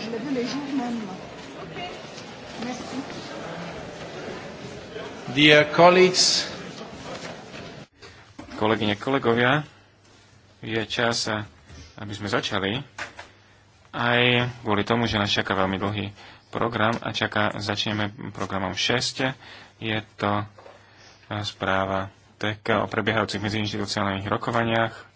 je l'ai vu le jour même. Merci. Dear colleagues, kolegyne, kolegovia, je čas, aby sme začali. Aj kvôli tomu, že nás čaká veľmi dlhý program a čaká, začneme programom 6. Je to eh, správa TK o prebiehajúcich medziinstitucionálnych rokovaniach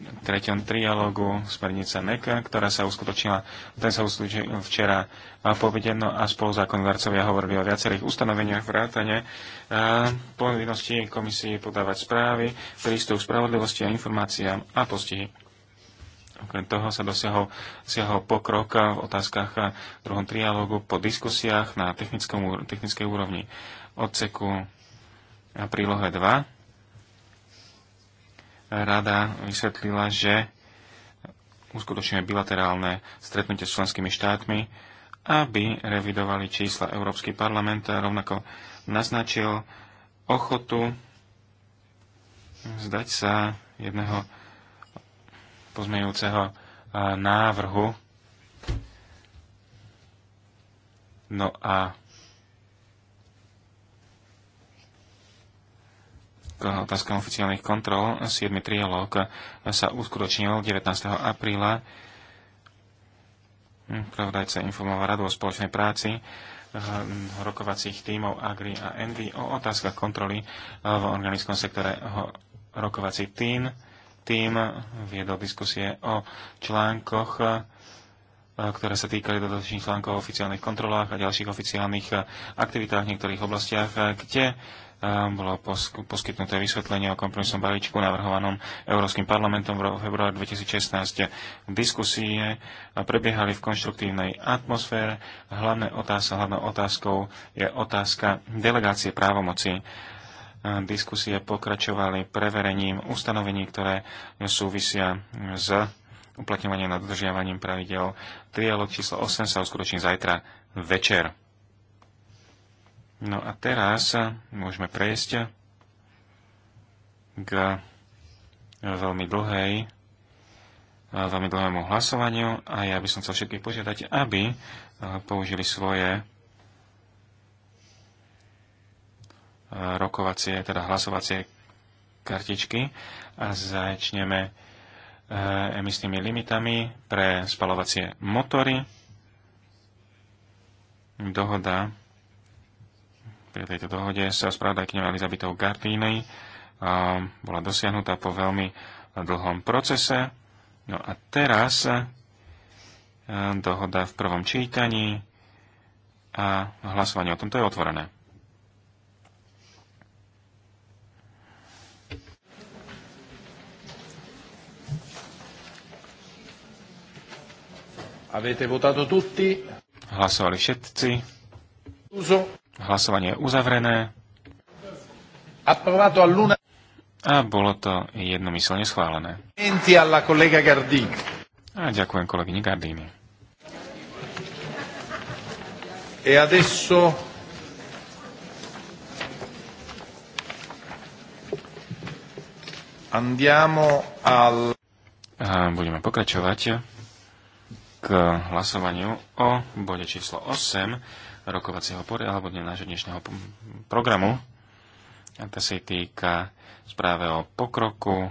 treťom trialógu smernica Meka, ktorá sa uskutočnila, ten sa uskutočnil včera po a spolu a spoluzákonodárcovia hovorili o viacerých ustanoveniach vrátane povinnosti komisie podávať správy, prístup k spravodlivosti a informáciám a postihy. Okrem toho sa dosiahol, dosiahol pokrok v otázkach a druhom trialógu po diskusiách na technickej úrovni odseku a prílohe 2 rada vysvetlila, že uskutočňuje bilaterálne stretnutie s členskými štátmi, aby revidovali čísla Európsky parlament a rovnako naznačil ochotu zdať sa jedného pozmejúceho eh, návrhu. No a k otázkam oficiálnych kontrol. 7. trialóg sa uskutočnil 19. apríla. Pravodajca informoval radu o spoločnej práci eh, rokovacích tímov Agri a Envy o otázkach kontroly eh, v organickom sektore rokovací tým. Tým viedol diskusie o článkoch, eh, ktoré sa týkali dodatočných článkov o oficiálnych kontrolách a ďalších oficiálnych aktivitách v niektorých oblastiach, kde Ehm, bolo poskytnuté vysvetlenie o kompromisnom balíčku navrhovanom Európskym parlamentom v februári 2016. Diskusie eh, prebiehali v konštruktívnej atmosfére. Hlavné otázka, hlavnou otázkou je otázka delegácie právomoci. Ehm, diskusie pokračovali preverením ustanovení, ktoré súvisia s uplatňovaním a dodržiavaním pravidel. Trialog číslo 8 sa uskutoční zajtra večer. No a teraz eh, môžeme prejsť k eh, veľmi dlhej eh, veľmi dlhému hlasovaniu a ja by som chcel všetkých požiadať, aby použili svoje rokovacie, teda hlasovacie kartičky a začneme emisnými limitami pre spalovacie motory. Dohoda pri tejto dohode sa spravodajkňou Elizabetou Gardínej bola dosiahnutá po veľmi dlhom procese. No a teraz dohoda v prvom čítaní a hlasovanie o tomto je otvorené. Avete votato tutti? Hlasovali všetci. Uso. Hlasovanie je uzavrené. A bolo to jednomyselne schválené. A ďakujem kolegyni Gardini. E adesso andiamo al... A budeme pokračovať k hlasovaniu o bode číslo 8 rokovacieho pory, alebo nášho dnešného programu. A to sa týka správe o pokroku,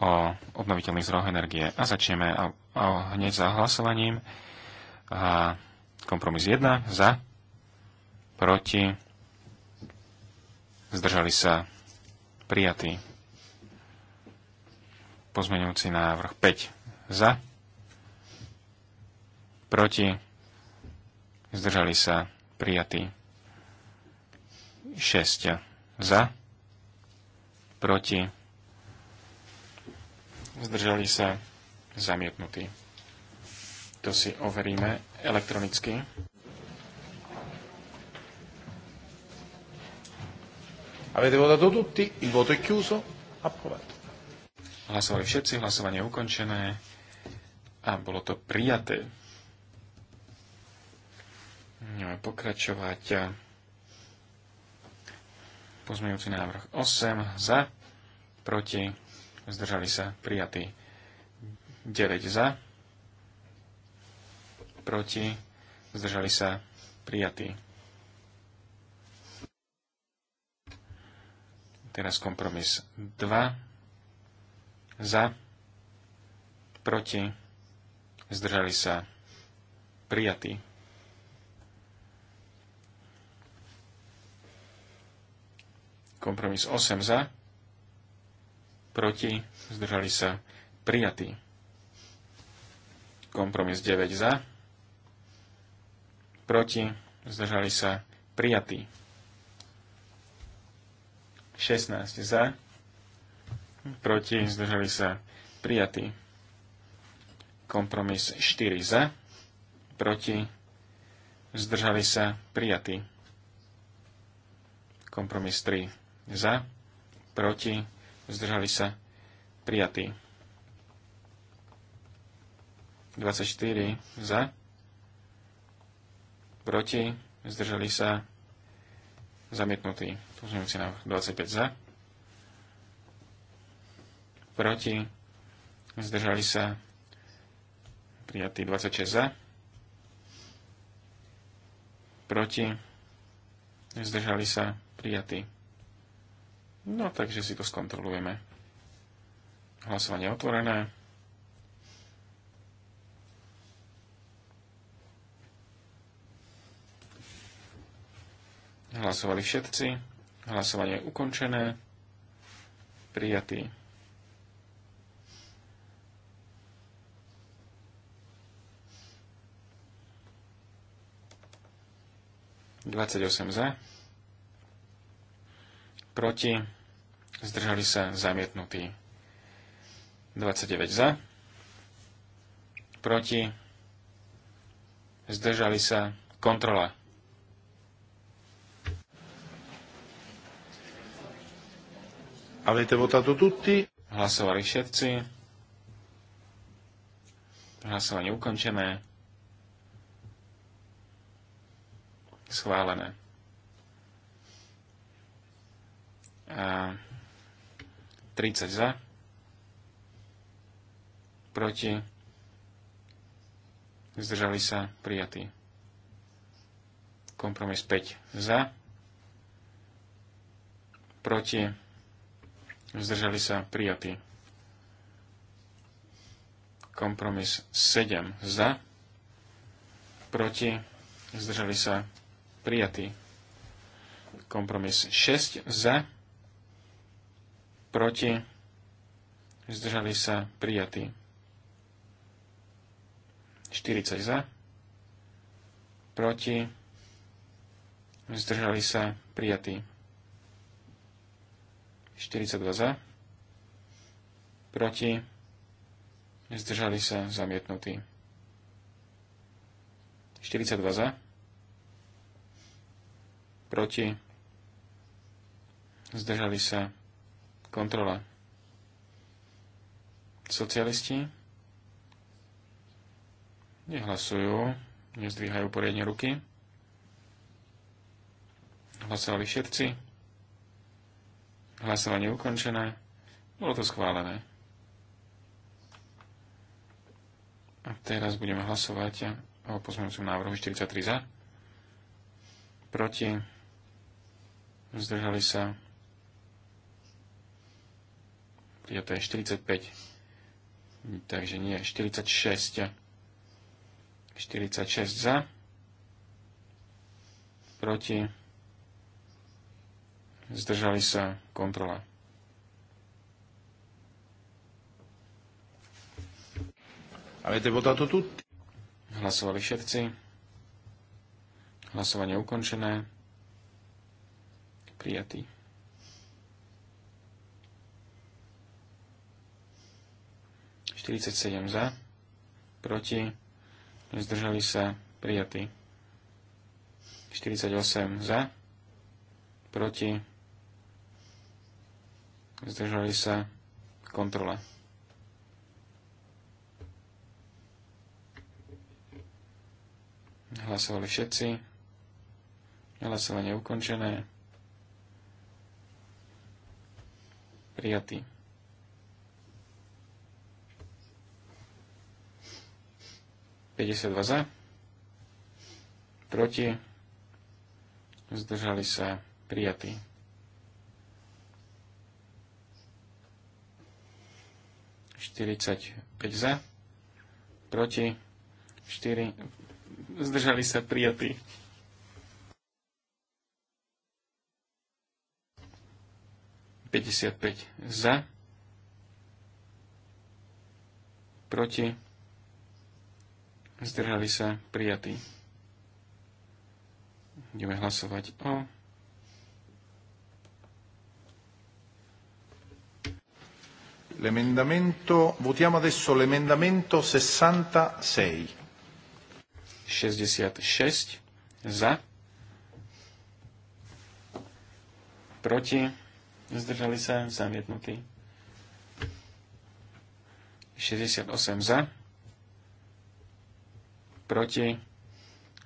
o obnoviteľných zdrojoch energie. A začneme a, a hneď za hlasovaním. A kompromis 1 za, proti, zdržali sa prijatí. Pozmeňujúci návrh 5 za, proti, zdržali sa prijatí 6 za, proti, zdržali sa zamietnutí. To si overíme elektronicky. Avete votato tutti, il voto è chiuso, approvato. Hlasovali všetci, hlasovanie je ukončené a bolo to prijaté pokračovať. Pozmejúci návrh 8 za, proti, zdržali sa, prijatý 9 za, proti, zdržali sa, prijatý. Teraz kompromis 2 za, proti, zdržali sa, prijatý. Kompromis 8 za, proti, zdržali sa prijatí. Kompromis 9 za, proti, zdržali sa prijatí. 16 za, proti, zdržali sa prijatí. Kompromis 4 za, proti, zdržali sa prijatí. Kompromis 3 za, proti, zdržali sa, prijatí. 24 za, proti, zdržali sa, zamietnutý. si na 25 za, proti, zdržali sa, prijatý 26 za, proti, zdržali sa, prijatý No, takže si to skontrolujeme. Hlasovanie otvorené. Hlasovali všetci. Hlasovanie je ukončené. Prijatý. Dvadsať osem za proti, zdržali sa zamietnutí. 29 za, proti, zdržali sa kontrola. Avete votato tutti? Hlasovali všetci. Hlasovanie ukončené. Schválené. a 30 za, proti, zdržali sa prijatí. Kompromis 5 za, proti, zdržali sa prijatí. Kompromis 7 za, proti, zdržali sa prijatí. Kompromis 6 za, proti, zdržali sa prijatí. 40 za, proti, zdržali sa prijatí. 42 za, proti, zdržali sa zamietnutí. 42 za, proti, zdržali sa kontrola. Socialisti nehlasujú, nezdvíhajú poriadne ruky. Hlasovali všetci. Hlasovanie ukončené. Bolo to schválené. A teraz budeme hlasovať o pozmeňujúcom návrhu 43 za. Proti. Zdržali sa ja to je 45, takže nie, 46, 46 za, proti, zdržali sa kontrola. Avete votato tutti? Hlasovali všetci. Hlasovanie ukončené. Prijatý. 47 za, proti, zdržali sa prijatí. 48 za, proti, zdržali sa kontrola. Hlasovali všetci. Hlasovanie ukončené. Prijatý. 52 za, proti, zdržali sa prijatí. Štyridsať za, proti, štyri, zdržali sa prijatí. Päťdesiat za, proti, zdrhali sa prijatí. Ideme hlasovať o L'emendamento, votiamo adesso l'emendamento 66. 66 za, proti, zdržali sa, zamietnutí. 68 za, proti,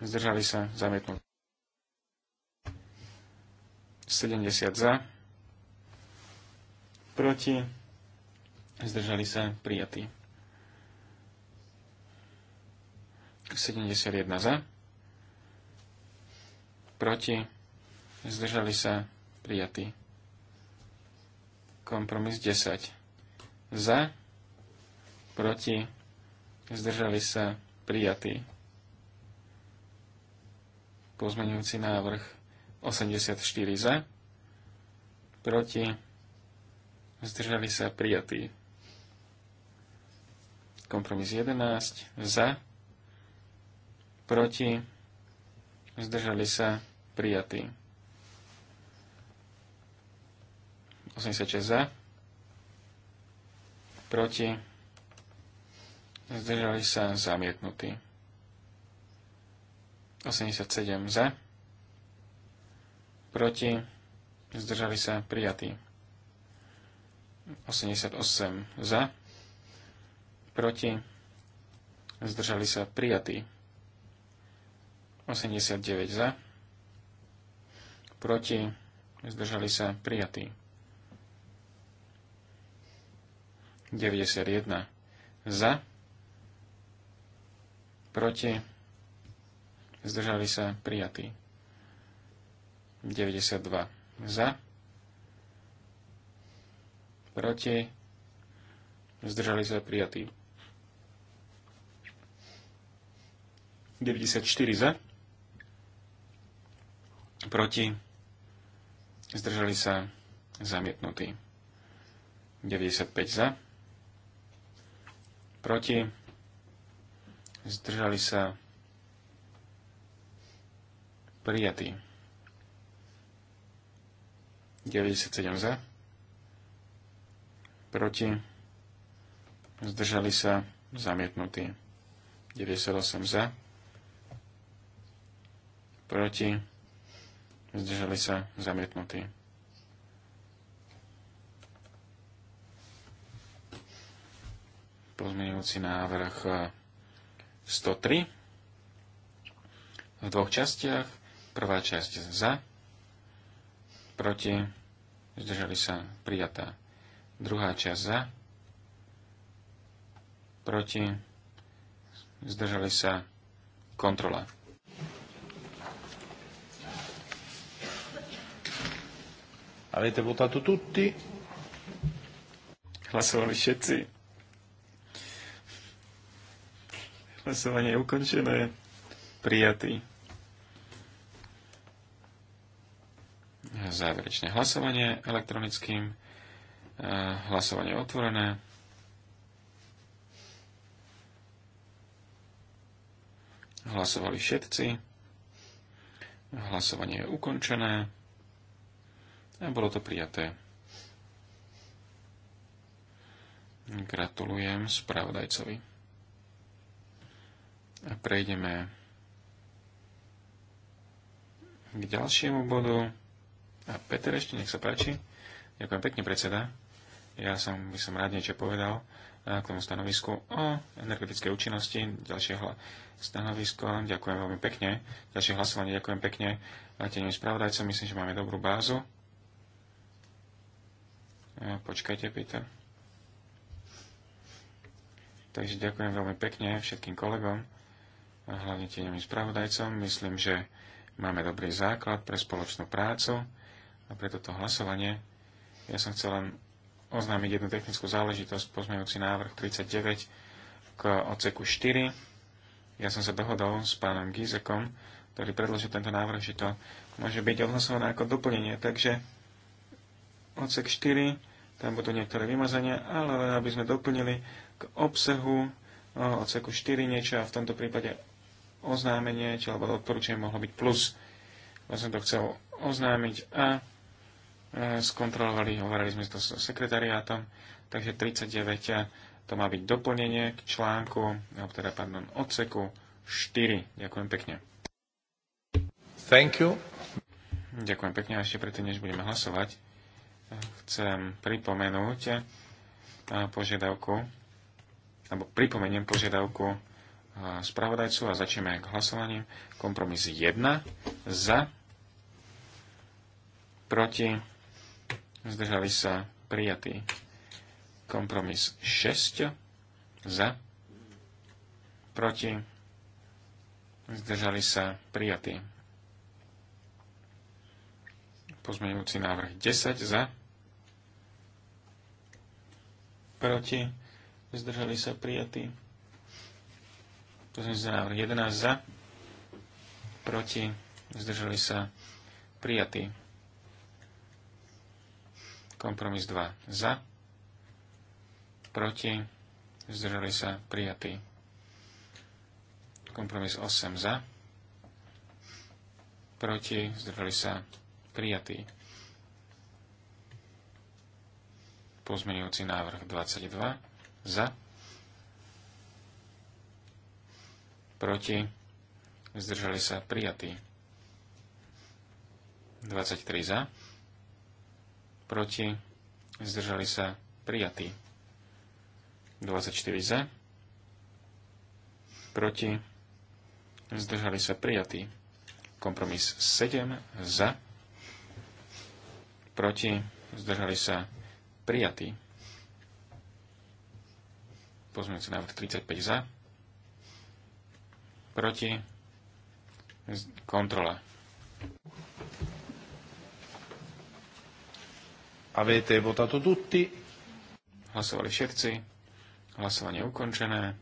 zdržali sa zamietnúť. 70 za, proti, zdržali sa prijatí. 71 za, proti, zdržali sa prijatí. Kompromis 10 za, proti, zdržali sa prijatí pozmeňujúci návrh 84 za. Proti. Zdržali sa prijatí. Kompromis 11 za. Proti. Zdržali sa prijatí. 86 za. Proti. Zdržali sa zamietnutí. 87 za, proti, zdržali sa prijatí. 88 za, proti, zdržali sa prijatí. 89 za, proti, zdržali sa prijatí. 91 za, proti, zdržali sa prijatí. 92 za, proti, zdržali sa prijatí. 94 za, proti, zdržali sa zamietnutí. 95 za, proti, zdržali sa prijatý. 97 za, proti, zdržali sa, zamietnutí. 98 za, proti, zdržali sa, zamietnutí. Pozmeňujúci návrh 103 eh, v dvoch častiach Prvá časť za, proti, zdržali sa prijatá. Druhá časť za, proti, zdržali sa kontrola. Avete votato tutti? Hlasovali všetci. Hlasovanie je ukončené. Prijatý. záverečné hlasovanie elektronickým. E, hlasovanie otvorené. Hlasovali všetci. Hlasovanie je ukončené. A bolo to prijaté. Gratulujem spravodajcovi. A prejdeme k ďalšiemu bodu. A Peter ešte, nech sa páči. Ďakujem pekne, predseda. Ja som, by som rád niečo povedal k tomu stanovisku o energetickej účinnosti. Ďalšie hla- stanovisko, ďakujem veľmi pekne. Ďalšie hlasovanie, ďakujem pekne. Tieňovým spravodajcom, myslím, že máme dobrú bázu. Počkajte, Peter. Takže ďakujem veľmi pekne všetkým kolegom, a hlavne tieňovým spravodajcom. Myslím, že máme dobrý základ pre spoločnú prácu a preto to hlasovanie. Ja som chcel len oznámiť jednu technickú záležitosť, pozmejúci návrh 39 k odseku 4. Ja som sa dohodol s pánom Gizekom, ktorý predložil tento návrh, že to môže byť odhlasované ako doplnenie. Takže odsek 4, tam budú niektoré vymazania, ale aby sme doplnili k obsahu odseku 4 niečo a v tomto prípade oznámenie, či alebo odporúčanie mohlo byť plus. Ja som to chcel oznámiť a Eh, skontrolovali, hovorili sme to s sekretariátom, takže 39 eh, to má byť doplnenie k článku, alebo eh, teda, pardon, odseku 4. Ďakujem pekne. Thank you. Ďakujem pekne, a ešte predtým, než budeme hlasovať, chcem pripomenúť požiadavku, alebo pripomeniem požiadavku spravodajcu a začneme k hlasovaním. Kompromis 1 za, proti zdržali sa prijatý kompromis 6 za, proti, zdržali sa prijatý pozmeňujúci návrh 10 za, proti, zdržali sa prijatý pozmeňujúci návrh 11 za, proti, zdržali sa prijatý Kompromis 2 za, proti, zdržali sa prijatí. Kompromis 8 za, proti, zdržali sa prijatí. Pozmenujúci návrh 22 za, proti, zdržali sa prijatí. 23 za, proti, zdržali sa prijatí. 24 za, proti, zdržali sa prijatí. Kompromis 7 za, proti, zdržali sa prijatí. Pozmeňujúci návrh 35 za, proti, kontrola. Avete votato tutti? Hlasovali všetci. Hlasovanie je ukončené.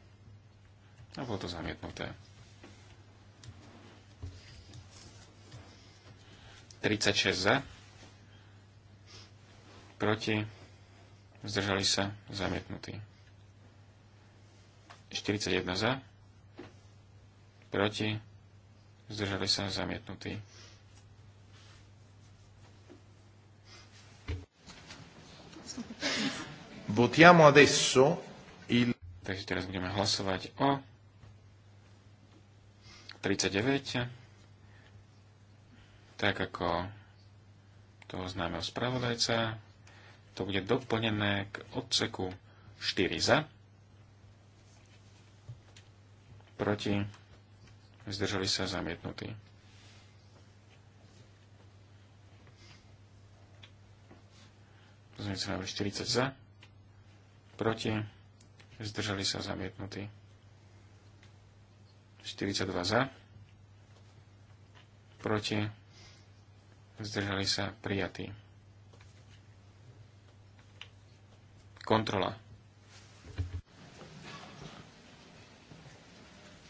A bolo to zamietnuté. 36 za. Proti. Zdržali sa. Zamietnutí. 41 za. Proti. Zdržali sa. Zamietnutí. Votiamo adesso il... Takže teraz budeme hlasovať o 39, tak ako to známeho spravodajca. To bude doplnené k odseku 4 za, proti, zdržali sa zamietnutí. Pozmeňujúci návrh 40 za. Proti. Zdržali sa zamietnutí. 42 za. Proti. Zdržali sa prijatí. Kontrola.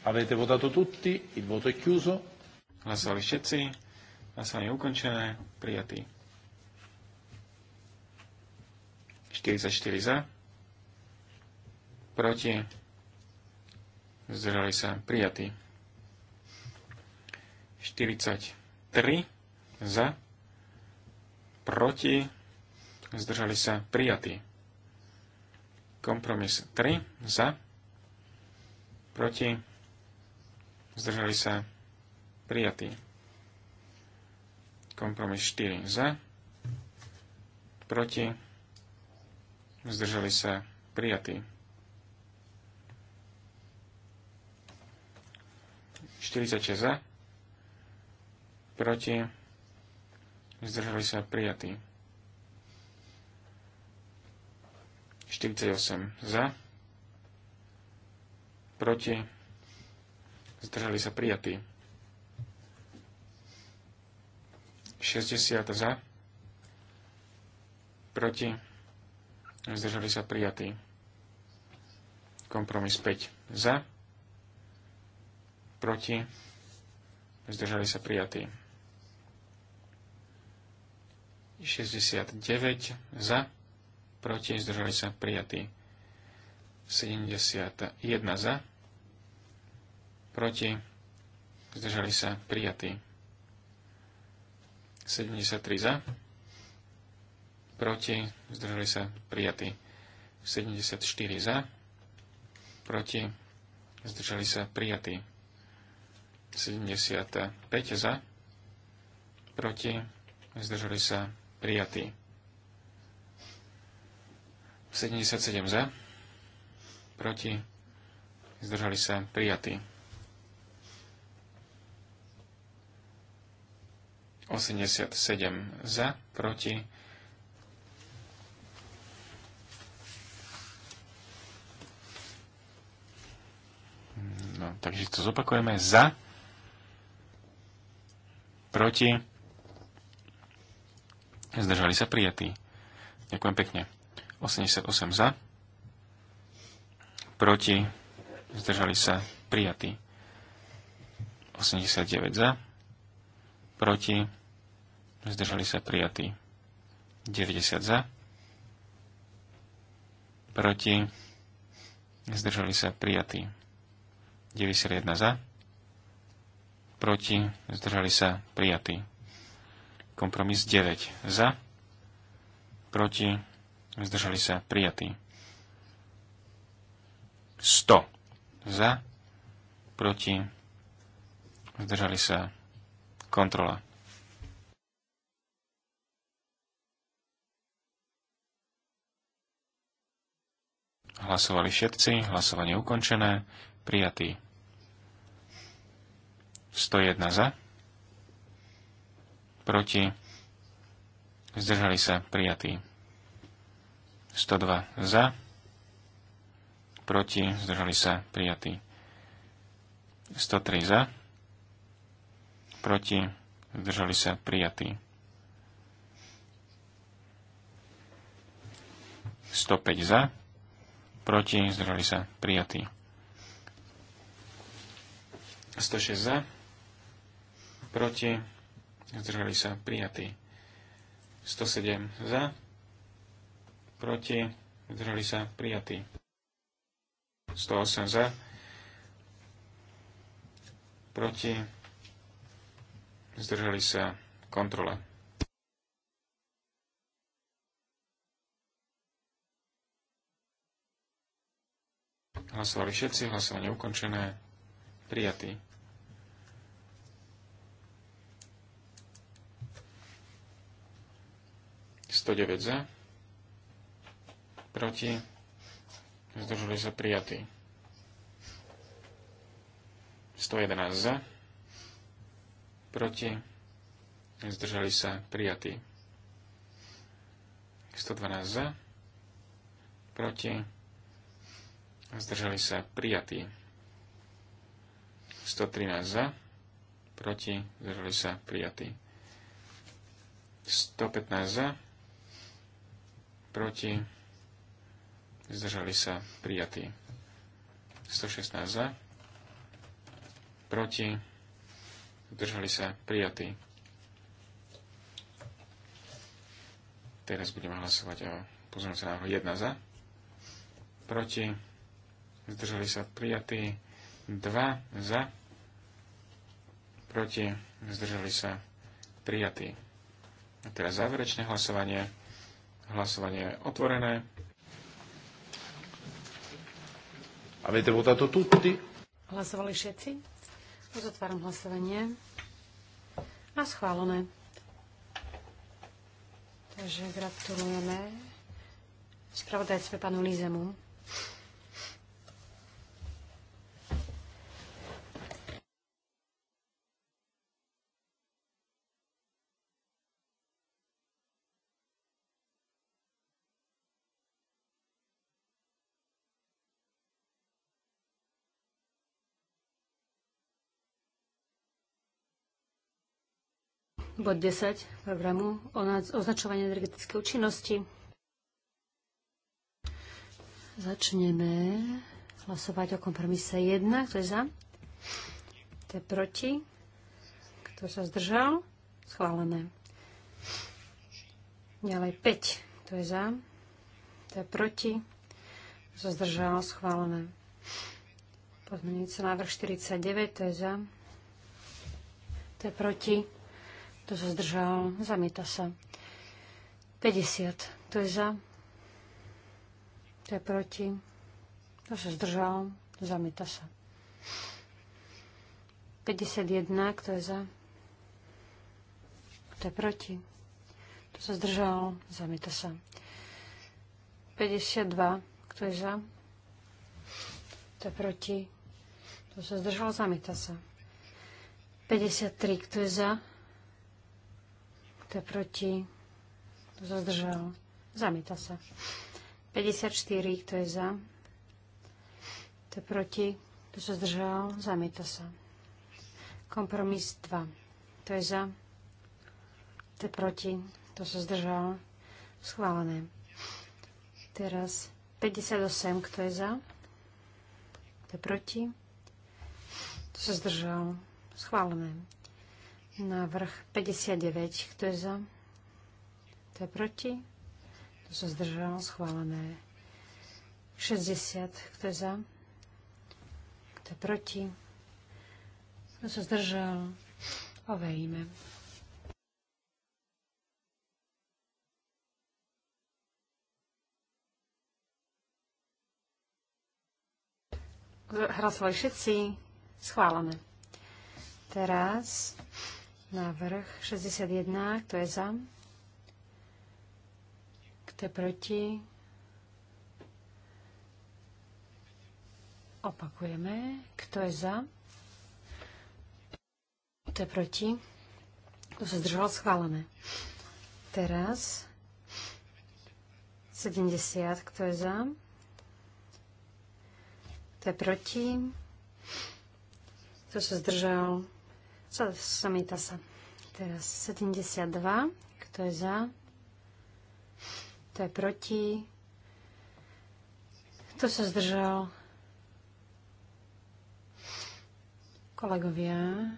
Avete votato tutti, il voto è chiuso. Hlasovali všetci, hlasovanie je ukončené, prijatý. 44 za, proti, zdržali sa prijatí. 43 za, proti, zdržali sa prijatí. Kompromis 3 za, proti, zdržali sa prijatí. Kompromis 4 za, proti, zdržali sa prijatí. 46 za, proti, zdržali sa prijatí. 48 za, proti, zdržali sa prijatí. 60 za, proti, zdržali sa prijatí. Kompromis 5 za, proti, zdržali sa prijatí. 69 za, proti, zdržali sa prijatí. 71 za, proti, zdržali sa prijatí. 73 za, proti, zdržali sa prijatí. 74 za, proti, zdržali sa prijatí. 75 za, proti, zdržali sa prijatí. 77 za, proti, zdržali sa prijatí. 87 za, proti, Takže to zopakujeme za, proti, zdržali sa prijatí. Ďakujem pekne. 88 za, proti, zdržali sa prijatí. 89 za, proti, zdržali sa prijatí. 90 za, proti, zdržali sa prijatí. 91 za, proti, zdržali sa prijatí. Kompromis 9 za, proti, zdržali sa prijatí. 100 za, proti, zdržali sa kontrola. Hlasovali všetci, hlasovanie ukončené, prijatý. 101 za, proti, zdržali sa prijatí. 102 za, proti, zdržali sa prijatí. 103 za, proti, zdržali sa prijatí. 105 za, proti, zdržali sa prijatí. 106 za, proti, zdržali sa prijatí. 107 za, proti, zdržali sa prijatí. 108 za, proti, zdržali sa kontrola. Hlasovali všetci, hlasovanie ukončené, prijatý. 109 za, proti, zdržali sa prijatí. 111 za, proti, zdržali sa prijatí. 112 za, proti, zdržali sa prijatí. 113 za, proti, zdržali sa prijatí. 115 za, proti, zdržali sa prijatí. 116 za, proti, zdržali sa prijatí. Teraz budeme hlasovať o pozornosť návrhu 1 za, proti, zdržali sa prijatí, 2 za, proti, zdržali sa prijatí. A teraz záverečné hlasovanie Hlasovanie je otvorené. Avete votato tutti? Hlasovali všetci? Uzatváram hlasovanie. A schválené. Takže gratulujeme spravodajcme panu Lízemu. bod 10 programu o označovanie energetické účinnosti. Začneme hlasovať o kompromise 1. Kto je za? Kto je proti? Kto sa zdržal? Schválené. Ďalej 5. Kto je za? Kto je proti? Kto sa zdržal? Schválené. Pozmenujúci návrh 49. Kto je za? Kto je proti? To sa zdržal? Zamieta sa. 50. Kto je za? To je proti? To sa zdržal? Zamieta sa. 51. Kto je za? Kto je proti? Kto sa zdržal? Zamieta sa. 52. Kto je za? Kto je proti? Kto sa zdržal? Zamieta sa. 53. Kto je za? Kto je proti? Kto sa zdržal? Zamieta sa. 54. Kto je za? Kto je proti? Kto sa zdržal? Zamieta sa. Kompromis 2. Kto je za? Kto je proti? Kto sa zdržal? Schválené. Teraz 58. Kto je za? Kto je proti? Kto sa zdržal? Schválené. Návrh 59. Kto je za? Kto je proti? Kto sa zdržal? Schválené. 60. Kto je za? Kto je proti? Kto sa zdržal? Ovejme. Hlasovali všetci. Schválené. Teraz Návrh 61, kto je za? Kto je proti? Opakujeme. Kto je za? Kto je proti? Kto sa zdržal? Schválené. Teraz 70. Kto je za? Kto je proti? Kto sa zdržal? Zamieta sa. Teraz 72. Kto je za? Kto je proti? Kto sa zdržal? Kolegovia,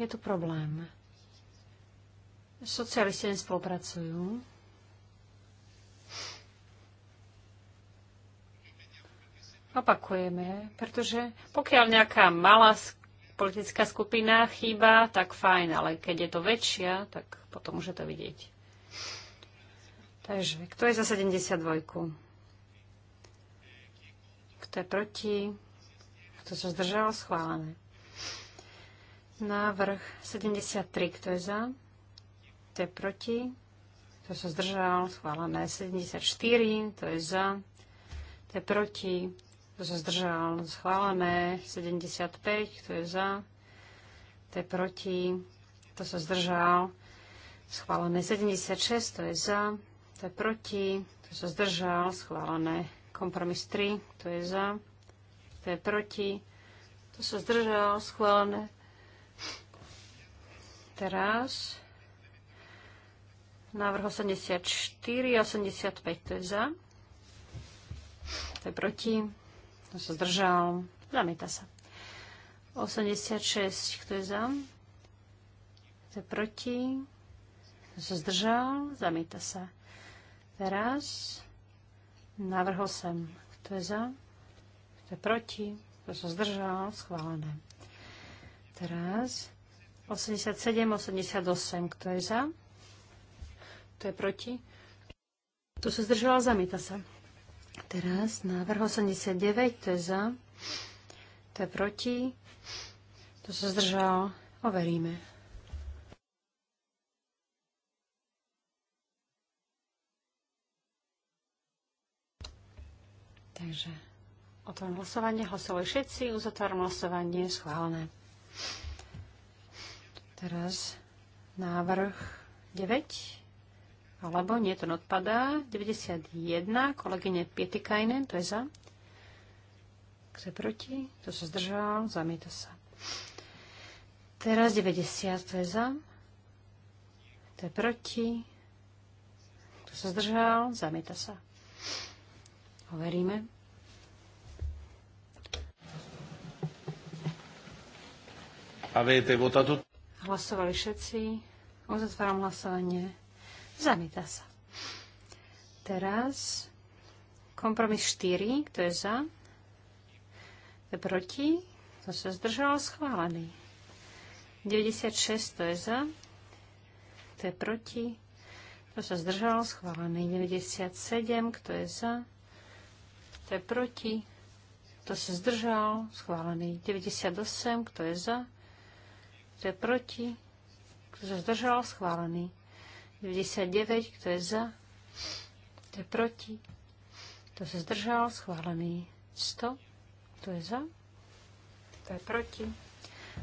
je tu problém. Socialisti nespolupracujú. Opakujeme, pretože pokiaľ nejaká malá politická skupina chýba, tak fajn, ale keď je to väčšia, tak potom môže to vidieť. Takže, kto je za 72? Kto je proti? Kto sa zdržal? Schválené. Návrh 73. Kto je za? Kto je proti? Kto sa zdržal? Schválené. 74. Kto je za? Kto je proti? Kto sa zdržal? Schválené. 75. Kto je za? Kto je proti? Kto sa zdržal? Schválené. 76. Kto je za? Kto je proti? Kto sa zdržal? Schválené. Kompromis 3. Kto je za? Kto je proti? Kto sa zdržal? Schválené. Teraz návrh 84 a 85. To je za. To je proti. Kto sa zdržal? Zamieta sa. 86. Kto je za? Kto je proti? Kto sa zdržal? Zamieta sa. Teraz návrh 8. Kto je za? Kto je proti? Kto sa zdržal? Schválené. Teraz 87, 88. Kto je za? Kto je proti? Kto sa zdržal? Zamieta sa. Teraz návrh 89, to je za, to je proti, to sa zdržalo, overíme. Takže otvorím hlasovanie, hlasovali všetci, uzatváram hlasovanie, schválené. Teraz návrh 9. Alebo nie, to odpadá. 91, kolegyne Pietikainen, to je za. Kto je proti? To sa zdržal? Zamieta sa. Teraz 90, to je za. To je proti? Kto sa zdržal? Zamieta sa. Overíme. Hlasovali všetci. Uzatváram hlasovanie. Zamieta sa. Teraz kompromis 4, kto je za, kto je proti, kto sa zdržal, schválený. 96, kto je za, kto je proti, kto sa zdržal, schválený. 97, kto je za, kto je proti, kto sa zdržal, schválený. 98, kto je za, kto je proti, kto sa zdržal, schválený. 99, kto je za, kto je proti, kto sa zdržal, schválený 100, kto je za, kto je proti,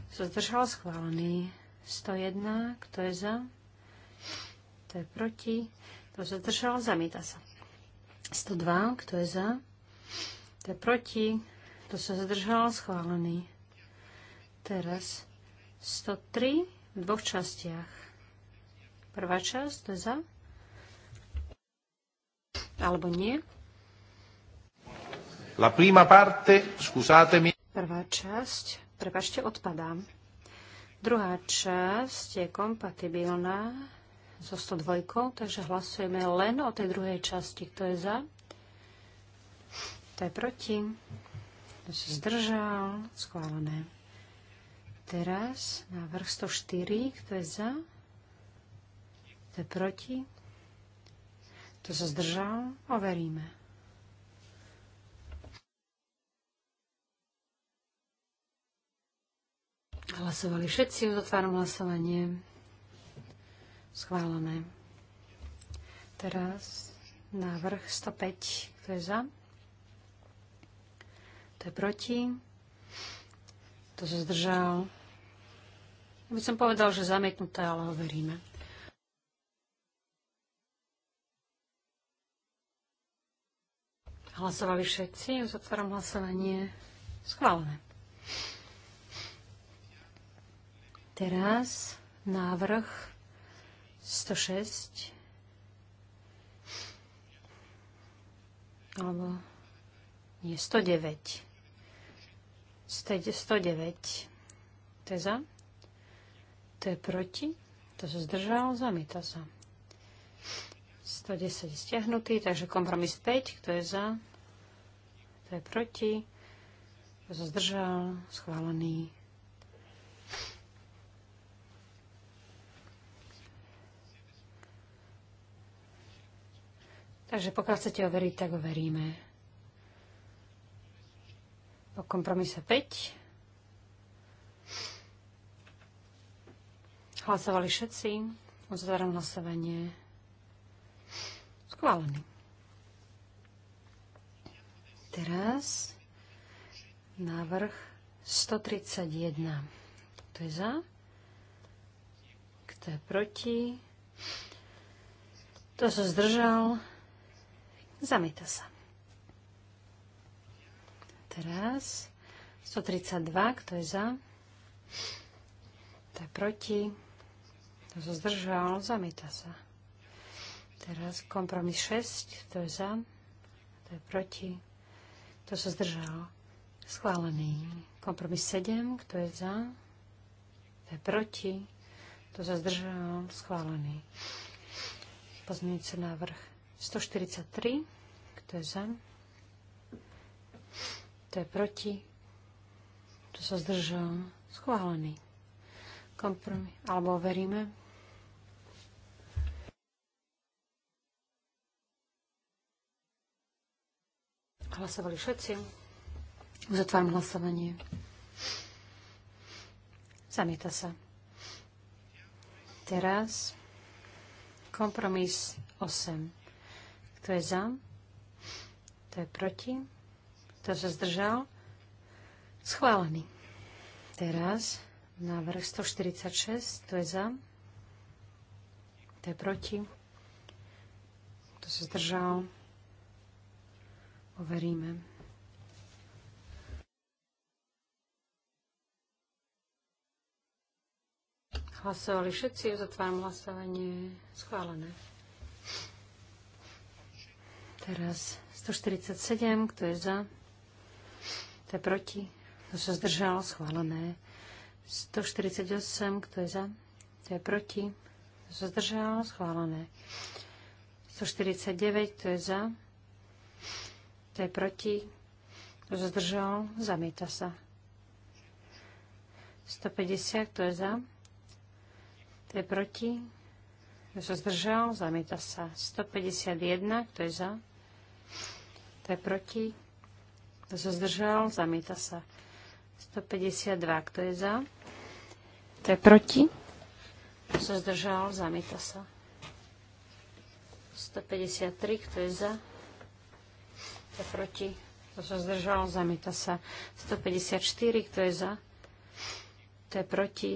kto sa zdržal, schválený 101, kto je za, kto je proti, kto sa zdržal, zamýta sa. 102, kto je za, kto je proti, kto sa zdržal, schválený. Teraz 103 v dvoch častiach. Prvá časť za? Alebo nie? La prima parte, scusatemi. Prvá časť, prepačte, odpadám. Druhá časť je kompatibilná so 102, takže hlasujeme len o tej druhej časti. Kto je za? Kto je proti? Kto sa zdržal? Schválené. Teraz návrh 104. Kto je za? Kto je proti? Kto sa zdržal? Overíme. Hlasovali všetci, uzatváram hlasovanie. Schválené. Teraz návrh 105. Kto je za? Kto je proti? Kto sa zdržal? Ja by som povedal, že zamietnuté, ale overíme. Hlasovali všetci, uzatváram hlasovanie. Schválené. Teraz návrh 106 alebo nie, 109. 109. To je za. To je proti. To sa zdržal. zamýta sa. 110 stiahnutý, takže kompromis 5. Kto je za? Kto je proti? Kto sa zdržal? Schválený. Takže pokiaľ chcete overiť, tak overíme. O kompromise 5. Hlasovali všetci. Uzatváram hlasovanie. Schválený. Teraz návrh 131. Kto je za? Kto je proti? Kto sa zdržal? Zamieta sa. Teraz 132. Kto je za? Kto je proti? Kto sa zdržal? Zamieta sa. Teraz kompromis 6. Kto je za? Kto je proti? Kto sa zdržal? Schválený. Kompromis 7. Kto je za? Kto je proti? Kto sa zdržal? Schválený. Pozmeňujúci návrh 143. Kto je za? Kto je proti? Kto sa zdržal? Schválený. Kompromis. Alebo veríme. Hlasovali všetci. Uzatváram hlasovanie. Zamieta sa. Teraz kompromis 8. Kto je za? Kto je proti? Kto sa zdržal? Schválený. Teraz návrh 146. Kto je za? Kto je proti? Kto sa zdržal? Overíme. Hlasovali všetci, zatváram hlasovanie. Schválené. Teraz 147, kto je za? Kto je proti? Kto sa zdržal? Schválené. 148, kto je za? Kto je proti? Kto sa zdržal? Schválené. 149, kto je za? Kto je proti? Kto zdržal? Zamieta sa. 150. Kto je za? Kto je proti? Kto sa zdržal? Zamieta sa. 151. Kto je za? Kto je proti? Kto sa zdržal? Zamieta sa. 152. Kto je za? Kto je proti? Kto sa zdržal? Zamieta sa. 153. Kto je za? proti, kto sa zdržal, zamieta sa. 154, kto je za, kto je proti,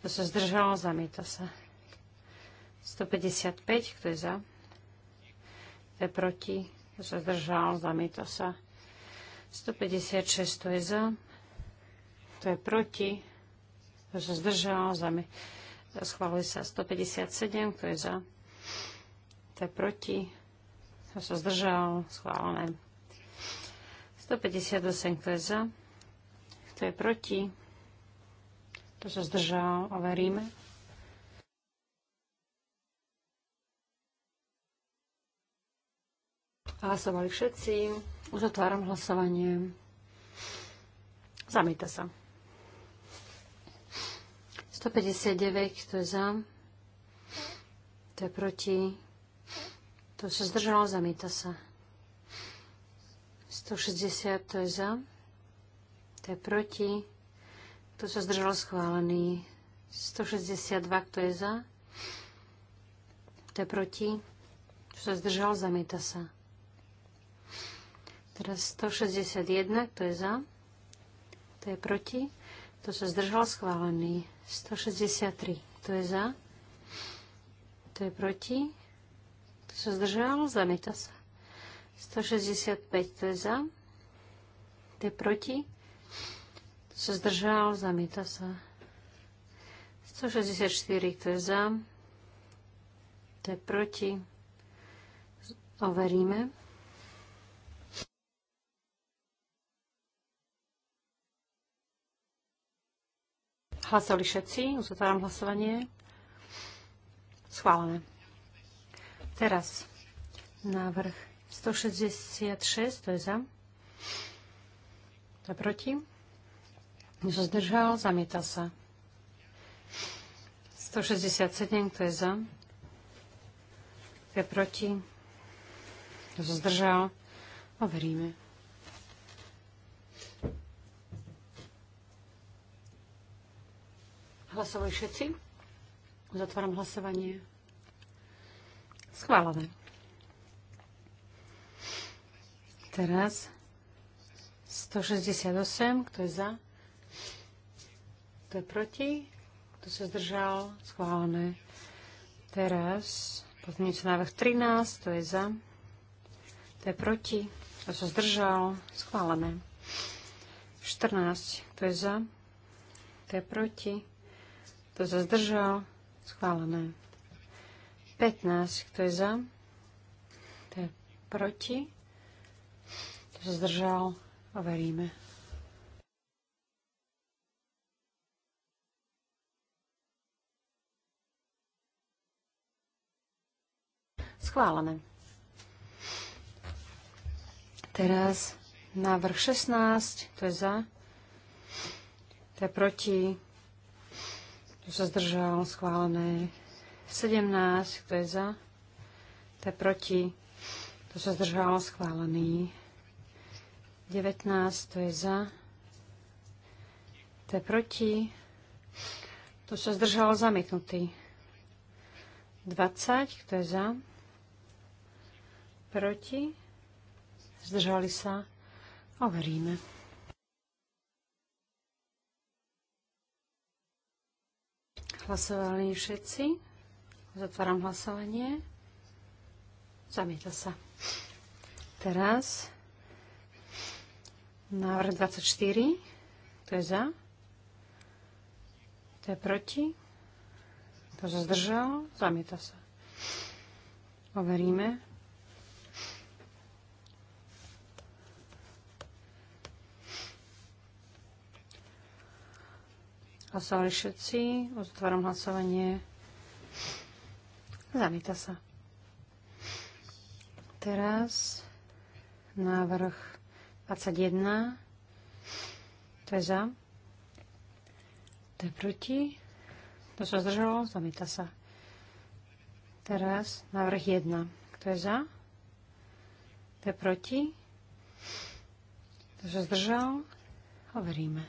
kto sa zdržal, zamieta sa. 155, kto je za, kto je proti, kto sa zdržal, zamieta sa. 156, kto je za, kto je proti, kto sa zdržal, zamieta sa. Schváluje sa 157, kto je za, kto je proti, kto sa zdržal, schválené 158, kto je za, kto je proti, kto sa zdržal, overíme. Hlasovali všetci. Uzatváram hlasovanie. Zamýta sa. 159, kto je za, kto je proti, kto sa zdržal, zamýta sa. 160, to je za. To je proti. To sa zdržal schválený. 162, kto je za. To je proti. Kto sa zdržal, zamieta sa. Teraz 161, kto je za. To je proti. to sa zdržal, schválený. 163, to je za. To je proti. Kto sa zdržal, zamieta sa. 165, to je za. To je proti. To sa zdržal, zamieta sa. 164, to je za. To je proti. Overíme. Hlasovali všetci, uzatváram hlasovanie. Schválené. Teraz návrh 166, to je za. To je proti. Kto sa zdržal, zamieta sa. 167, kto je za. Kto je proti. Kto sa zdržal, overíme. Hlasovali všetci? Zatváram hlasovanie. Schválené. Teraz 168, kto je za? Kto je proti? Kto sa zdržal? Schválené. Teraz pozmeňujúci návrh 13, to je za. To je proti. Kto sa zdržal? Schválené. 14, kto je za. Kto je proti. Kto sa zdržal? Schválené. 15, kto je za? To je proti zdržal, veríme. Schválené. Teraz návrh 16, to je za, to je proti, to sa zdržal, schválené. 17, to je za, to je proti, to sa zdržal, schválený. 19, to je za, to je proti, to sa zdržalo zamietnutý. 20, kto je za, proti, zdržali sa, overíme. Hlasovali všetci. Zatváram hlasovanie. Zamietla sa. Teraz Návrh 24. To je za. To je proti. To sa zdržal. Zamieta sa. Overíme. Hlasovali všetci. Uzatváram hlasovanie. Zamieta sa. Teraz návrh 21. To je za. To je proti. To sa zdržalo, zamieta sa. Teraz návrh 1. Kto je za? Kto je proti? Kto sa zdržal? Hovoríme.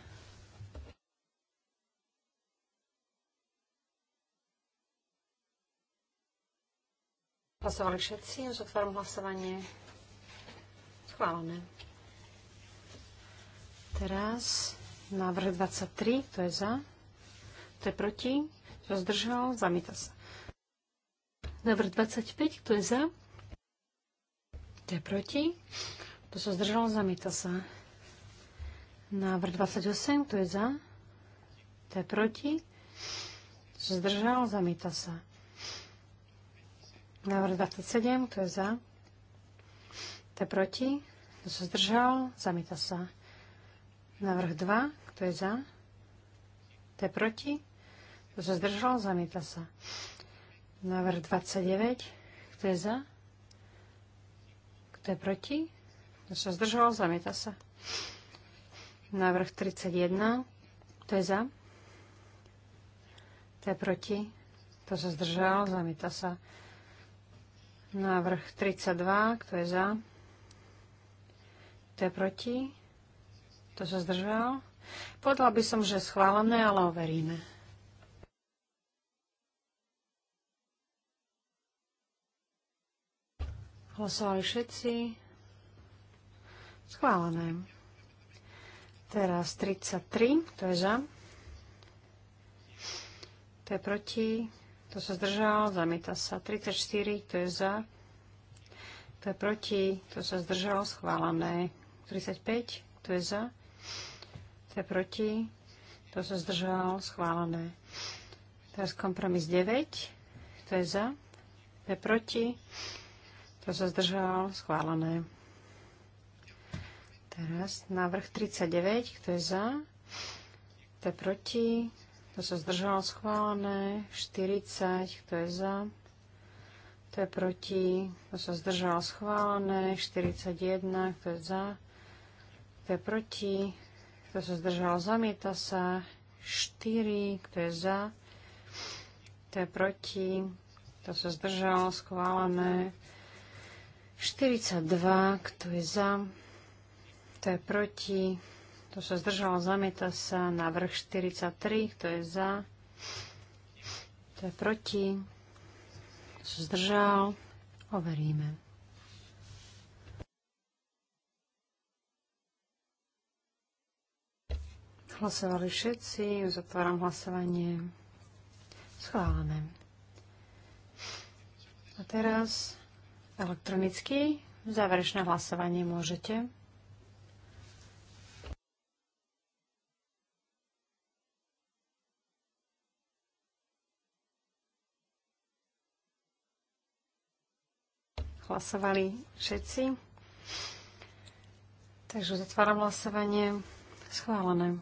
Hlasovali všetci, už otváram hlasovanie. Schválené. Teraz návrh 23, to je za, to je proti, kto zdržal, Zamýta sa. Návrh 25, to je za, to je proti, To sa zdržal, zamýta sa. Návrh 28, to je za, to je proti, To sa zdržal, zamýta sa. Návrh 27, kto je za, to je proti, To sa zdržal, zamýta sa. Návrh 2. Kto je za? Kto je proti? Kto sa zdržal? Zamieta sa. Návrh 29. Kto je za? Kto je proti? Kto sa zdržal? Zamieta sa. Návrh 31. Kto je za? Kto je proti? Kto sa zdržal? Zamieta sa. Návrh 32. Kto je za? Kto je proti? Kto sa zdržal? Povedal by som, že schválené, ale overíme. Hlasovali všetci. Schválené. Teraz 33, to je za. To je proti. To sa zdržal, zamieta sa. 34, to je za. To je proti, to sa zdržal, schválené. 35, to je za. Kto je proti? Kto sa zdržal? Schválené. Teraz kompromis 9. Kto je za? Kto je proti? Kto sa zdržal? Schválené. Teraz návrh 39. Kto je za? Kto je proti? Kto sa zdržal? Schválené. 40. Kto je za? Kto je proti? Kto sa zdržal? Schválené. 41. Kto je za? Kto je proti? kto sa zdržal, zamieta sa. 4, kto je za, kto je proti, kto sa zdržal, schválené. 42, kto je za, kto je proti, kto sa zdržal, zamieta sa. Návrh 43, kto je za, kto je proti, kto sa zdržal, overíme. Hlasovali všetci. zatváram hlasovanie. Schválené. A teraz elektronicky záverečné hlasovanie môžete. Hlasovali všetci. Takže zatváram hlasovanie. Schválené.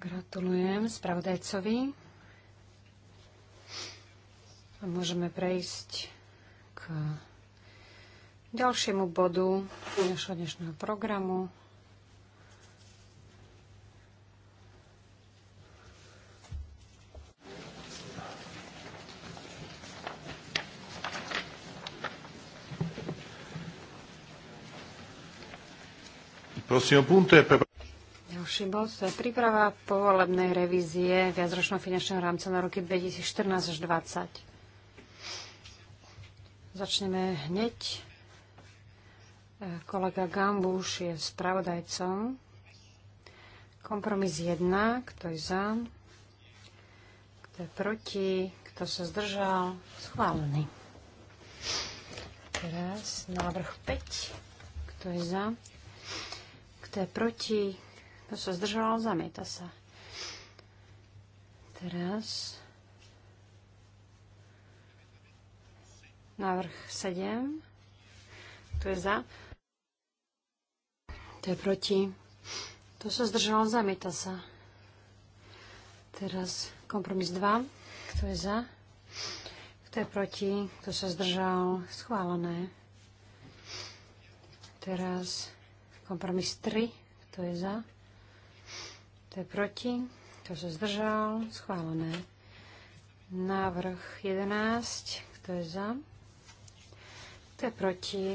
Gratulujem spravodajcovi. A môžeme prejsť k ďalšiemu bodu našho dnešného programu. Il prossimo punto è ďalší bod príprava povolebnej revízie viacročného finančného rámca na roky 2014 až 2020. Začneme hneď. Kolega Gambuš je spravodajcom. Kompromis 1, kto je za, kto je proti, kto sa zdržal, schválený. Teraz návrh 5, kto je za, kto je proti? To sa zdržal, zamieta sa. Teraz návrh 7. Kto je za? To je proti? To sa zdržalo, zamieta sa. Teraz kompromis 2. Kto je za? Kto je proti? Kto sa zdržal? Schválené. Teraz kompromis 3. Kto je za? To je proti. Kto sa zdržal? Schválené. Návrh 11. Kto je za? Kto je proti?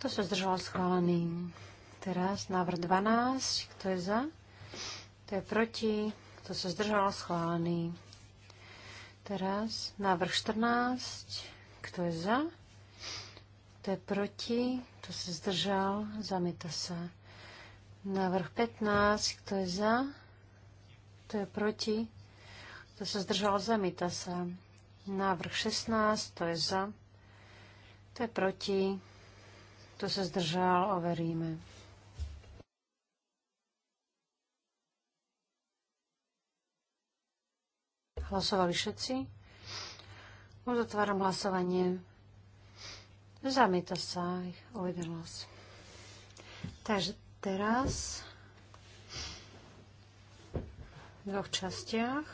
Kto sa zdržal? Schválený. Teraz návrh 12. Kto je za? Kto je proti? Kto sa zdržal? Schválený. Teraz návrh 14. Kto je za? Kto je proti? Kto sa zdržal? Zamieta sa. Návrh 15, kto je za? Kto je proti? Kto sa zdržal, Zamýta sa. Návrh 16, kto je za? Kto je proti? Kto sa zdržal, overíme. Hlasovali všetci? Uzatváram hlasovanie. Zamýta sa ich o jeden hlas. Takže teraz v dvoch častiach.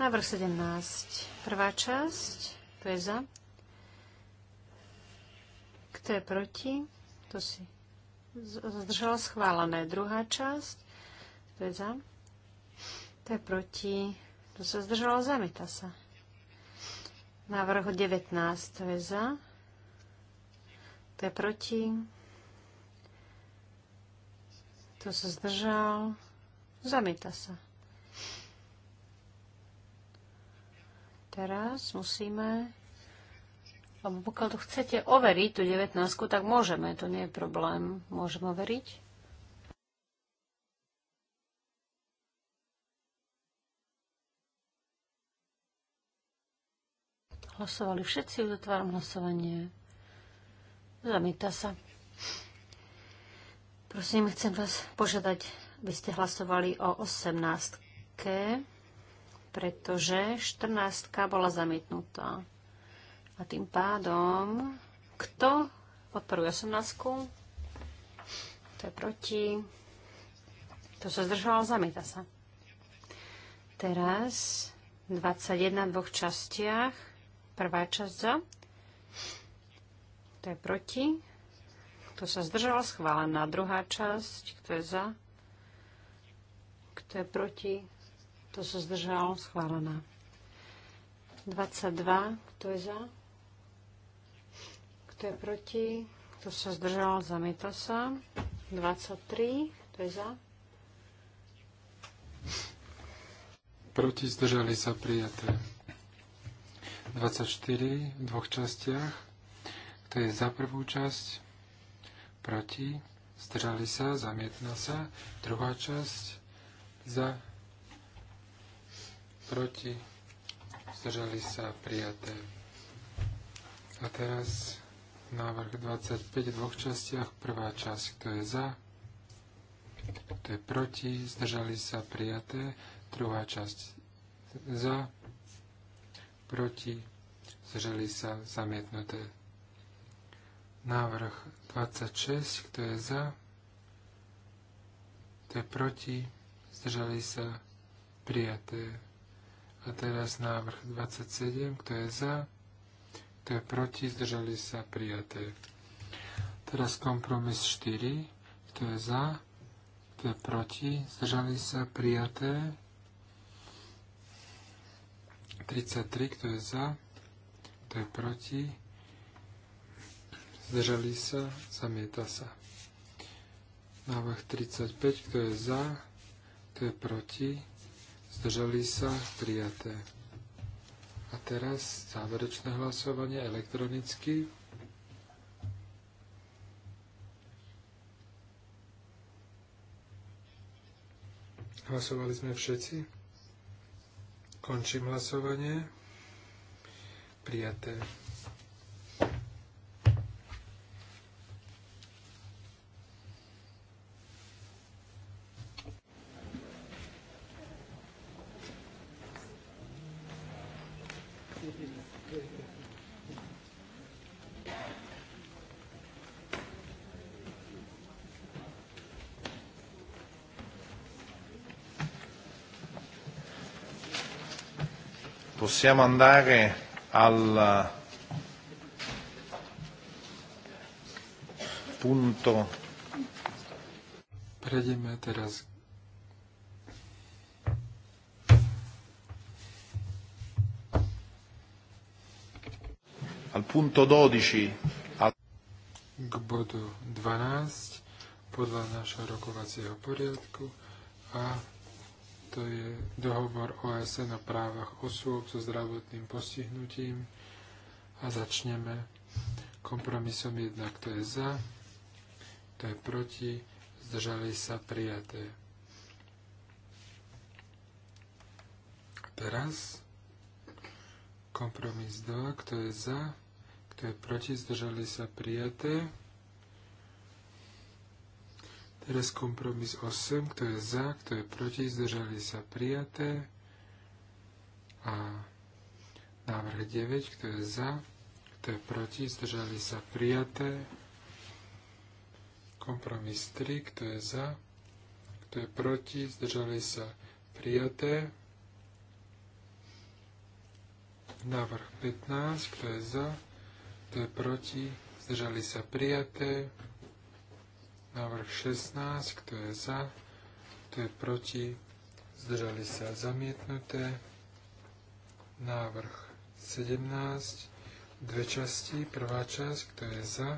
Návrh 17. Prvá časť, to je za. Kto je proti? To si zdržala schválené. Druhá časť, to je za. To je proti. To sa zdržalo, zamieta sa. Návrh 19, to je za. To je proti. Kto sa zdržal? Zamieta sa. Teraz musíme, lebo pokiaľ to chcete overiť, tú 19, tak môžeme, to nie je problém. Môžeme overiť. Hlasovali všetci, uzatváram hlasovanie. Zamýta sa. Prosím, chcem vás požiadať, aby ste hlasovali o 18 pretože 14 bola zamietnutá. A tým pádom, kto podporuje 18 to je proti? to sa zdržalo Zamieta sa. Teraz 21 v dvoch častiach. Prvá časť za. To je proti? Kto sa zdržal? Schválená druhá časť. Kto je za? Kto je proti? Kto sa zdržal? Schválená. 22. Kto je za? Kto je proti? Kto sa zdržal? Zamieta sa. 23. Kto je za? Proti zdržali sa prijaté. 24 v dvoch častiach. Kto je za prvú časť? proti, zdržali sa, zamietná sa, druhá časť, za, proti, zdržali sa, prijaté. A teraz návrh 25 v dvoch častiach, prvá časť, kto je za, kto je proti, zdržali sa, prijaté, druhá časť, za, proti, zdržali sa, zamietnuté. Návrh 26, kto je za, kto je proti, zdržali sa prijaté. A teraz návrh 27, kto je za, kto je proti, zdržali sa prijaté. Teraz kompromis 4, kto je za, kto je proti, zdržali sa prijaté. 33, kto je za, kto je proti, zdržali sa, zamieta sa. Návrh 35, kto je za, kto je proti, zdržali sa, prijaté. A teraz záverečné hlasovanie elektronicky. Hlasovali sme všetci. Končím hlasovanie. Prijaté. possiamo andare al eh, punto. Prejdeme teraz al punto 12 al... k bodu 12 podľa našho rokovacieho poriadku a to je dohovor OSN o právach osôb so zdravotným postihnutím a začneme kompromisom jednak to je za, to je proti, zdržali sa prijaté. A teraz kompromis 2, kto je za, kto je proti, zdržali sa prijaté. Teraz kompromis 8, kto je za, kto je proti, zdržali sa prijaté. A návrh 9, kto je za, kto je proti, zdržali sa prijaté. Kompromis 3, kto je za, kto je proti, zdržali sa prijaté. Návrh 15, kto je za, kto je proti, zdržali sa prijaté. Návrh 16, kto je za, kto je proti, zdržali sa zamietnuté. Návrh 17, dve časti, prvá časť, kto je za,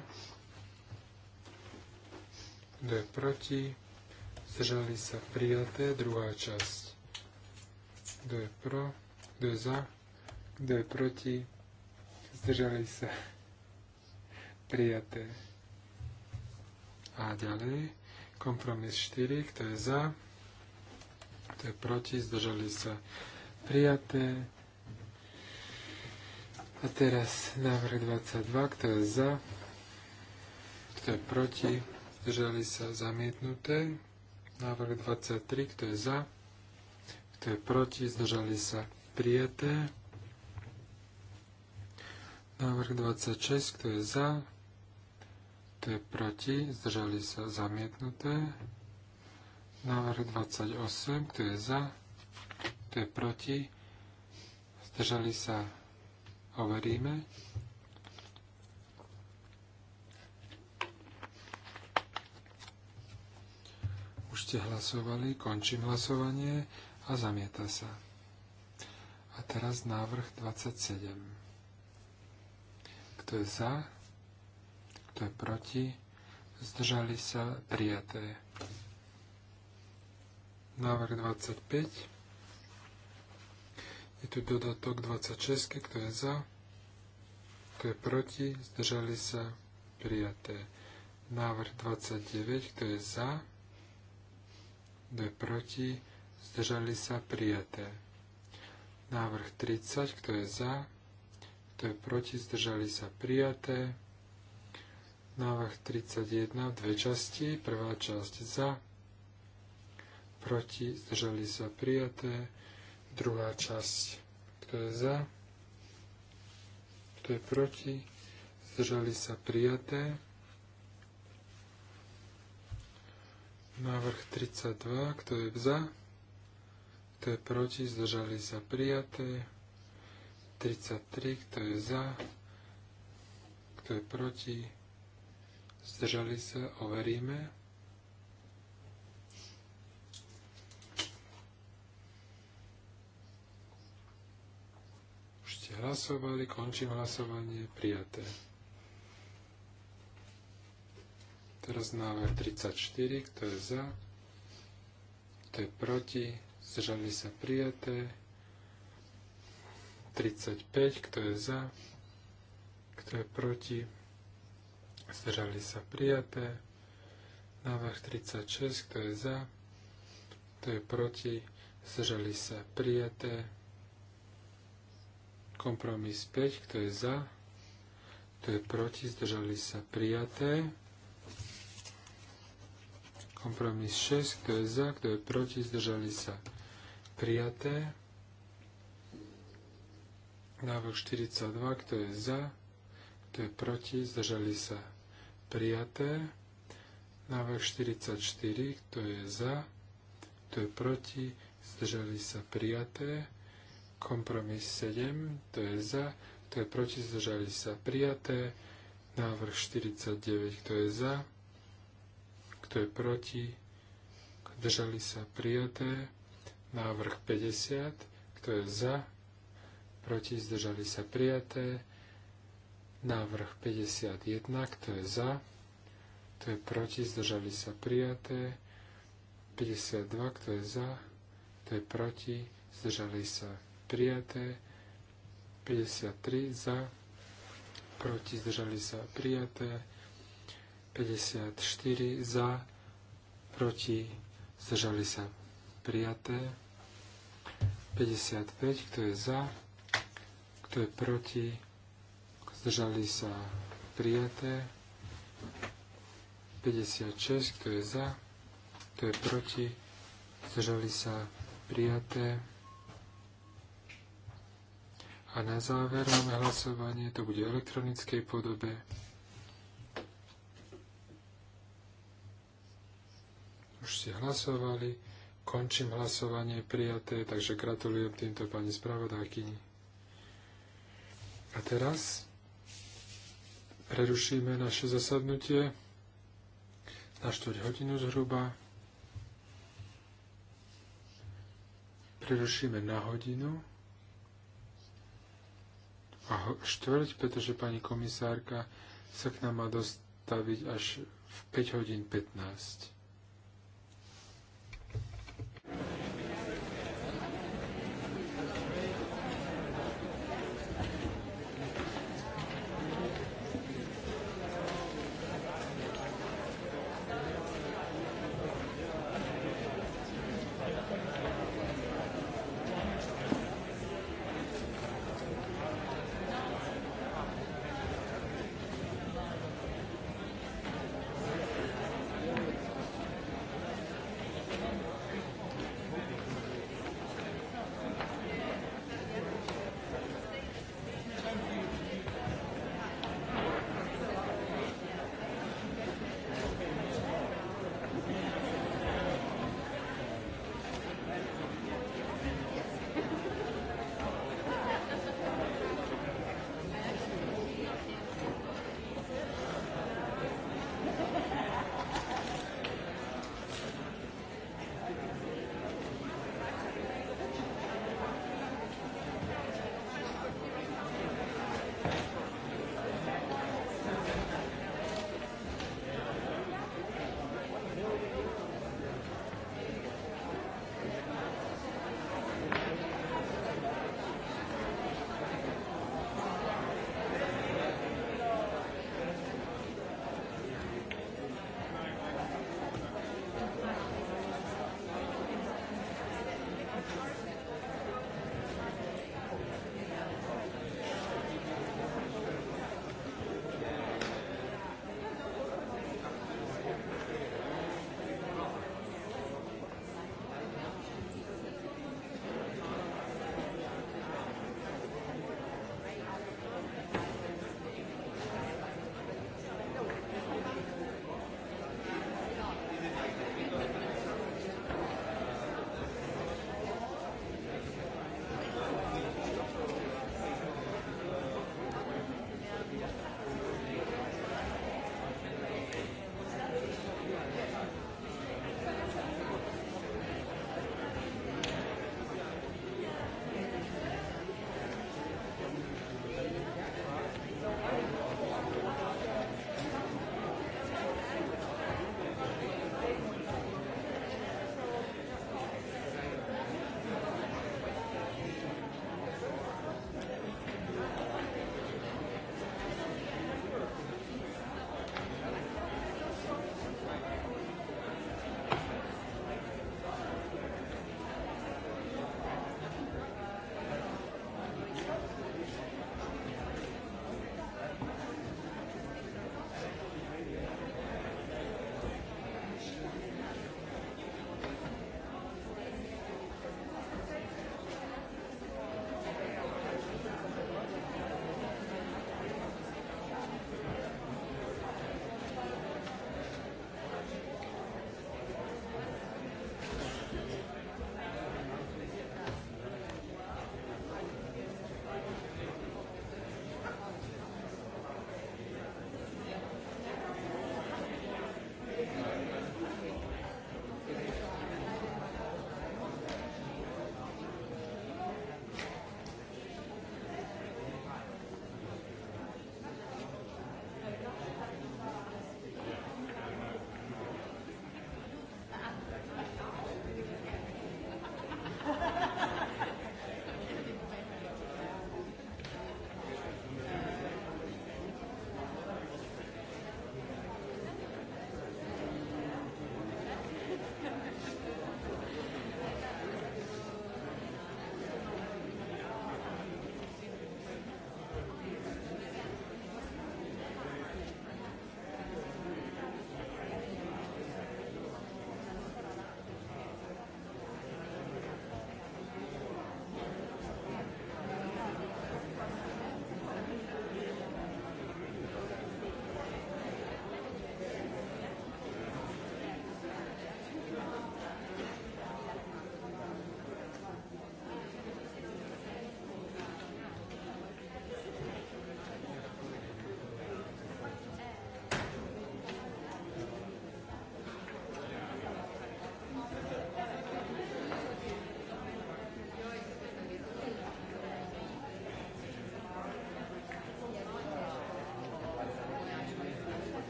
kto je proti, zdržali sa prijaté, druhá časť, kto je pro, kto je za, kto je proti, zdržali sa prijaté a ďalej. Kompromis 4, kto je za, kto je proti, zdržali sa prijaté. A teraz návrh 22, kto je za, kto je proti, zdržali sa zamietnuté. Návrh 23, kto je za, kto je proti, zdržali sa prijaté. Návrh 26, kto je za, to je proti, zdržali sa zamietnuté. Návrh 28, kto je za, kto je proti, zdržali sa, overíme. Už ste hlasovali, končím hlasovanie a zamieta sa. A teraz návrh 27. Kto je za, kto je proti, zdržali sa prijaté. Návrh 25. Je tu dodatok 26, kto je za, kto je proti, zdržali sa prijaté. Návrh 29, kto je za, kto je proti, zdržali sa prijaté. Návrh 30, kto je za, kto je proti, zdržali sa prijaté. Návrh 31 dve časti. Prvá časť za, proti, zdržali sa prijaté. Druhá časť, kto je za, kto je proti, zdržali sa prijaté. Návrh 32, kto je za, kto je proti, zdržali sa prijaté. 33, kto je za, kto je proti, zdržali sa, overíme. Už ste hlasovali, končím hlasovanie, prijaté. Teraz návrh 34, kto je za, kto je proti, zdržali sa, prijaté. 35, kto je za, kto je proti, zdržali sa prijaté. Návrh 36, kto je za, kto je proti, zdržali sa prijaté. Kompromis 5, kto je za, kto je proti, zdržali sa prijaté. Kompromis 6, kto je za, kto je proti, zdržali sa prijaté. Návrh 42, kto je za, kto je proti, zdržali sa prijaté prijaté. Návrh 44, kto je za, kto je proti, zdržali sa prijaté. Kompromis 7, kto je za, kto je proti, zdržali sa prijaté. Návrh 49, kto je za, kto je proti, zdržali sa prijaté. Návrh 50, kto je za, proti, zdržali sa prijaté. Návrh 51, kto je za, kto je proti, zdržali sa prijaté. 52, kto je za, kto je proti, zdržali sa prijaté. 53 za, proti, zdržali sa prijaté. 54 za, proti, zdržali sa prijaté. 55, kto je za, kto je proti, zdržali sa prijaté. 56, kto je za, kto je proti, zdržali sa prijaté. A na záver máme hlasovanie, to bude v elektronickej podobe. Už ste hlasovali, končím hlasovanie prijaté, takže gratulujem týmto pani spravodákyni. A teraz Prerušíme naše zasadnutie na 4 hodinu zhruba. Prerušíme na hodinu a ho, štvrť, pretože pani komisárka sa k nám má dostaviť až v 5 hodín 15.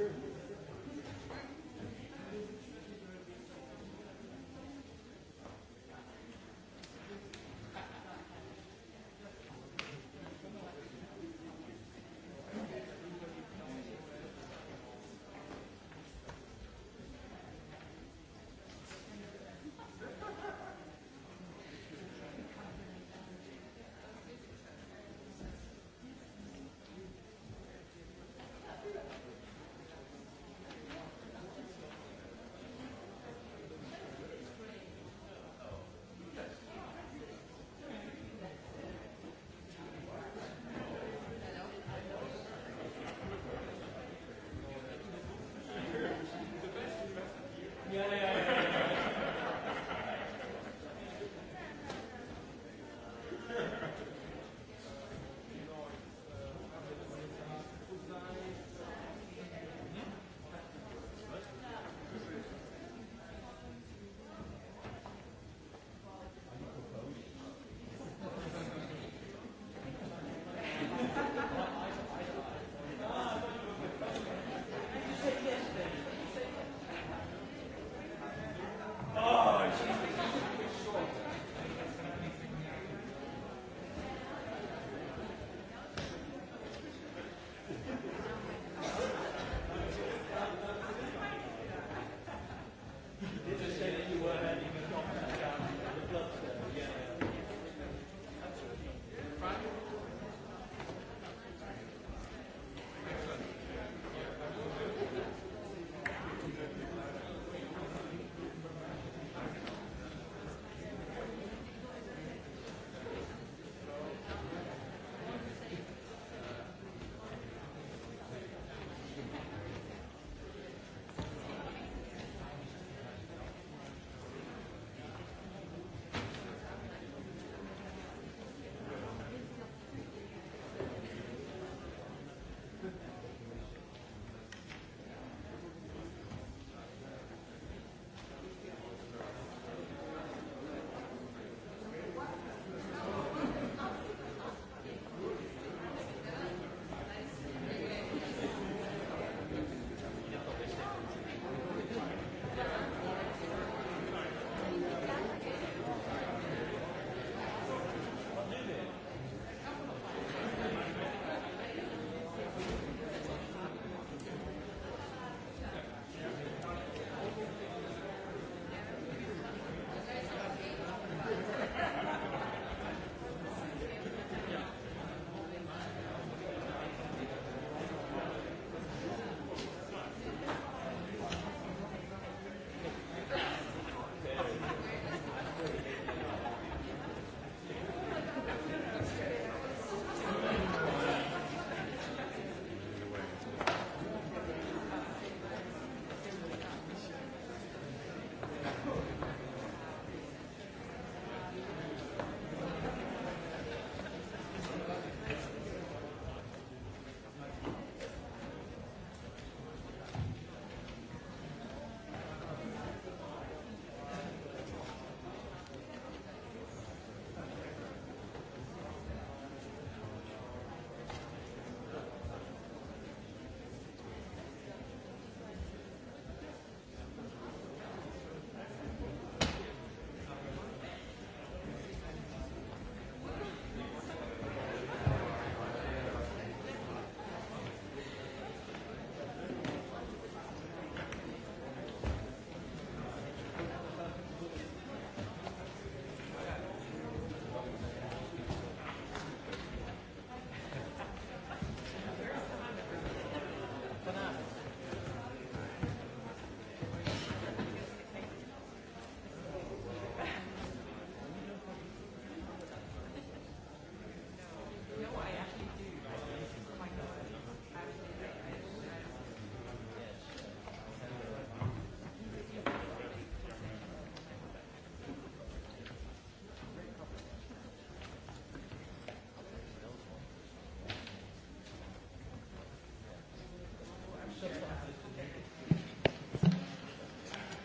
Sure.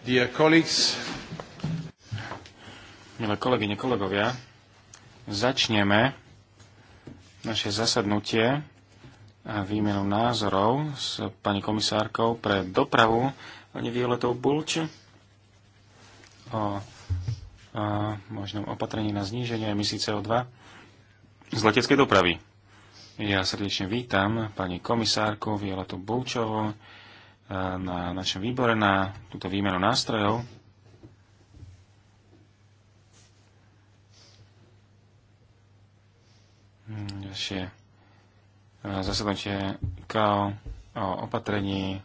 Dear colleagues, milé kolegyne, kolegovia, začneme naše zasadnutie a výmenu názorov s pani komisárkou pre dopravu, pani Violetou Bulč, o, o možnom opatrení na zníženie emisí CO2 z leteckej dopravy. Ja srdečne vítam pani komisárku Violetu Bulčovu, na našom výbore na túto výmenu nástrojov. Ďalšie e, zasadnutie KO o opatrení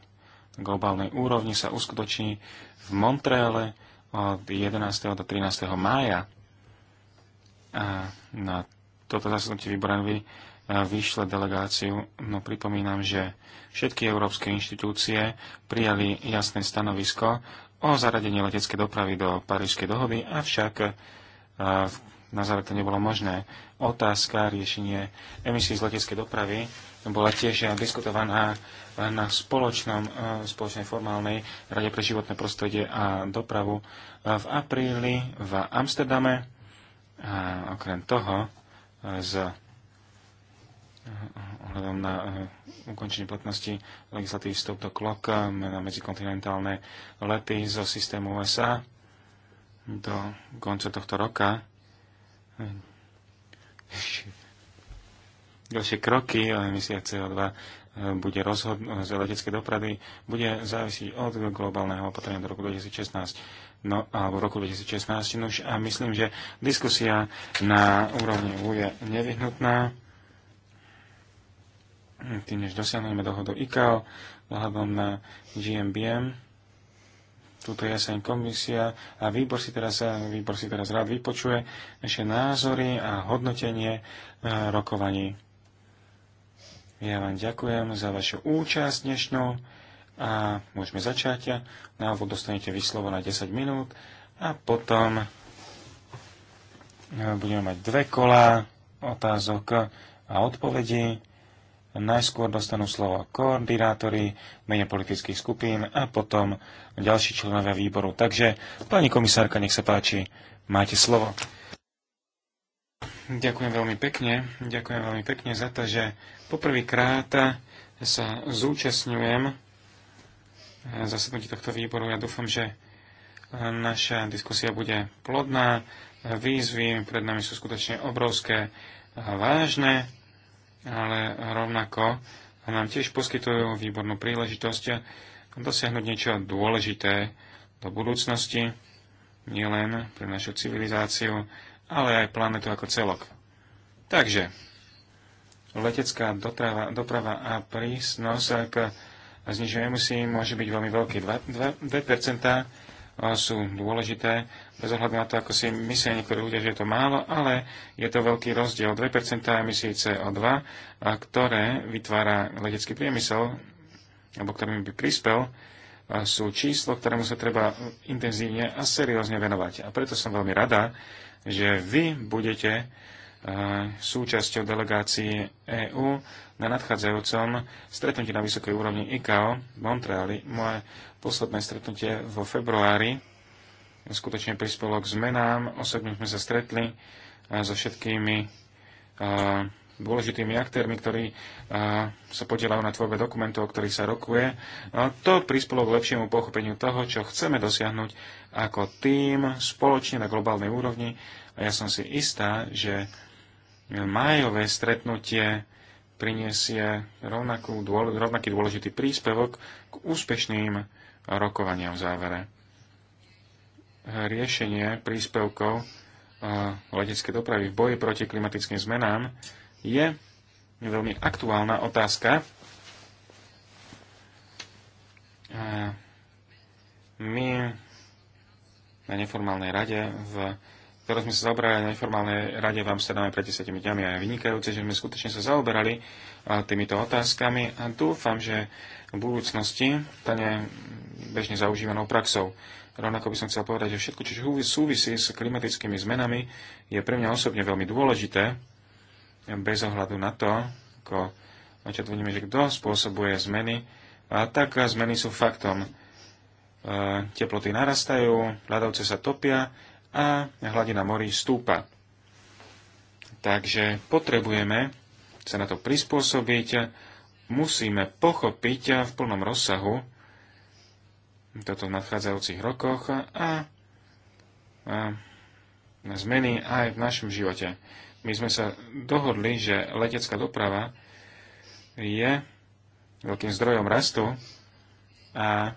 globálnej úrovni sa uskutoční v Montreale od 11. do 13. mája. A na toto zasadnutie výboru vyšle delegáciu. No pripomínam, že všetky európske inštitúcie prijali jasné stanovisko o zaradení leteckej dopravy do Parížskej dohody, avšak e, na záver to nebolo možné. Otázka riešenie emisí z leteckej dopravy bola tiež diskutovaná na spoločnom, e, spoločnej formálnej Rade pre životné prostredie a dopravu e, v apríli v Amsterdame. A okrem toho z ohľadom na eh, ukončenie platnosti legislatív stop the klok eh, na medzikontinentálne lety zo systému USA do konca tohto roka. Eh, ďalšie kroky, emisia CO2 bude rozhod z letecké dopravy, bude závisiť od globálneho opatrenia do roku 2016 no, alebo v roku 2016. už, a myslím, že diskusia na úrovni EU je nevyhnutná tým, než dosiahneme dohodu ICAO, vzhľadom na GMBM. Tuto je jeseň komisia a výbor si, teraz, výbor si teraz rád vypočuje naše názory a hodnotenie eh, rokovaní. Ja vám ďakujem za vašu účasť dnešnú a môžeme začať. Na úvod dostanete vyslovo na 10 minút a potom eh, budeme mať dve kola otázok a odpovedí Najskôr dostanú slovo koordinátori, mene politických skupín a potom ďalší členovia výboru. Takže, pani komisárka, nech sa páči, máte slovo. Ďakujem veľmi pekne. Ďakujem veľmi pekne za to, že poprvýkrát sa zúčastňujem zasadnutí tohto výboru. Ja dúfam, že naša diskusia bude plodná. Výzvy pred nami sú skutočne obrovské a vážne ale rovnako nám tiež poskytujú výbornú príležitosť dosiahnuť niečo dôležité do budúcnosti, nielen pre našu civilizáciu, ale aj planetu ako celok. Takže, letecká doprava, doprava a prísnosť k znižujú si môže byť veľmi veľký. 2, 2, 2% sú dôležité bez ohľadu na to, ako si myslia niektorí ľudia, že je to málo, ale je to veľký rozdiel. 2% emisí CO2, ktoré vytvára letecký priemysel, alebo ktorým by prispel, sú číslo, ktorému sa treba intenzívne a seriózne venovať. A preto som veľmi rada, že vy budete súčasťou delegácií EÚ na nadchádzajúcom stretnutí na vysokej úrovni ICAO v Montreali. Moje posledné stretnutie vo februári skutočne prispelo k zmenám. Osobne sme sa stretli e, so všetkými e, dôležitými aktérmi, ktorí e, sa podielajú na tvorbe dokumentov, o ktorých sa rokuje. To prispelo k lepšiemu pochopeniu toho, čo chceme dosiahnuť ako tým spoločne na globálnej úrovni. A ja som si istá, že májové stretnutie priniesie rovnakú, rovnaký dôležitý príspevok k úspešným rokovaniam v závere riešenie príspevkov eh, leteckej dopravy v boji proti klimatickým zmenám je veľmi aktuálna otázka. My na neformálnej rade, v, ktorú sme sa zaoberali na neformálnej rade v Amsterdame pred 10 dňami a je vynikajúce, že sme skutočne sa zaoberali eh, týmito otázkami a dúfam, že v budúcnosti stane bežne zaužívanou praxou. Rovnako by som chcel povedať, že všetko, čo súvisí s klimatickými zmenami, je pre mňa osobne veľmi dôležité, bez ohľadu na to, ako vidíme, že kto spôsobuje zmeny, a tak zmeny sú faktom. E, teploty narastajú, ľadovce sa topia a hladina morí stúpa. Takže potrebujeme sa na to prispôsobiť, musíme pochopiť v plnom rozsahu toto v nadchádzajúcich rokoch a, a zmeny aj v našom živote. My sme sa dohodli, že letecká doprava je veľkým zdrojom rastu a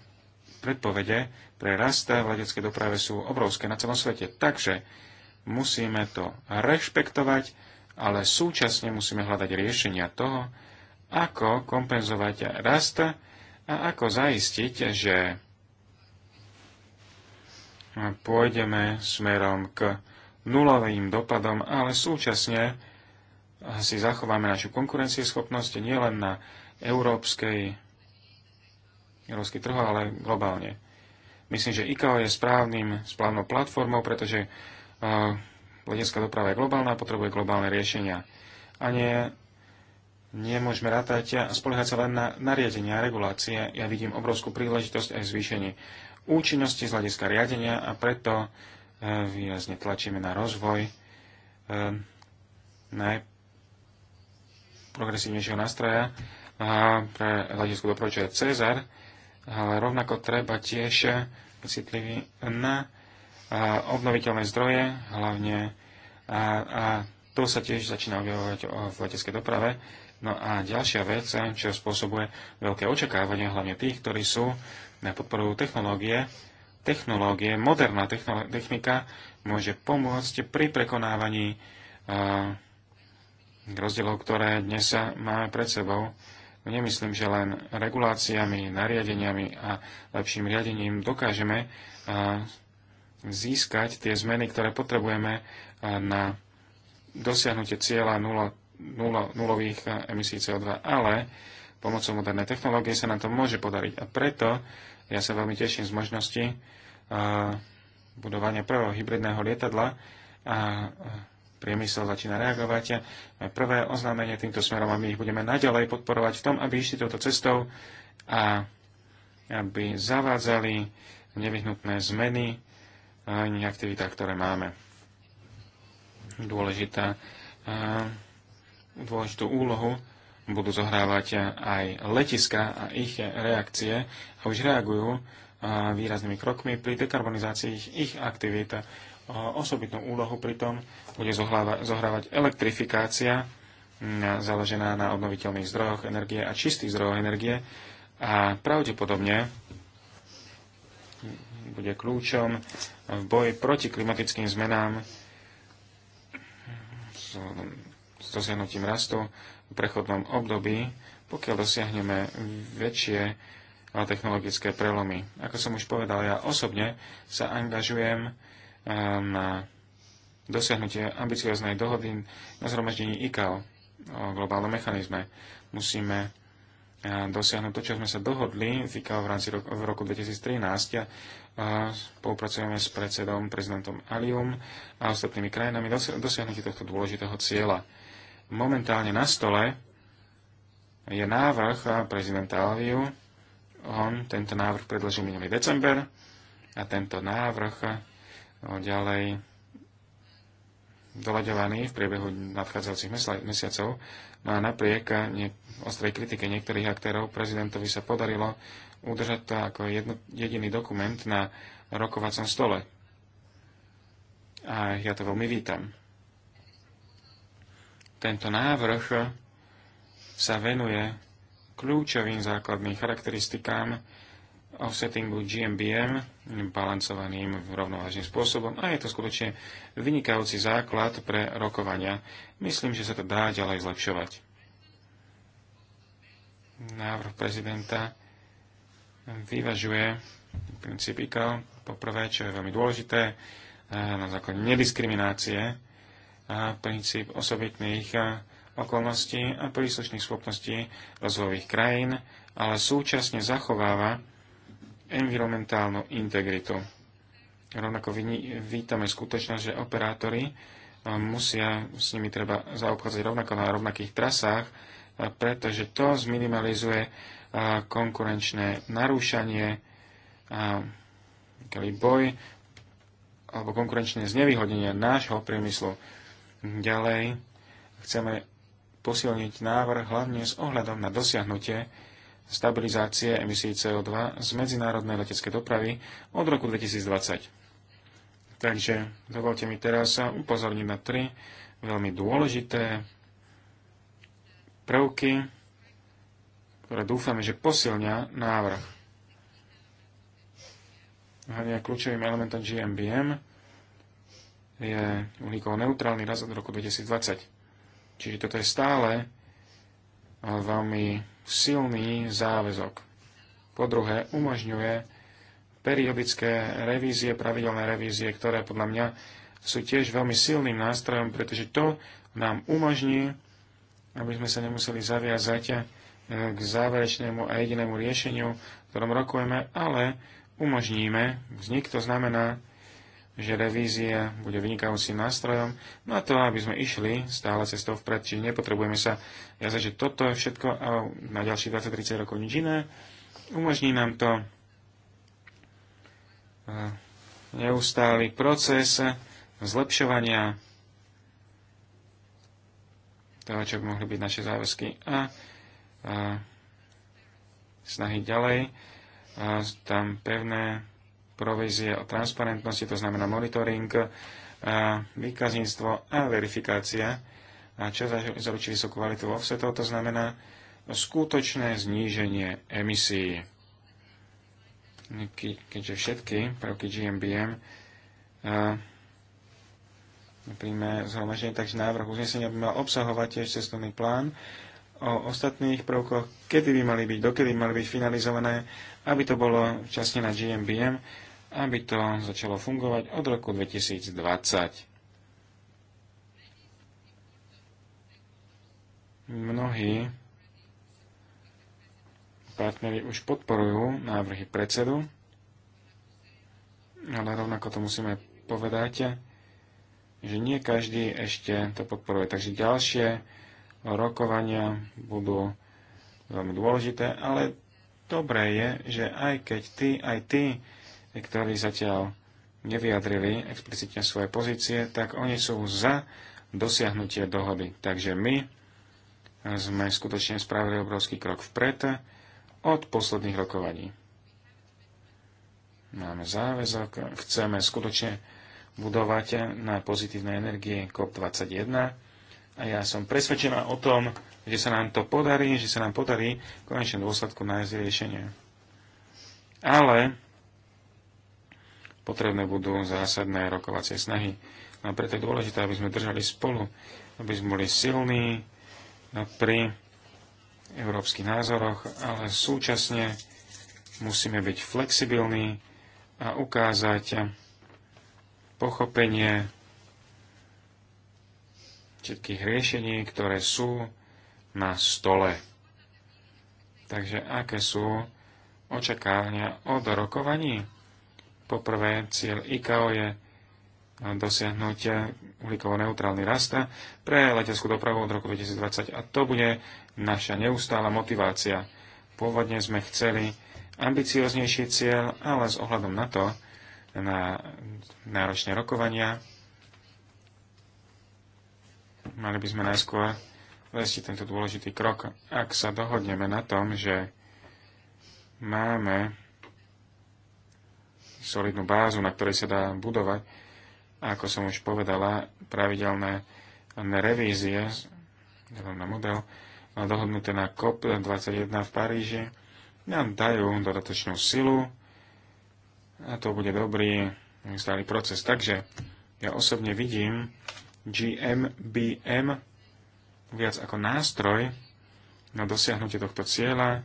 predpovede pre rast v leteckej doprave sú obrovské na celom svete. Takže musíme to rešpektovať, ale súčasne musíme hľadať riešenia toho, ako kompenzovať rast a ako zaistiť, že pôjdeme smerom k nulovým dopadom, ale súčasne si zachováme našu konkurencieschopnosť nielen na európskej, európsky trh, ale globálne. Myslím, že ICAO je správnym, správnou platformou, pretože uh, letecká doprava je globálna a potrebuje globálne riešenia. A nie, nemôžeme rátať a spoliehať sa len na nariadenia a regulácie. Ja vidím obrovskú príležitosť aj zvýšenie účinnosti, z hľadiska riadenia a preto e, výrazne tlačíme na rozvoj e, najprogresívnejšieho nástroja pre hľadisku dopravy, je Cezar, ale rovnako treba tiež citlivý na obnoviteľné zdroje, hlavne a, a to sa tiež začína objavovať v leteckej doprave. No a ďalšia vec, čo spôsobuje veľké očakávania, hlavne tých, ktorí sú na podporu technológie. Technológie, moderná technolo- technika môže pomôcť pri prekonávaní uh, rozdielov, ktoré dnes máme pred sebou. Nemyslím, že len reguláciami, nariadeniami a lepším riadením dokážeme uh, získať tie zmeny, ktoré potrebujeme uh, na dosiahnutie cieľa 0 nulo, nulových emisí CO2, ale pomocou modernej technológie sa nám to môže podariť. A preto ja sa veľmi teším z možnosti eh, budovania prvého hybridného lietadla a eh, priemysel začína reagovať. A prvé oznámenie týmto smerom a my ich budeme naďalej podporovať v tom, aby išli touto cestou a aby zavádzali nevyhnutné zmeny eh, iných aktivitách, ktoré máme. Dôležitá, dôležitú úlohu budú zohrávať aj letiska a ich reakcie a už reagujú výraznými krokmi pri dekarbonizácii ich, ich aktivít. Osobitnú úlohu pritom bude zohrávať elektrifikácia založená na obnoviteľných zdrojoch energie a čistých zdrojoch energie a pravdepodobne bude kľúčom v boji proti klimatickým zmenám s dosiahnutím rastu prechodnom období, pokiaľ dosiahneme väčšie technologické prelomy. Ako som už povedal, ja osobne sa angažujem na dosiahnutie ambicioznej dohody na zhromaždení ICAO o globálnom mechanizme. Musíme dosiahnuť to, čo sme sa dohodli v ICAO v rámci roku, v roku 2013. A spolupracujeme s predsedom, prezidentom Alium a ostatnými krajinami dosiahnutie tohto dôležitého cieľa momentálne na stole je návrh prezidenta Alviu. On tento návrh predložil minulý december a tento návrh ďalej doľaďovaný v priebehu nadchádzajúcich mesiacov. No a napriek nie, ostrej kritike niektorých aktérov prezidentovi sa podarilo udržať to ako jedno, jediný dokument na rokovacom stole. A ja to veľmi vítam. Tento návrh sa venuje kľúčovým základným charakteristikám offsettingu GMBM, balancovaným rovnovážnym spôsobom a je to skutočne vynikajúci základ pre rokovania. Myslím, že sa to dá ďalej zlepšovať. Návrh prezidenta vyvažuje princíp poprvé, čo je veľmi dôležité, eh, na základe nediskriminácie princíp osobitných okolností a príslušných schopností rozvojových krajín, ale súčasne zachováva environmentálnu integritu. Rovnako vítame skutočnosť, že operátori musia, s nimi treba zaobchádzať rovnako na rovnakých trasách, pretože to zminimalizuje konkurenčné narúšanie, boj alebo konkurenčné znevýhodnenie nášho priemyslu. Ďalej chceme posilniť návrh hlavne s ohľadom na dosiahnutie stabilizácie emisí CO2 z medzinárodnej leteckej dopravy od roku 2020. Takže dovolte mi teraz sa upozorniť na tri veľmi dôležité prvky, ktoré dúfame, že posilňa návrh. Hlavne kľúčovým elementom GMBM je uhlíkovo neutrálny raz od roku 2020. Čiže toto je stále veľmi silný záväzok. Po druhé, umožňuje periodické revízie, pravidelné revízie, ktoré podľa mňa sú tiež veľmi silným nástrojom, pretože to nám umožní, aby sme sa nemuseli zaviazať e, k záverečnému a jedinému riešeniu, v ktorom rokujeme, ale umožníme, vznik to znamená, že revízia bude vynikajúcim nástrojom na no to, aby sme išli stále cestou vpred, čiže nepotrebujeme sa jazať, že toto je všetko a na ďalších 20-30 rokov nič iné. Umožní nám to eh, neustály proces zlepšovania toho, čo by mohli byť naše záväzky a, a eh, snahy ďalej. A tam pevné provízie o transparentnosti, to znamená monitoring, výkazníctvo a verifikácia, a čo zaručí vysokú kvalitu offsetov, to znamená skutočné zníženie emisí. keďže všetky prvky GMBM príjme zhromaždenie, takže návrh uznesenia by mal obsahovať tiež cestovný plán o ostatných prvkoch, kedy by mali byť, dokedy by mali byť finalizované aby to bolo včasne na GMBM, aby to začalo fungovať od roku 2020. Mnohí partneri už podporujú návrhy predsedu, ale rovnako to musíme povedať, že nie každý ešte to podporuje. Takže ďalšie rokovania budú veľmi dôležité, ale dobré je, že aj keď ty, aj ty, ktorí zatiaľ nevyjadrili explicitne svoje pozície, tak oni sú za dosiahnutie dohody. Takže my sme skutočne spravili obrovský krok vpred od posledných rokovaní. Máme záväzok, chceme skutočne budovať na pozitívnej energie COP21 a ja som presvedčená o tom, že sa nám to podarí, že sa nám podarí v konečnom dôsledku nájsť riešenie. Ale potrebné budú zásadné rokovacie snahy. A preto je dôležité, aby sme držali spolu, aby sme boli silní pri európskych názoroch, ale súčasne musíme byť flexibilní a ukázať pochopenie všetkých riešení, ktoré sú na stole. Takže aké sú očakávania od rokovaní? Poprvé, cieľ IKAO je dosiahnuť uhlíkovo-neutrálny rasta pre leteckú dopravu od roku 2020 a to bude naša neustála motivácia. Pôvodne sme chceli ambicioznejší cieľ, ale s ohľadom na to, na náročné rokovania, Mali by sme najskôr vesti tento dôležitý krok. Ak sa dohodneme na tom, že máme solidnú bázu, na ktorej sa dá budovať, a ako som už povedala, pravidelné revízie, na model, dohodnuté na COP21 v Paríži, nám dajú dodatočnú silu a to bude dobrý stály proces. Takže ja osobne vidím GMBM viac ako nástroj na dosiahnutie tohto cieľa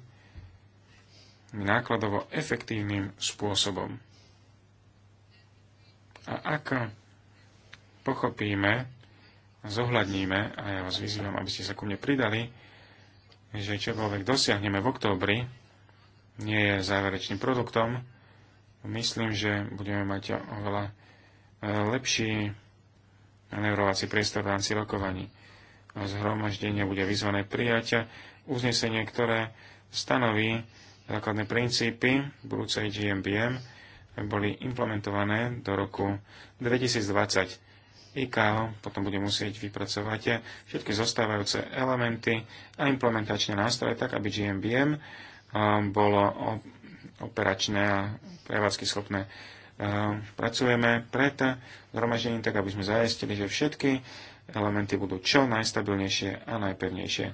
nákladovo efektívnym spôsobom. A ak pochopíme, zohľadníme, a ja vás vyzývam, aby ste sa ku mne pridali, že čokoľvek dosiahneme v októbri, nie je záverečným produktom, myslím, že budeme mať oveľa e, lepší manevrovací priestor v rámci rokovaní. Zhromaždenie bude vyzvané prijať uznesenie, ktoré stanoví základné princípy budúcej GMBM, boli implementované do roku 2020. ICAO potom bude musieť vypracovať všetky zostávajúce elementy a implementačné nástroje tak, aby GMBM eh, bolo operačné a prevádzky schopné Eh, pracujeme pred zhromaždením tak, aby sme zajistili, že všetky elementy budú čo najstabilnejšie a najpevnejšie.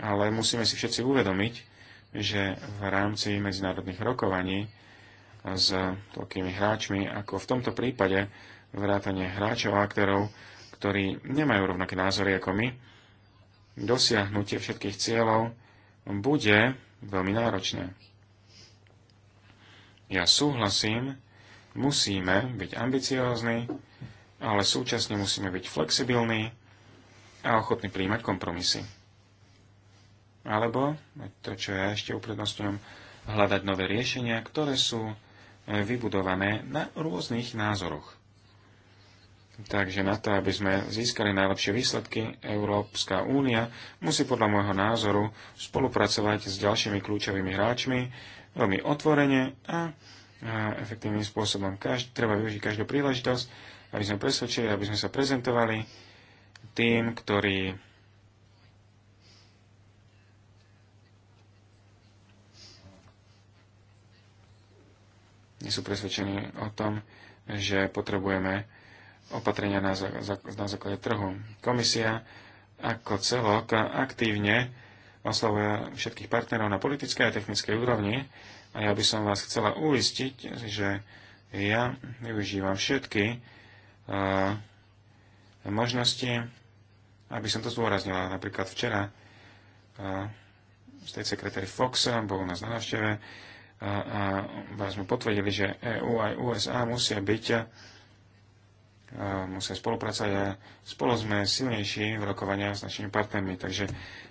Ale musíme si všetci uvedomiť, že v rámci medzinárodných rokovaní s toľkými hráčmi, ako v tomto prípade vrátanie hráčov a aktérov, ktorí nemajú rovnaké názory ako my, dosiahnutie všetkých cieľov bude veľmi náročné. Ja súhlasím Musíme byť ambiciózni, ale súčasne musíme byť flexibilní a ochotní príjmať kompromisy. Alebo, to čo ja ešte uprednostňujem, hľadať nové riešenia, ktoré sú e, vybudované na rôznych názoroch. Takže na to, aby sme získali najlepšie výsledky, Európska únia musí podľa môjho názoru spolupracovať s ďalšími kľúčovými hráčmi veľmi otvorene a efektívnym spôsobom. Každ- treba využiť každú príležitosť, aby sme presvedčili, aby sme sa prezentovali tým, ktorí nie sú presvedčení o tom, že potrebujeme opatrenia na, na základe trhu. Komisia ako celok aktívne oslovuje všetkých partnerov na politickej a technickej úrovni, a ja by som vás chcela uistiť, že ja využívam všetky uh, možnosti, aby som to zdôraznila. Napríklad včera uh, z sekretári Fox bol u nás na návšteve a, a vás mu potvrdili, že EU aj USA musia byť musia spolupracovať a spolu sme silnejší v rokovaniach s našimi partnermi. Takže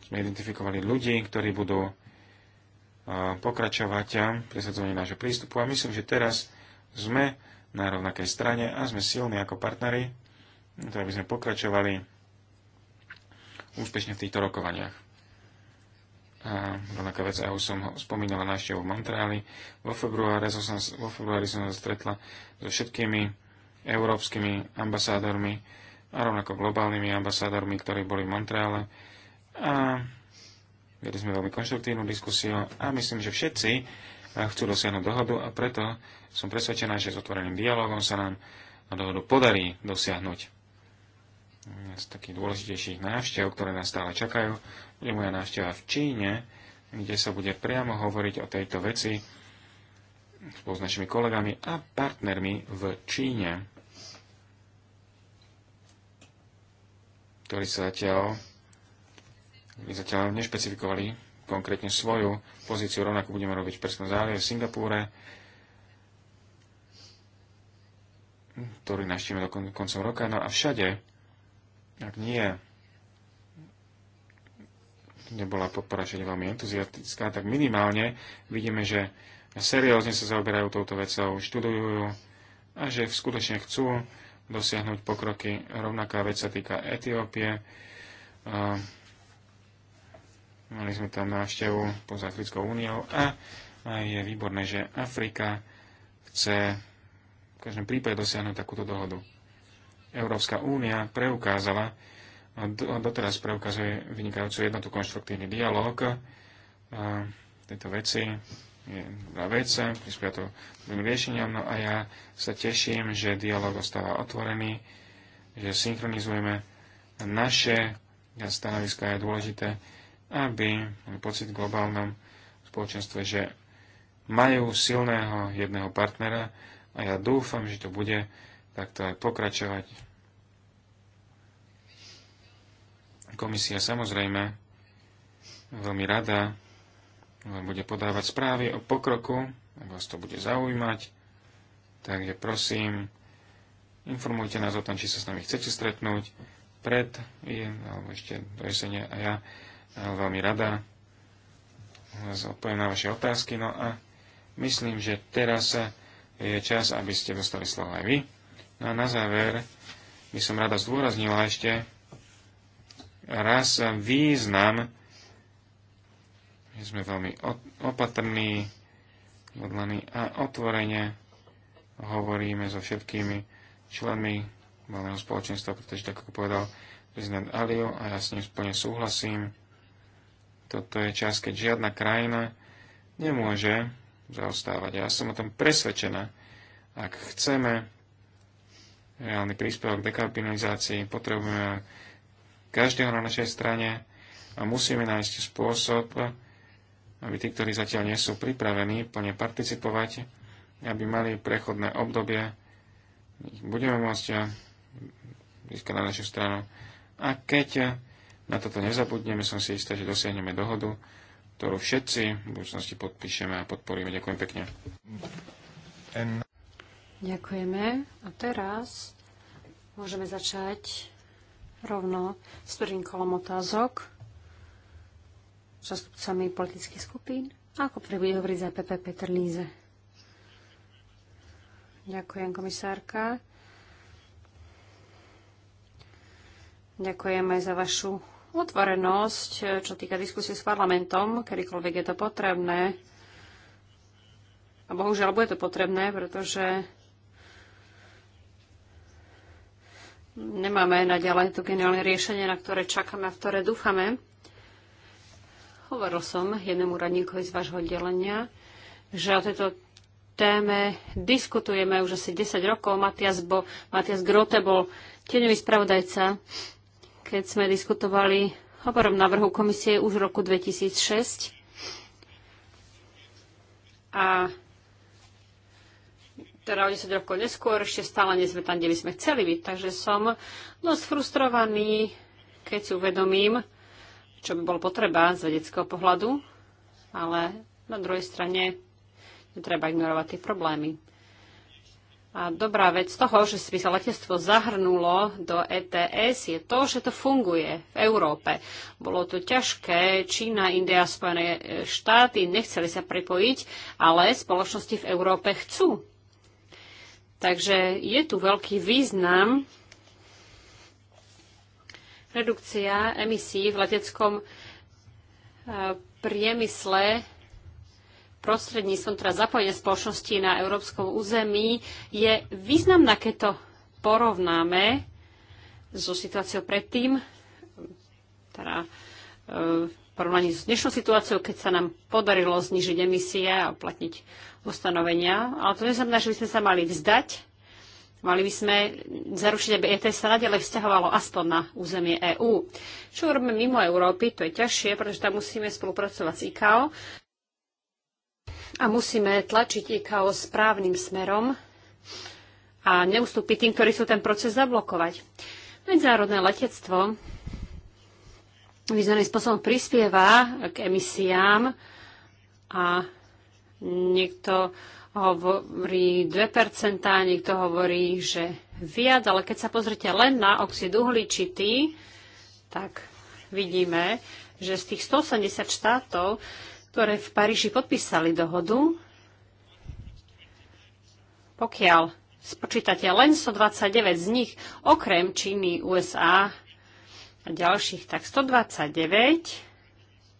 sme identifikovali ľudí, ktorí budú pokračovať v presadzovaní nášho prístupu a myslím, že teraz sme na rovnakej strane a sme silní ako partnery, to teda aby sme pokračovali úspešne v týchto rokovaniach. A rovnaká vec, ja už som spomínala návštevu v Montreali. Vo februári, som, vo februári som sa stretla so všetkými európskymi ambasádormi a rovnako globálnymi ambasádormi, ktorí boli v Montreale. A Viedli sme veľmi konštruktívnu diskusiu a myslím, že všetci eh, chcú dosiahnuť dohodu a preto som presvedčená, že s otvoreným dialogom sa nám dohodu podarí dosiahnuť. Z takých dôležitejších návštev, ktoré nás stále čakajú, bude moja návšteva v Číne, kde sa bude priamo hovoriť o tejto veci spolu s našimi kolegami a partnermi v Číne, ktorí sa zatiaľ zatiaľ nešpecifikovali konkrétne svoju pozíciu. Rovnako budeme robiť v Perskom zálive, v Singapúre, ktorý naštíme do kon- koncom roka. No a všade, ak nie nebola podpora všade veľmi entuziastická, tak minimálne vidíme, že seriózne sa zaoberajú touto vecou, študujú a že skutočne chcú dosiahnuť pokroky. Rovnaká vec sa týka Etiópie. Uh, Mali sme tam návštevu pod Africkou úniou a, je výborné, že Afrika chce v každom prípade dosiahnuť takúto dohodu. Európska únia preukázala, doteraz preukazuje vynikajúcu jednotu konštruktívny dialog tejto veci. Je dobrá vece, prispia to tým riešeniam, no a ja sa teším, že dialog ostáva otvorený, že synchronizujeme naše stanoviska je dôležité, aby mali pocit v globálnom spoločenstve, že majú silného jedného partnera a ja dúfam, že to bude takto aj pokračovať. Komisia samozrejme veľmi rada bude podávať správy o pokroku, ak vás to bude zaujímať. Takže prosím, informujte nás o tom, či sa s nami chcete stretnúť pred, alebo ešte do jesenia a ja veľmi rada odpoviem na vaše otázky. No a myslím, že teraz je čas, aby ste dostali slovo aj vy. No a na záver by som rada zdôraznila ešte raz význam, že sme veľmi opatrní, odlaní a otvorene hovoríme so všetkými členmi malého spoločenstva, pretože tak ako povedal prezident Aliu a ja s ním plne súhlasím, toto je čas, keď žiadna krajina nemôže zaostávať. Ja som o tom presvedčená. Ak chceme reálny príspevok k dekarbonizácii, potrebujeme každého na našej strane a musíme nájsť spôsob, aby tí, ktorí zatiaľ nie sú pripravení plne participovať, aby mali prechodné obdobie, budeme môcť získať na našu stranu. A keď na toto nezabudneme, som si istá, že dosiahneme dohodu, ktorú všetci v budúcnosti podpíšeme a podporíme. Ďakujem pekne. Ďakujeme. A teraz môžeme začať rovno s prvým kolom otázok zastupcami politických skupín. Ako prvý bude hovoriť za PP Petr Líze? Ďakujem, komisárka. Ďakujem aj za vašu otvorenosť, eh, čo týka diskusie s parlamentom, kedykoľvek je to potrebné. A bohužiaľ bude to potrebné, pretože nemáme naďalej to geniálne riešenie, na ktoré čakáme a v ktoré dúfame. Hovoril som jednému radníkovi z vášho oddelenia, že o tejto téme diskutujeme už asi 10 rokov. Matias, bo, Matias Grote bol tieňový spravodajca keď sme diskutovali o prvom návrhu komisie už v roku 2006. A teda o 10 rokov neskôr ešte stále nie sme tam, kde by sme chceli byť. Takže som dosť frustrovaný, keď si uvedomím, čo by bolo potreba z vedeckého pohľadu, ale na druhej strane netreba ignorovať tie problémy. A dobrá vec toho, že by sa letectvo zahrnulo do ETS, je to, že to funguje v Európe. Bolo to ťažké, Čína, India, Spojené štáty nechceli sa pripojiť, ale spoločnosti v Európe chcú. Takže je tu veľký význam redukcia emisí v leteckom e, priemysle prostredníctvom teda zapojenia spoločnosti na európskom území je významná, keď to porovnáme so situáciou predtým, teda e, v porovnaní s dnešnou situáciou, keď sa nám podarilo znižiť emisie a uplatniť ustanovenia. Ale to neznamená, že by sme sa mali vzdať. Mali by sme zaručiť, aby ETS sa nadalej vzťahovalo aspoň na územie EÚ. Čo robíme mimo Európy, to je ťažšie, pretože tam musíme spolupracovať s ICAO a musíme tlačiť IKO správnym smerom a neustúpiť tým, ktorí sú ten proces zablokovať. Medzárodné letectvo významným spôsobom prispieva k emisiám a niekto hovorí 2%, niekto hovorí, že viac, ale keď sa pozrite len na oxid uhličitý, tak vidíme, že z tých 180 štátov ktoré v Paríži podpísali dohodu, pokiaľ spočítate len 129 z nich, okrem Číny, USA a ďalších, tak 129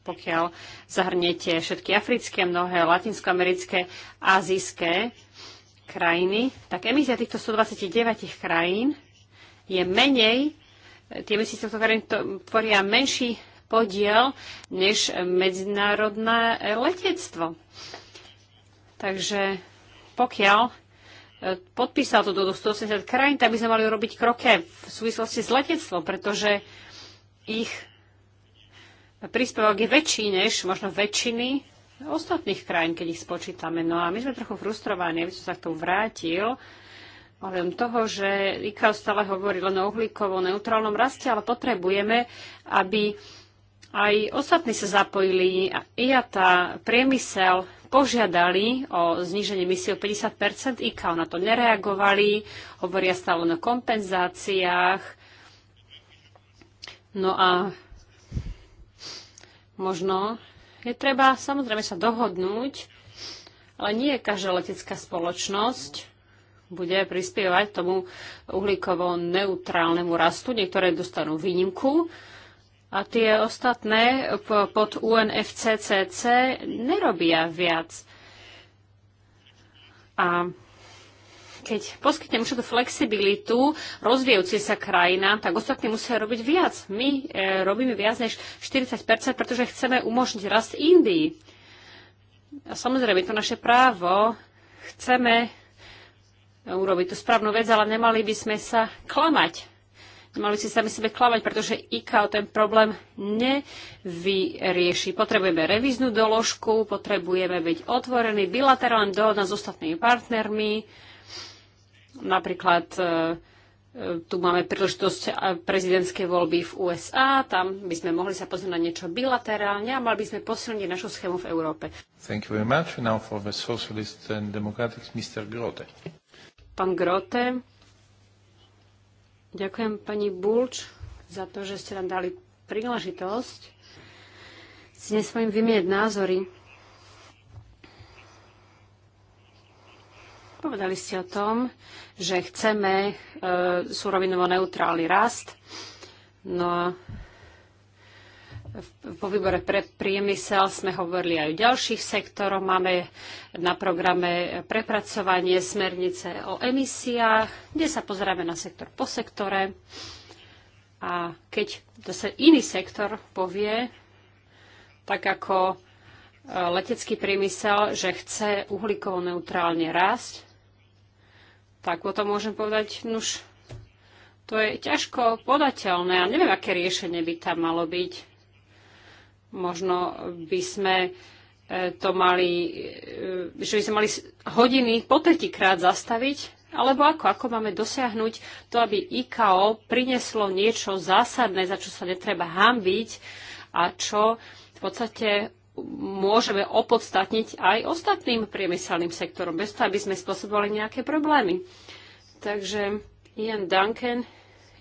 pokiaľ zahrnete všetky africké, mnohé latinskoamerické, azijské krajiny, tak emisia týchto 129 krajín je menej, tie emisie týchto tvoria menší podiel než medzinárodné letectvo. Takže pokiaľ e, podpísal to do 180 krajín, tak by sme mali urobiť kroke v súvislosti s letectvom, pretože ich príspevok je väčší než možno väčšiny ostatných krajín, keď ich spočítame. No a my sme trochu frustrovaní, aby som sa k tomu vrátil, ale toho, že IKAO stále hovorí len o uhlíkovo neutrálnom raste, ale potrebujeme, aby aj ostatní sa zapojili. IATA, priemysel požiadali o zníženie misie o 50 ICAO na to nereagovali, hovoria stále o kompenzáciách. No a možno je treba samozrejme sa dohodnúť, ale nie každá letecká spoločnosť bude prispievať tomu uhlíkovo neutrálnemu rastu. Niektoré dostanú výnimku, a tie ostatné pod UNFCCC nerobia viac. A keď poskytnem určitú flexibilitu rozvíjajúci sa krajina, tak ostatní musia robiť viac. My e, robíme viac než 40%, pretože chceme umožniť rast Indii. A samozrejme, to naše právo. Chceme e, urobiť tú správnu vec, ale nemali by sme sa klamať. Mali si sami sebe klamať, pretože IKAO ten problém nevyrieši. Potrebujeme revíznu doložku, potrebujeme byť otvorení bilaterálne dohoda s ostatnými partnermi. Napríklad e, e, tu máme príležitosť e, prezidentskej voľby v USA, tam by sme mohli sa pozrieť na niečo bilaterálne a mali by sme posilniť našu schému v Európe. Thank you very much. Now for the Socialist and democratic, Mr. Grote. Pán Grote. Ďakujem pani Bulč za to, že ste nám dali príležitosť si nesvojím vymieť názory. Povedali ste o tom, že chceme e, surovinovo neutrálny rast. No a po výbore pre priemysel sme hovorili aj o ďalších sektoroch. Máme na programe prepracovanie smernice o emisiách, kde sa pozrieme na sektor po sektore. A keď zase iný sektor povie, tak ako e, letecký priemysel, že chce uhlíkovo neutrálne rásť, tak o tom môžem povedať, nuž, to je ťažko podateľné a neviem, aké riešenie by tam malo byť. Možno by sme e, to mali, e, že by sme mali hodiny po tretíkrát zastaviť, alebo ako? Ako máme dosiahnuť to, aby IKO prineslo niečo zásadné, za čo sa netreba hambiť a čo v podstate môžeme opodstatniť aj ostatným priemyselným sektorom, bez toho, aby sme spôsobovali nejaké problémy. Takže Ian Duncan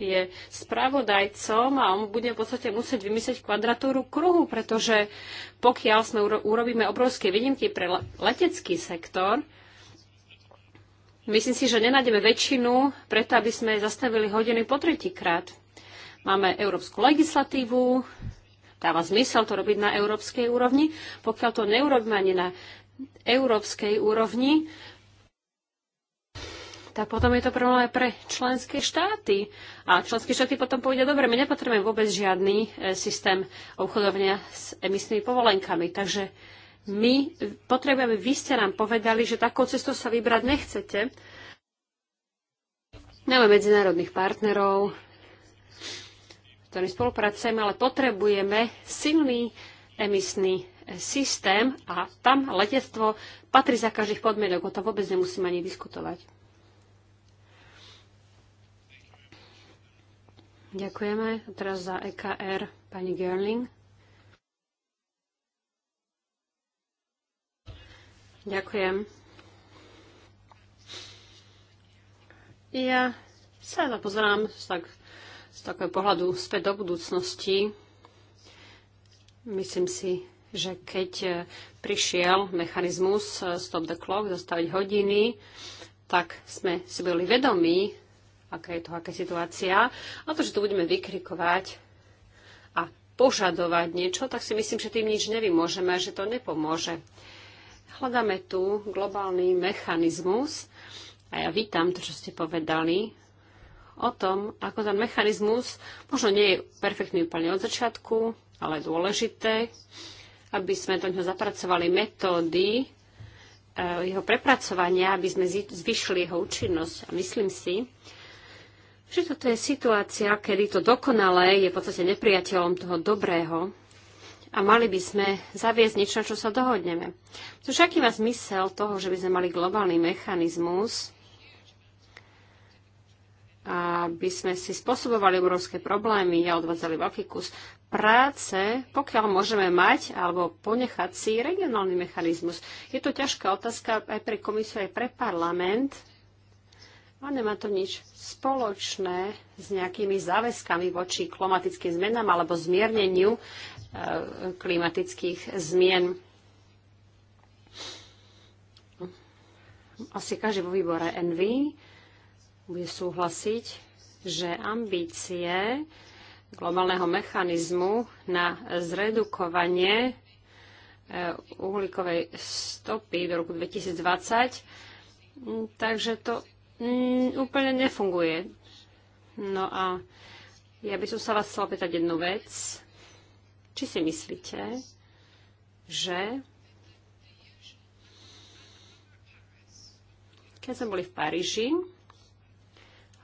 je spravodajcom a on bude v podstate musieť vymyslieť kvadratúru kruhu, pretože pokiaľ sme urobíme obrovské výnimky pre letecký sektor, myslím si, že nenájdeme väčšinu preto, aby sme zastavili hodiny po tretíkrát. Máme európsku legislatívu, dáva zmysel to robiť na európskej úrovni. Pokiaľ to neurobíme ani na európskej úrovni, tak potom je to problém aj pre členské štáty. A členské štáty potom povedia, dobre, my nepotrebujeme vôbec žiadny e, systém obchodovania s emisnými povolenkami. Takže my potrebujeme, vy ste nám povedali, že takou cestou sa vybrať nechcete. Máme medzinárodných partnerov, ktorí spolupracujeme, ale potrebujeme silný emisný e, systém a tam letectvo patrí za každých podmienok, o tom vôbec nemusíme ani diskutovať. Ďakujeme. A teraz za EKR pani Gerling. Ďakujem. Ja sa zapozerám z, tak, z takého pohľadu späť do budúcnosti. Myslím si, že keď e, prišiel mechanizmus e, Stop the Clock, zastaviť hodiny, tak sme si boli vedomí aká je to, aká situácia. A to, že tu budeme vykrikovať a požadovať niečo, tak si myslím, že tým nič nevymôžeme, že to nepomôže. Hľadáme tu globálny mechanizmus a ja vítam to, čo ste povedali o tom, ako ten mechanizmus možno nie je perfektný úplne od začiatku, ale dôležité, aby sme do ňoho zapracovali metódy eh, jeho prepracovania, aby sme zvyšili jeho účinnosť. A myslím si, že toto je situácia, kedy to dokonalé je v podstate nepriateľom toho dobrého a mali by sme zaviesť niečo, na čo sa dohodneme. To aký má zmysel toho, že by sme mali globálny mechanizmus, aby sme si spôsobovali obrovské problémy a odvádzali veľký kus práce, pokiaľ môžeme mať alebo ponechať si regionálny mechanizmus. Je to ťažká otázka aj pre komisiu, aj pre parlament, a nemá to nič spoločné s nejakými záväzkami voči klimatickým zmenám alebo zmierneniu eh, klimatických zmien. Asi každý vo výbore NV bude súhlasiť, že ambície globálneho mechanizmu na zredukovanie eh, uhlíkovej stopy do roku 2020. Mm, takže to Mm, úplne nefunguje. No a ja by som sa vás chcela pýtať jednu vec. Či si myslíte, že keď sme boli v Paríži,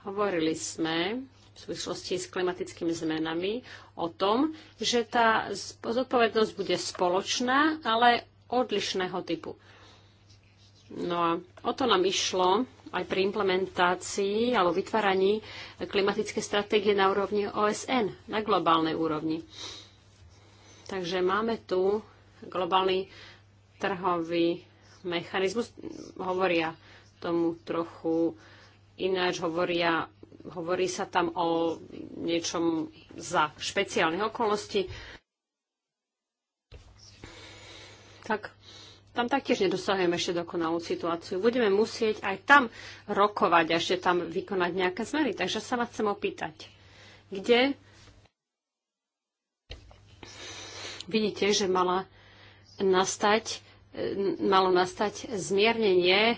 hovorili sme v súvislosti s klimatickými zmenami o tom, že tá zodpovednosť bude spoločná, ale odlišného typu. No a o to nám išlo aj pri implementácii alebo vytváraní klimatické stratégie na úrovni OSN, na globálnej úrovni. Takže máme tu globálny trhový mechanizmus. Hovoria tomu trochu ináč, hovoria, hovorí sa tam o niečom za špeciálnych okolností. Tak tam taktiež nedosahujeme ešte dokonalú situáciu. Budeme musieť aj tam rokovať a ešte tam vykonať nejaké zmeny. Takže sa vás chcem opýtať, kde vidíte, že mala nastať, malo nastať zmiernenie e,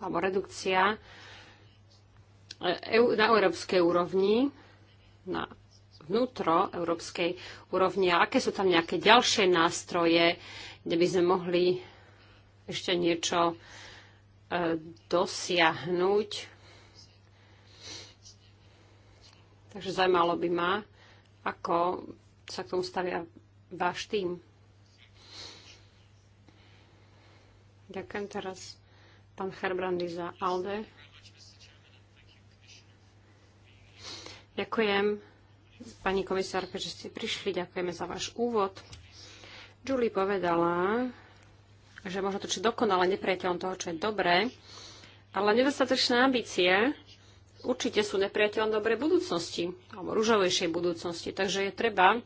alebo redukcia e, na európskej úrovni, na vnútro európskej úrovni a aké sú tam nejaké ďalšie nástroje, kde by sme mohli ešte niečo e, dosiahnuť. Takže zaujímalo by ma, ako sa k tomu stavia váš tým. Ďakujem teraz pán Herbrandy za ALDE. Ďakujem pani komisárke, že ste prišli. Ďakujeme za váš úvod. Julie povedala, že možno to, čo dokonale nepriateľom toho, čo je dobré, ale nedostatočné ambície určite sú nepriateľom dobrej budúcnosti, alebo rúžovejšej budúcnosti. Takže je treba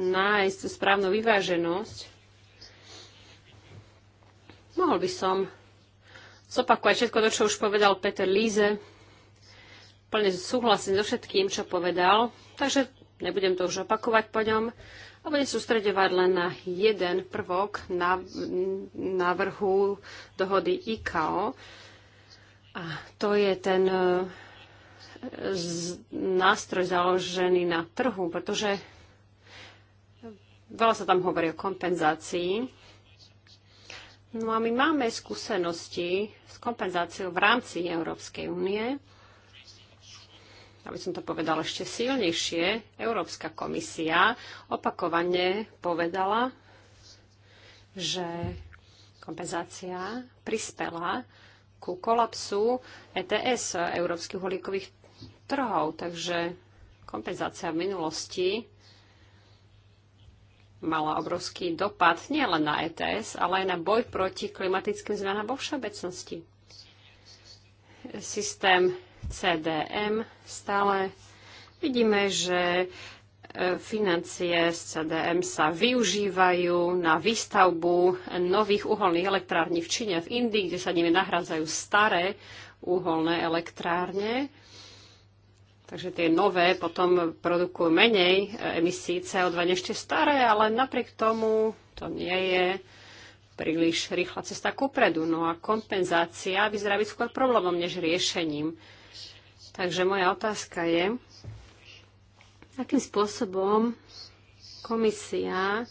nájsť správnu vyváženosť. Mohol by som zopakovať všetko to, čo už povedal Peter Líze. Plne súhlasím so všetkým, čo povedal, takže nebudem to už opakovať po ňom a bude sústredovať len na jeden prvok na návrhu dohody ICAO. A to je ten e, nástroj založený na trhu, pretože veľa sa tam hovorí o kompenzácii. No a my máme skúsenosti s kompenzáciou v rámci Európskej únie aby som to povedala ešte silnejšie, Európska komisia opakovane povedala, že kompenzácia prispela ku kolapsu ETS, e, európskych holíkových trhov. Takže kompenzácia v minulosti mala obrovský dopad nielen na ETS, ale aj na boj proti klimatickým zmenám vo všeobecnosti. Systém CDM stále vidíme, že e, financie z CDM sa využívajú na výstavbu nových uholných elektrární v Číne, v Indii, kde sa nimi nahrádzajú staré uholné elektrárne. Takže tie nové potom produkujú menej e, emisí CO2 než tie staré, ale napriek tomu to nie je príliš rýchla cesta kupredu. No a kompenzácia vyzerá byť skôr problémom než riešením. Takže moja otázka je, akým spôsobom komisia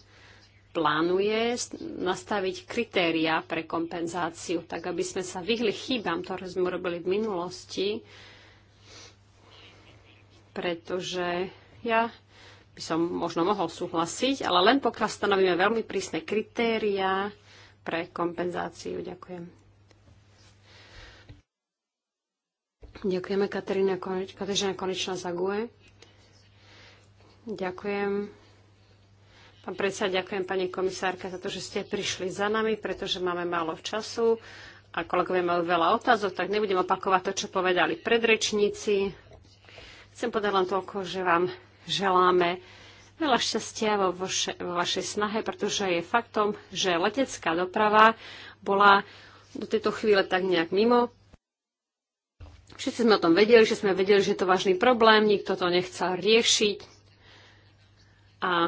plánuje nastaviť kritéria pre kompenzáciu, tak aby sme sa vyhli chybám, ktoré sme robili v minulosti, pretože ja by som možno mohol súhlasiť, ale len pokiaľ stanovíme veľmi prísne kritéria pre kompenzáciu. Ďakujem. Ďakujeme Katarína Konečná, Konečná za GUE. Ďakujem. Pán predseda, ďakujem pani komisárka za to, že ste prišli za nami, pretože máme málo času a kolegovia majú veľa otázok, tak nebudem opakovať to, čo povedali predrečníci. Chcem povedať len toľko, že vám želáme veľa šťastia vo, vaše, vo vašej snahe, pretože je faktom, že letecká doprava bola do tejto chvíle tak nejak mimo Všetci sme o tom vedeli, že sme vedeli, že je to vážny problém, nikto to nechcel riešiť. A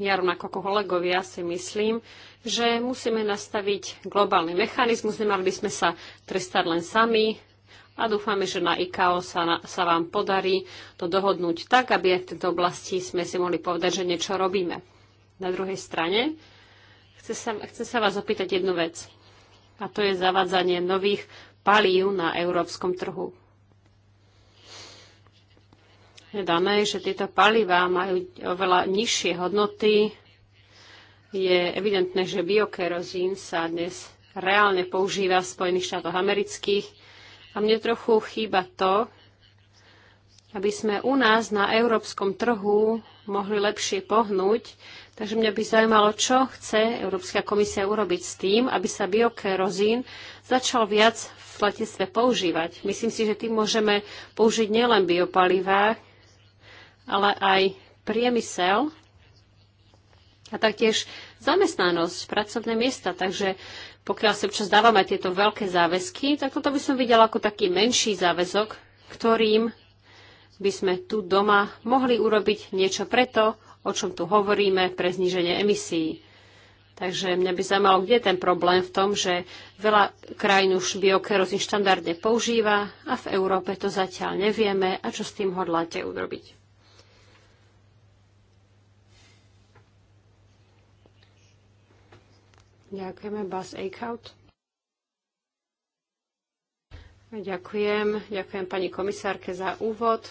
ja rovnako ako kolegovia si myslím, že musíme nastaviť globálny mechanizmus, nemali by sme sa trestať len sami a dúfame, že na ICAO sa, na, sa vám podarí to dohodnúť tak, aby aj v tejto oblasti sme si mohli povedať, že niečo robíme. Na druhej strane chcem sa, chcem sa vás opýtať jednu vec a to je zavádzanie nových palív na európskom trhu. Je dané, že tieto palivá majú oveľa nižšie hodnoty. Je evidentné, že biokerozín sa dnes reálne používa v Spojených štátoch amerických. A mne trochu chýba to, aby sme u nás na európskom trhu mohli lepšie pohnúť Takže mňa by zaujímalo, čo chce Európska komisia urobiť s tým, aby sa biokerozín začal viac v letectve používať. Myslím si, že tým môžeme použiť nielen biopalivá, ale aj priemysel a taktiež zamestnanosť, pracovné miesta. Takže pokiaľ sa občas dávame tieto veľké záväzky, tak toto by som videla ako taký menší záväzok, ktorým by sme tu doma mohli urobiť niečo preto, o čom tu hovoríme pre zníženie emisí. Takže mňa by zaujímalo, kde je ten problém v tom, že veľa krajín už biokerozín štandardne používa a v Európe to zatiaľ nevieme a čo s tým hodláte urobiť. Ďakujeme, Bas Eichhout. Ďakujem. Ďakujem pani komisárke za úvod.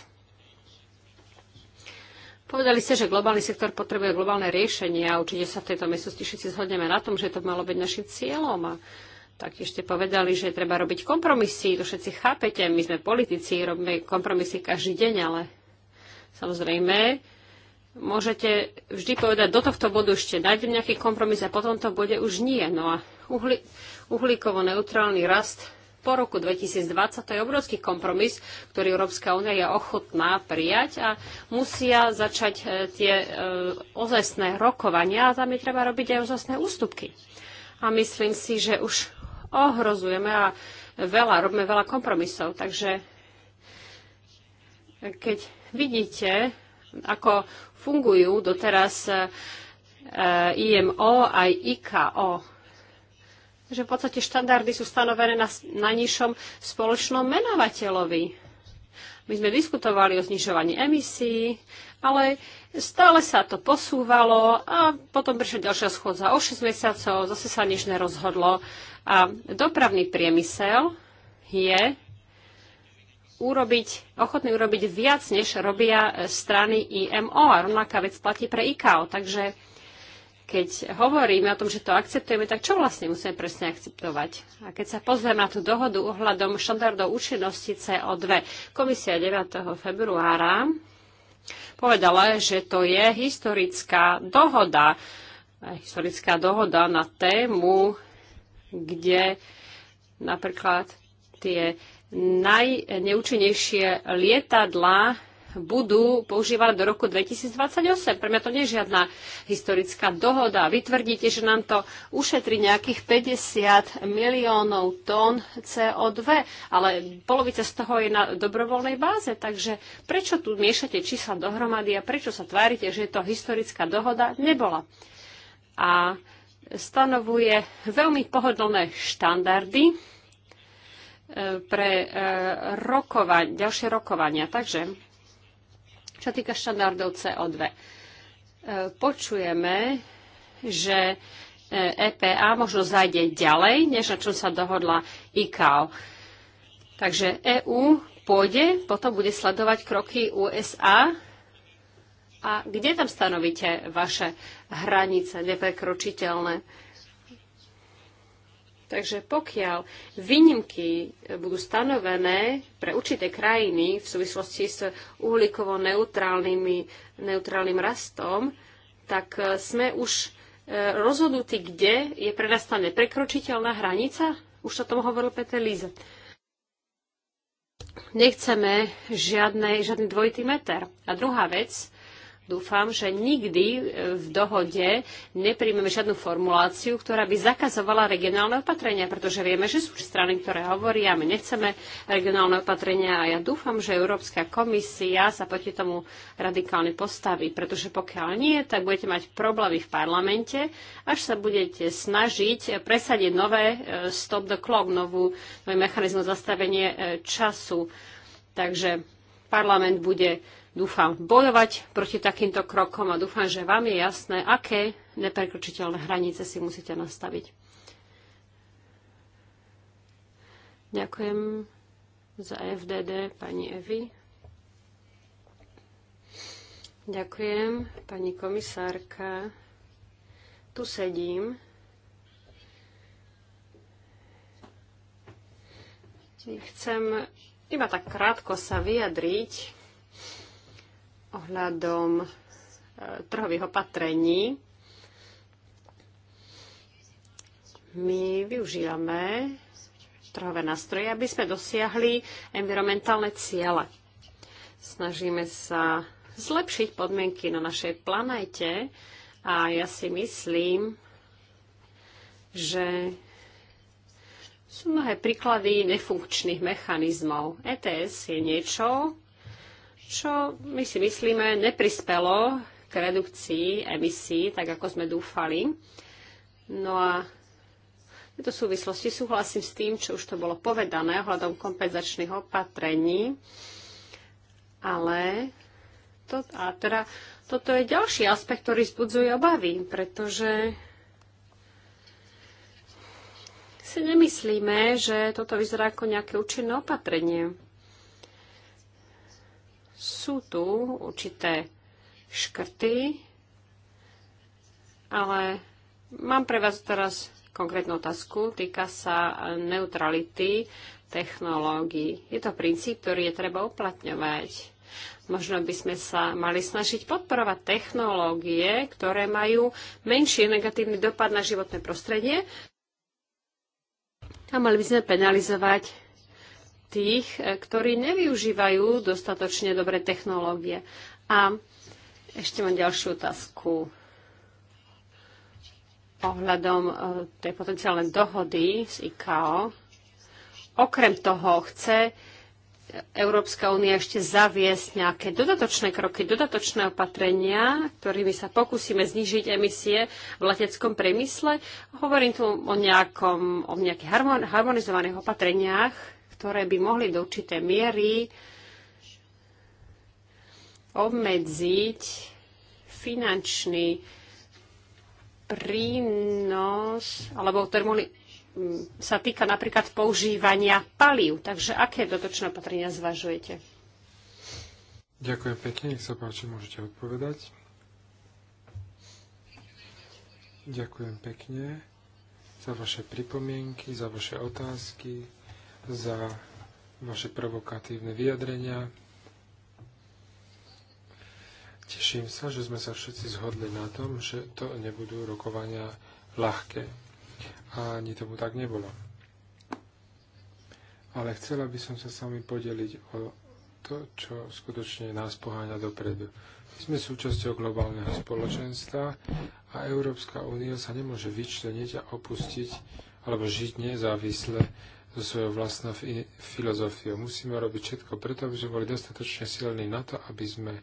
Povedali ste, že globálny sektor potrebuje globálne riešenie a určite sa v tejto miestnosti všetci zhodneme na tom, že to malo byť našim cieľom. A taktiež ste povedali, že treba robiť kompromisy, to všetci chápete, my sme politici, robíme kompromisy každý deň, ale samozrejme môžete vždy povedať, do tohto bodu ešte nájdem nejaký kompromis a potom to bude už nie. No a uhli, uhlíkovo-neutrálny rast po roku 2020. To je obrovský kompromis, ktorý Európska únia je ochotná prijať a musia začať e, tie e, ozajstné rokovania a tam je treba robiť aj ozajstné ústupky. A myslím si, že už ohrozujeme a veľa, robíme veľa kompromisov. Takže keď vidíte, ako fungujú doteraz e, IMO aj IKO, že v podstate štandardy sú stanovené na, na nižšom spoločnom menovateľovi. My sme diskutovali o znižovaní emisí, ale stále sa to posúvalo a potom prišla ďalšia schôdza o 6 mesiacov, zase sa nič nerozhodlo. A dopravný priemysel je urobiť, ochotný urobiť viac, než robia strany IMO a rovnaká vec platí pre ICAO. Takže keď hovoríme o tom, že to akceptujeme, tak čo vlastne musíme presne akceptovať? A keď sa pozrieme na tú dohodu ohľadom štandardov účinnosti CO2, komisia 9. februára povedala, že to je historická dohoda, historická dohoda na tému, kde napríklad tie najneúčinnejšie lietadla budú používané do roku 2028. Pre mňa to nie je žiadna historická dohoda. Vytvrdíte, že nám to ušetrí nejakých 50 miliónov tón CO2, ale polovica z toho je na dobrovoľnej báze. Takže prečo tu miešate čísla dohromady a prečo sa tvárite, že je to historická dohoda? Nebola. A stanovuje veľmi pohodlné štandardy e, pre e, rokovania, ďalšie rokovania. Takže čo týka štandardov CO2, e, počujeme, že EPA e možno zajde ďalej, než na čom sa dohodla ICAO. Takže EÚ pôjde, potom bude sledovať kroky USA. A kde tam stanovíte vaše hranice neprekročiteľné? Takže pokiaľ výnimky budú stanovené pre určité krajiny v súvislosti s uhlíkovo-neutrálnym rastom, tak e, sme už e, rozhodnutí, kde je pre nás tá neprekročiteľná hranica. Už o tom hovoril Peter Líze. Nechceme žiadne, žiadny dvojitý meter. A druhá vec, dúfam, že nikdy e, v dohode nepríjmeme žiadnu formuláciu, ktorá by zakazovala regionálne opatrenia, pretože vieme, že sú strany, ktoré hovoria, my nechceme regionálne opatrenia a ja dúfam, že Európska komisia sa proti tomu radikálne postaví, pretože pokiaľ nie, tak budete mať problémy v parlamente, až sa budete snažiť presadiť nové e, stop the clock, novú, nový mechanizmus zastavenie e, času. Takže parlament bude dúfam, bojovať proti takýmto krokom a dúfam, že vám je jasné, aké neprekročiteľné hranice si musíte nastaviť. Ďakujem za FDD pani Evi. Ďakujem, pani komisárka. Tu sedím. Chcem iba tak krátko sa vyjadriť ohľadom e, trhových opatrení. My využívame trhové nástroje, aby sme dosiahli environmentálne ciele. Snažíme sa zlepšiť podmienky na našej planéte a ja si myslím, že sú mnohé príklady nefunkčných mechanizmov. ETS je niečo, čo my si myslíme neprispelo k redukcii emisí, tak ako sme dúfali. No a v tejto súvislosti súhlasím s tým, čo už to bolo povedané ohľadom kompenzačných opatrení, ale to, a teda, toto je ďalší aspekt, ktorý zbudzuje obavy, pretože si nemyslíme, že toto vyzerá ako nejaké účinné opatrenie sú tu určité škrty, ale mám pre vás teraz konkrétnu otázku. Týka sa neutrality technológií. Je to princíp, ktorý je treba uplatňovať. Možno by sme sa mali snažiť podporovať technológie, ktoré majú menší negatívny dopad na životné prostredie a mali by sme penalizovať tých, e, ktorí nevyužívajú dostatočne dobre technológie. A ešte mám ďalšiu otázku ohľadom e, tej potenciálnej dohody s IKO. Okrem toho chce Európska únia ešte zaviesť nejaké dodatočné kroky, dodatočné opatrenia, ktorými sa pokúsime znižiť emisie v leteckom priemysle. Hovorím tu o, nejakom, o nejakých harmonizovaných opatreniach, ktoré by mohli do určitej miery obmedziť finančný prínos, alebo ktoré mohli mm, sa týka napríklad používania palív. Takže aké dotočné opatrenia zvažujete? Ďakujem pekne, nech sa páči, môžete odpovedať. Ďakujem pekne za vaše pripomienky, za vaše otázky za vaše provokatívne vyjadrenia. Teším sa, že sme sa všetci zhodli na tom, že to nebudú rokovania ľahké. A ani tomu tak nebolo. Ale chcela by som sa s vami podeliť o to, čo skutočne nás poháňa dopredu. My sme súčasťou globálneho spoločenstva a Európska únia sa nemôže vyčleniť a opustiť alebo žiť nezávisle so svojou vlastnou filozofiou. Musíme robiť všetko preto, aby sme boli dostatočne silní na to, aby sme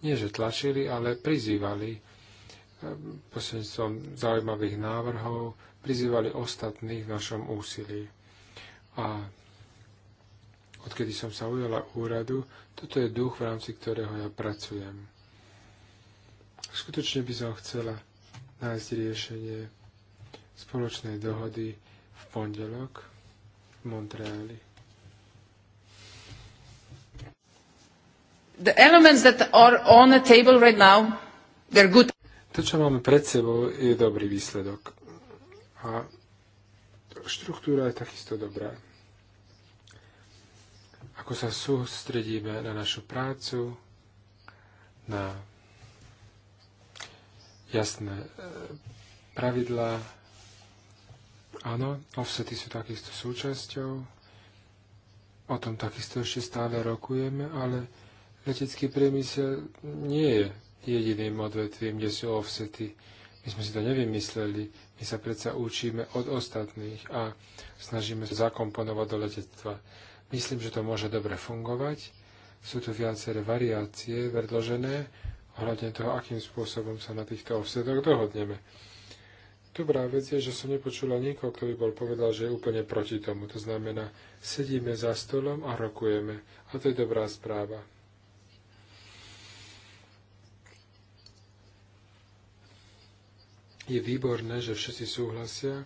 nie že tlačili, ale prizývali eh, posledníctvom zaujímavých návrhov, prizývali ostatných v našom úsilí. A odkedy som sa ujala úradu, toto je duch, v rámci ktorého ja pracujem. Skutočne by som chcela nájsť riešenie spoločnej dohody v pondelok Montreali. The elements that are on the table right now, they're good. To, čo máme pred sebou, je dobrý výsledok. A štruktúra je takisto dobrá. Ako sa sústredíme na našu prácu, na jasné e, pravidlá, Áno, offsety sú takisto súčasťou. O tom takisto ešte stále rokujeme, ale letecký priemysel nie je jediným odvetvím, kde sú offsety. My sme si to nevymysleli, my sa predsa učíme od ostatných a snažíme sa zakomponovať do letectva. Myslím, že to môže dobre fungovať. Sú tu viaceré variácie predložené ohľadne toho, akým spôsobom sa na týchto offsetoch dohodneme. Dobrá vec je, že som nepočula nikoho, ktorý bol povedal, že je úplne proti tomu. To znamená, sedíme za stolom a rokujeme. A to je dobrá správa. Je výborné, že všetci súhlasia,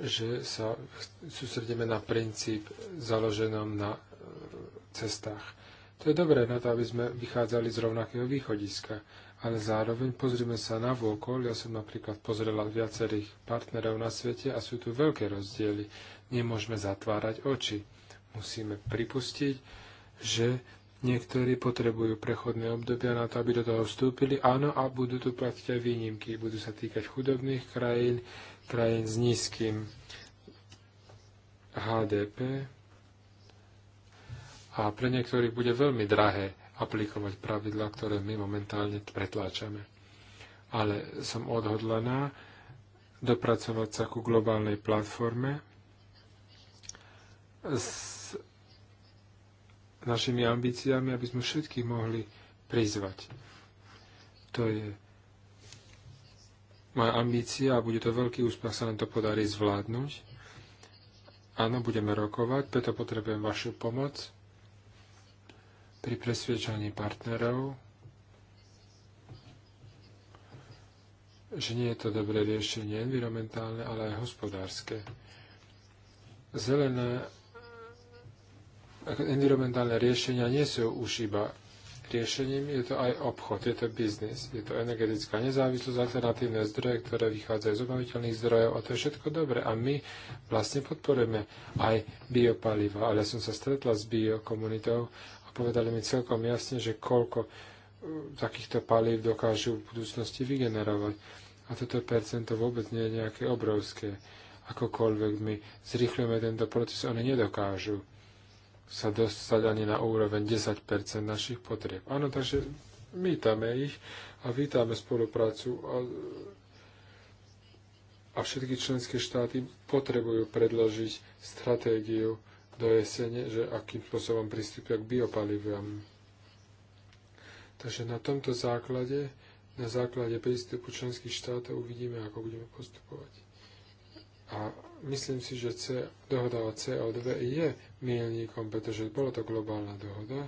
že sa sústredíme na princíp založenom na e, cestách. To je dobré na to, aby sme vychádzali z rovnakého východiska ale zároveň pozrime sa na vôkol. Ja som napríklad pozrela viacerých partnerov na svete a sú tu veľké rozdiely. Nemôžeme zatvárať oči. Musíme pripustiť, že niektorí potrebujú prechodné obdobia na to, aby do toho vstúpili. Áno, a budú tu platiť aj výnimky. Budú sa týkať chudobných krajín, krajín s nízkym HDP. A pre niektorých bude veľmi drahé aplikovať pravidlá, ktoré my momentálne pretláčame. Ale som odhodlaná dopracovať sa ku globálnej platforme s našimi ambíciami, aby sme všetkých mohli prizvať. To je moja ambícia a bude to veľký úspech, sa nám to podarí zvládnuť. Áno, budeme rokovať, preto potrebujem vašu pomoc pri presviečaní partnerov, že nie je to dobré riešenie environmentálne, ale aj hospodárske. Zelené environmentálne riešenia nie sú už iba riešením, je to aj obchod, je to biznis, je to energetická nezávislosť, alternatívne zdroje, ktoré vychádzajú z obnoviteľných zdrojov a to je všetko dobré. A my vlastne podporujeme aj biopaliva, ale som sa stretla s biokomunitou Povedali mi celkom jasne, že koľko e, takýchto palív dokážu v budúcnosti vygenerovať. A toto percento vôbec nie je nejaké obrovské. Akokoľvek my zrýchľujeme tento proces, oni nedokážu sa dostať ani na úroveň 10% našich potrieb. Áno, takže vítame ich a vítame spoluprácu a, a všetky členské štáty potrebujú predložiť stratégiu do jesene, že akým spôsobom pristúpia k biopalivám. Takže na tomto základe, na základe prístupu členských štátov uvidíme, ako budeme postupovať. A myslím si, že C, dohoda o CO2 je mielníkom, pretože bola to globálna dohoda.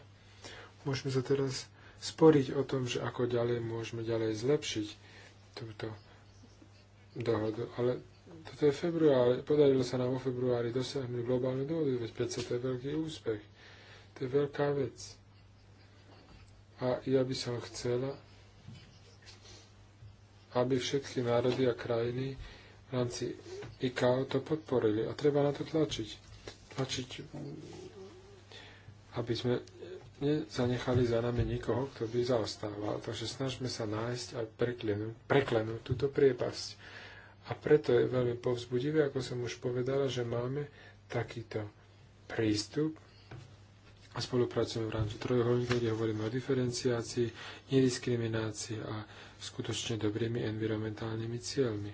Môžeme sa teraz sporiť o tom, že ako ďalej môžeme ďalej zlepšiť túto dohodu. Ale toto je február, podarilo sa nám vo februári dosiahnuť globálnu dohodu, veď predsa to je veľký úspech. To je veľká vec. A ja by som chcela, aby všetky národy a krajiny v rámci ICAO to podporili. A treba na to tlačiť. Tlačiť, aby sme nezanechali za nami nikoho, kto by zaostával. Takže snažme sa nájsť a preklenúť, preklenúť túto priepasť. A preto je veľmi povzbudivé, ako som už povedala, že máme takýto prístup a spolupracujeme v rámci trojuholníka, kde hovoríme o diferenciácii, nediskriminácii a skutočne dobrými environmentálnymi cieľmi.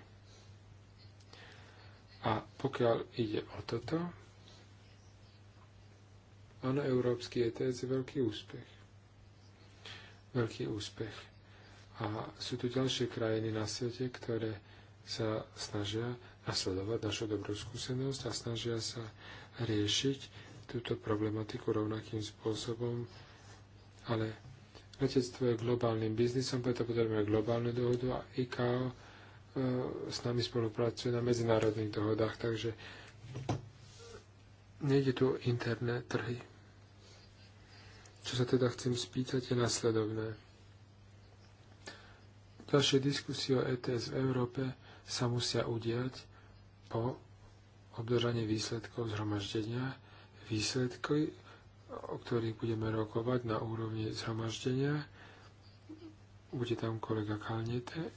A pokiaľ ide o toto, áno, európsky ETS je veľký úspech. Veľký úspech. A sú tu ďalšie krajiny na svete, ktoré sa snažia nasledovať našu dobrú skúsenosť a snažia sa riešiť túto problematiku rovnakým spôsobom, ale letectvo je globálnym biznisom, preto potrebujeme globálnu dohodu a ICAO e, s nami spolupracuje na medzinárodných dohodách, takže nejde tu o interné trhy. Čo sa teda chcem spýtať je nasledovné. Ďalšie diskusie o ETS v Európe sa musia udiať po obdržaní výsledkov zhromaždenia. Výsledky, o ktorých budeme rokovať na úrovni zhromaždenia, bude tam kolega Kalniete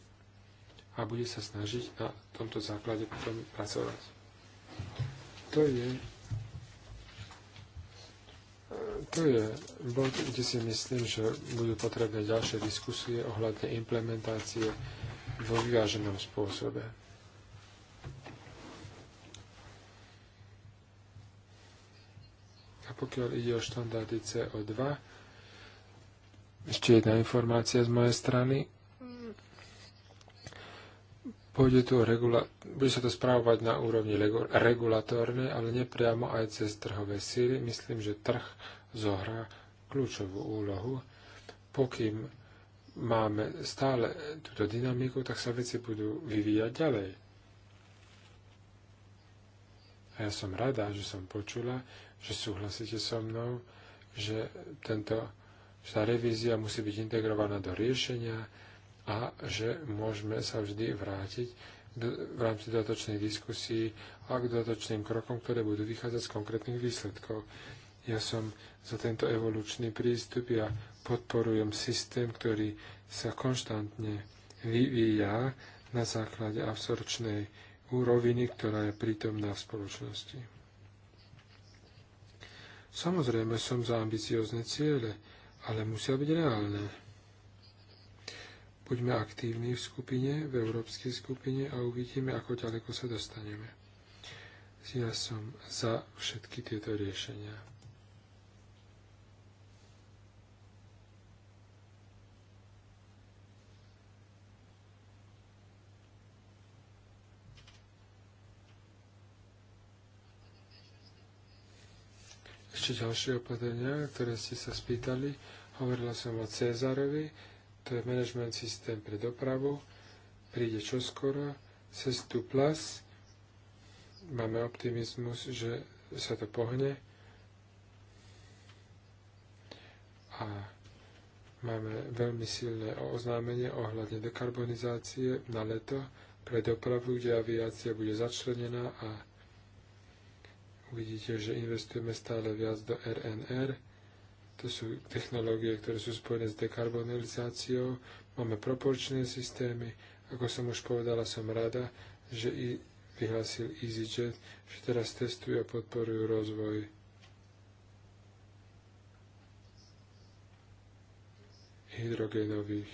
a bude sa snažiť na tomto základe potom pracovať. To je to je bod, kde si myslím, že budú potrebné ďalšie diskusie ohľadne implementácie vo vyváženom spôsobe. A pokiaľ ide o štandardy CO2, ešte jedna informácia z mojej strany. Pôjde tu regula- bude sa to správovať na úrovni regulatórnej, ale nepriamo aj cez trhové síly. Myslím, že trh zohrá kľúčovú úlohu, pokým máme stále túto dynamiku, tak sa veci budú vyvíjať ďalej. A ja som rada, že som počula, že súhlasíte so mnou, že, tento, že tá revízia musí byť integrovaná do riešenia a že môžeme sa vždy vrátiť v rámci dodatočnej diskusí a k dodatočným krokom, ktoré budú vychádzať z konkrétnych výsledkov. Ja som za tento evolučný prístup, ja podporujem systém, ktorý sa konštantne vyvíja na základe absorčnej úroviny, ktorá je prítomná v spoločnosti. Samozrejme som za ambiciozne ciele, ale musia byť reálne. Buďme aktívni v skupine, v európskej skupine a uvidíme, ako ďaleko sa dostaneme. Ja som za všetky tieto riešenia. Ešte ďalšie opatrenia, ktoré ste sa spýtali. Hovorila som o Cezarovi, to je management systém pre dopravu, príde čoskoro, cestu plus, máme optimizmus, že sa to pohne a máme veľmi silné oznámenie ohľadne dekarbonizácie na leto pre dopravu, kde aviácia bude začlenená a Uvidíte, že investujeme stále viac do RNR. To sú technológie, ktoré sú spojené s dekarbonizáciou. Máme proporčné systémy. Ako som už povedala, som rada, že i vyhlásil EasyJet, že teraz testujú a podporujú rozvoj Hydrogénových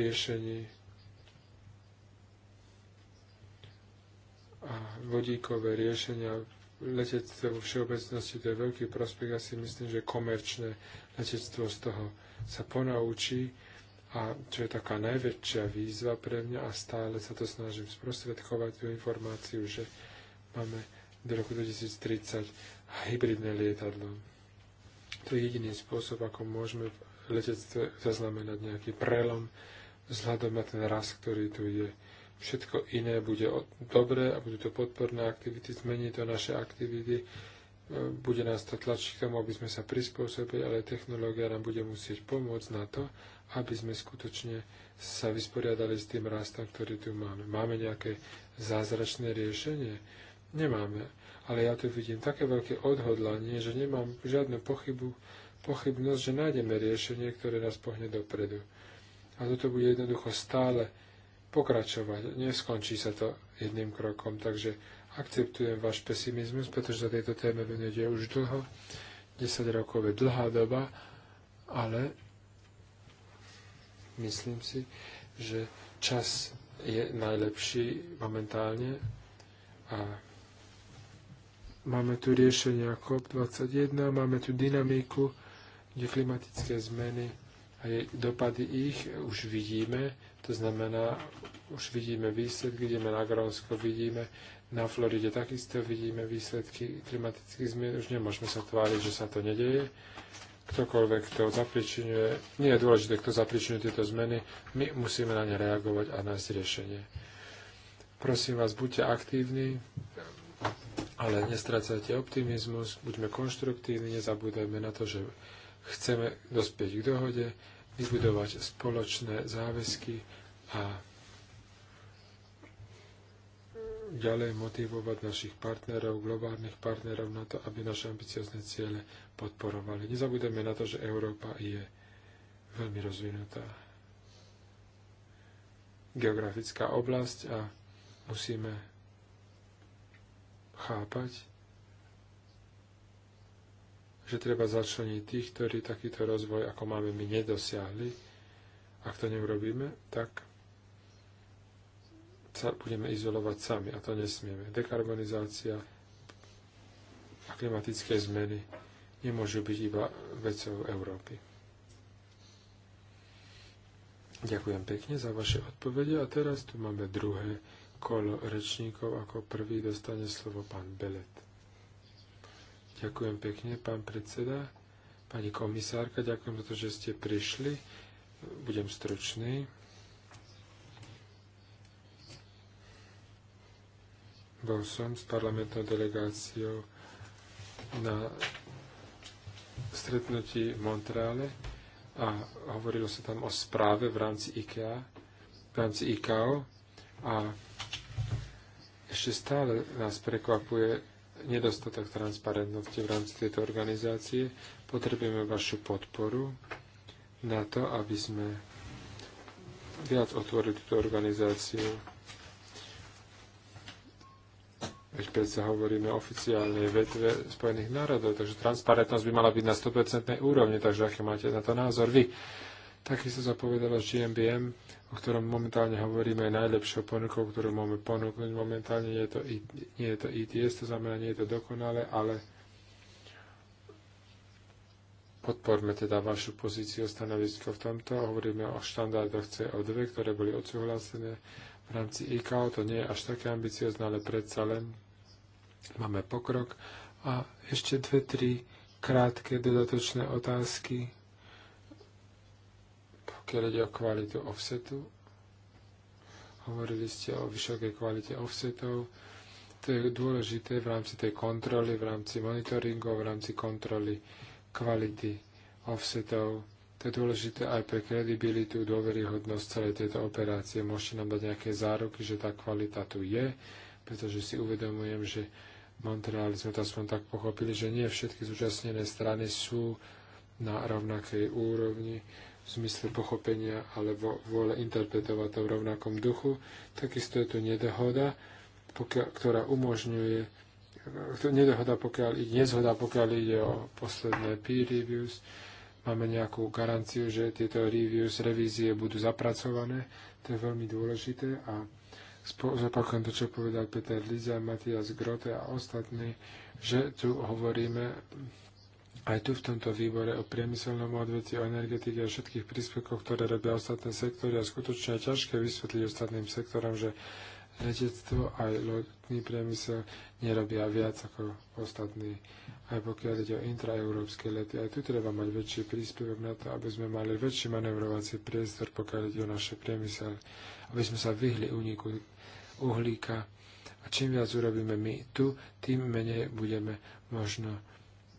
riešení a vodíkové riešenia letectvo vo všeobecnosti, to je veľký prospech. Ja si myslím, že komerčné letectvo z toho sa ponaučí a čo je taká najväčšia výzva pre mňa a stále sa to snažím sprostredkovať tú informáciu, že máme do roku 2030 hybridné lietadlo. To je jediný spôsob, ako môžeme v letectve zaznamenať nejaký prelom vzhľadom na ten raz, ktorý tu je všetko iné bude dobré a budú to podporné aktivity, zmení to naše aktivity, e, bude nás to tlačiť k tomu, aby sme sa prispôsobili, ale technológia nám bude musieť pomôcť na to, aby sme skutočne sa vysporiadali s tým rastom, ktorý tu máme. Máme nejaké zázračné riešenie? Nemáme. Ale ja tu vidím také veľké odhodlanie, že nemám žiadnu pochybu, pochybnosť, že nájdeme riešenie, ktoré nás pohne dopredu. A toto bude jednoducho stále pokračovať. Neskončí sa to jedným krokom, takže akceptujem váš pesimizmus, pretože za tejto téme venujete už dlho. 10 rokov je dlhá doba, ale myslím si, že čas je najlepší momentálne a máme tu riešenie COP21, máme tu dynamiku, kde klimatické zmeny jej dopady ich už vidíme, to znamená, už vidíme výsledky, ideme na Grónsko, vidíme, na Floride takisto vidíme výsledky klimatických zmien, už nemôžeme sa tváriť, že sa to nedeje. Ktokoľvek to zapričinuje, nie je dôležité, kto zapričinuje tieto zmeny, my musíme na ne reagovať a nájsť riešenie. Prosím vás, buďte aktívni, ale nestracajte optimizmus, buďme konštruktívni, nezabúdajme na to, že chceme dospieť k dohode, vybudovať spoločné záväzky a ďalej motivovať našich partnerov, globálnych partnerov na to, aby naše ambiciozne ciele podporovali. Nezabudeme na to, že Európa je veľmi rozvinutá geografická oblasť a musíme chápať, že treba začleniť tých, ktorí takýto rozvoj, ako máme my, nedosiahli. Ak to neurobíme, tak sa budeme izolovať sami a to nesmieme. Dekarbonizácia a klimatické zmeny nemôžu byť iba vecou Európy. Ďakujem pekne za vaše odpovede a teraz tu máme druhé kolo rečníkov. Ako prvý dostane slovo pán Belet. Ďakujem pekne, pán predseda. Pani komisárka, ďakujem za to, že ste prišli. Budem stručný. Bol som s parlamentnou delegáciou na stretnutí v Montreale a hovorilo sa tam o správe v rámci IKEA, v rámci ICAO a ešte stále nás prekvapuje nedostatok transparentnosti v rámci tejto organizácie. Potrebujeme vašu podporu na to, aby sme viac otvorili túto organizáciu. Veď predsa hovoríme o oficiálnej vetve Spojených národov, takže transparentnosť by mala byť na 100% úrovni, takže aký máte na to názor vy? Takisto sa povedala, GMBM o ktorom momentálne hovoríme, je najlepšou ponukou, ktorú môžeme ponúknuť. Momentálne nie je to, nie je to ITS, to znamená, nie je to dokonale, ale podporme teda vašu pozíciu a stanovisko v tomto. Hovoríme o štandardoch CO2, ktoré boli odsúhlasené v rámci ICAO. To nie je až také ambiciozne, ale predsa len máme pokrok. A ešte dve, tri krátke dodatočné otázky pokiaľ ide o kvalitu offsetu. Hovorili ste o vysokej kvalite offsetov. To je dôležité v rámci tej kontroly, v rámci monitoringu, v rámci kontroly kvality offsetov. To je dôležité aj pre kredibilitu, dôveryhodnosť celej tejto operácie. Môžete nám dať nejaké záruky, že tá kvalita tu je, pretože si uvedomujem, že v Montreali sme to aspoň tak pochopili, že nie všetky zúčastnené strany sú na rovnakej úrovni v zmysle pochopenia alebo vôle interpretovať to v rovnakom duchu. Takisto je tu nedohoda, pokiaľ, ktorá umožňuje e, nedohoda, pokiaľ, nezhoda, pokiaľ ide o posledné peer reviews. Máme nejakú garanciu, že tieto reviews, revízie budú zapracované. To je veľmi dôležité a zopakujem to, čo povedal Peter Liza, Matias Grote a ostatní, že tu hovoríme aj tu v tomto výbore o priemyselnom odvetí, o energetike a všetkých príspevkoch, ktoré robia ostatné sektory a skutočne je ťažké vysvetliť ostatným sektorom, že letectvo aj lotný priemysel nerobia viac ako ostatní. Aj pokiaľ ide o intraeurópske lety, aj tu treba mať väčší príspevok na to, aby sme mali väčší manevrovací priestor, pokiaľ ide o naše priemysel, aby sme sa vyhli úniku uhlíka. A čím viac urobíme my tu, tým menej budeme možno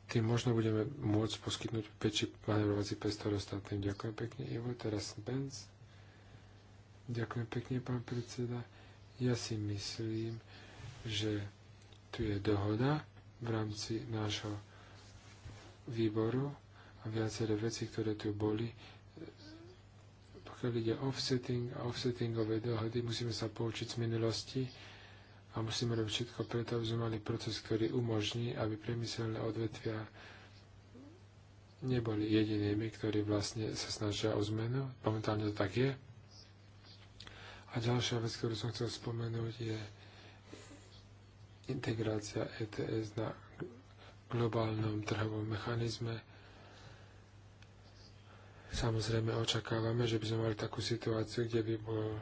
tým možno budeme môcť poskytnúť väčší manevrovací priestor ostatným. Ďakujem pekne, Ivo. Teraz Benz. Ďakujem pekne, pán predseda. Ja si myslím, že tu je dohoda v rámci nášho výboru a viaceré veci, ktoré tu boli. Pokiaľ ide offsetting a offsettingové dohody, musíme sa poučiť z minulosti a musíme robiť všetko preto, aby sme mali proces, ktorý umožní, aby priemyselné odvetvia neboli jedinými, ktorí vlastne sa snažia o zmenu. Momentálne to tak je. A ďalšia vec, ktorú som chcel spomenúť, je integrácia ETS na globálnom trhovom mechanizme. Samozrejme očakávame, že by sme mali takú situáciu, kde by bol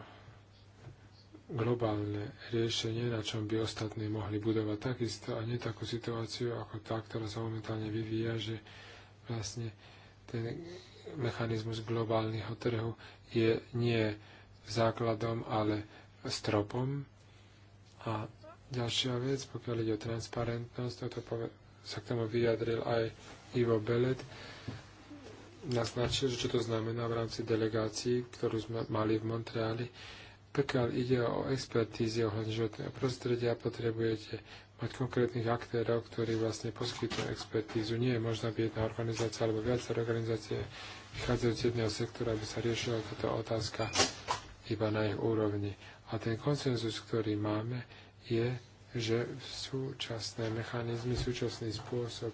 globálne riešenie, na čom by ostatní mohli budovať takisto a nie takú situáciu ako tá, ktorá sa momentálne vyvíja, že vlastne ten mechanizmus globálneho trhu je nie základom, ale stropom. A ďalšia vec, pokiaľ ide o transparentnosť, toto pove- sa k tomu vyjadril aj Ivo Belet, naznačil, že čo to znamená v rámci delegácií, ktorú sme mali v Montreali, pokiaľ ide o expertízy ohľadne životného prostredia, potrebujete mať konkrétnych aktérov, ktorí vlastne poskytujú expertízu. Nie je možná by jedna organizácia alebo viacero organizácie vychádzajúce z jedného sektora, aby sa riešila táto otázka iba na ich úrovni. A ten konsenzus, ktorý máme, je, že súčasné mechanizmy, súčasný spôsob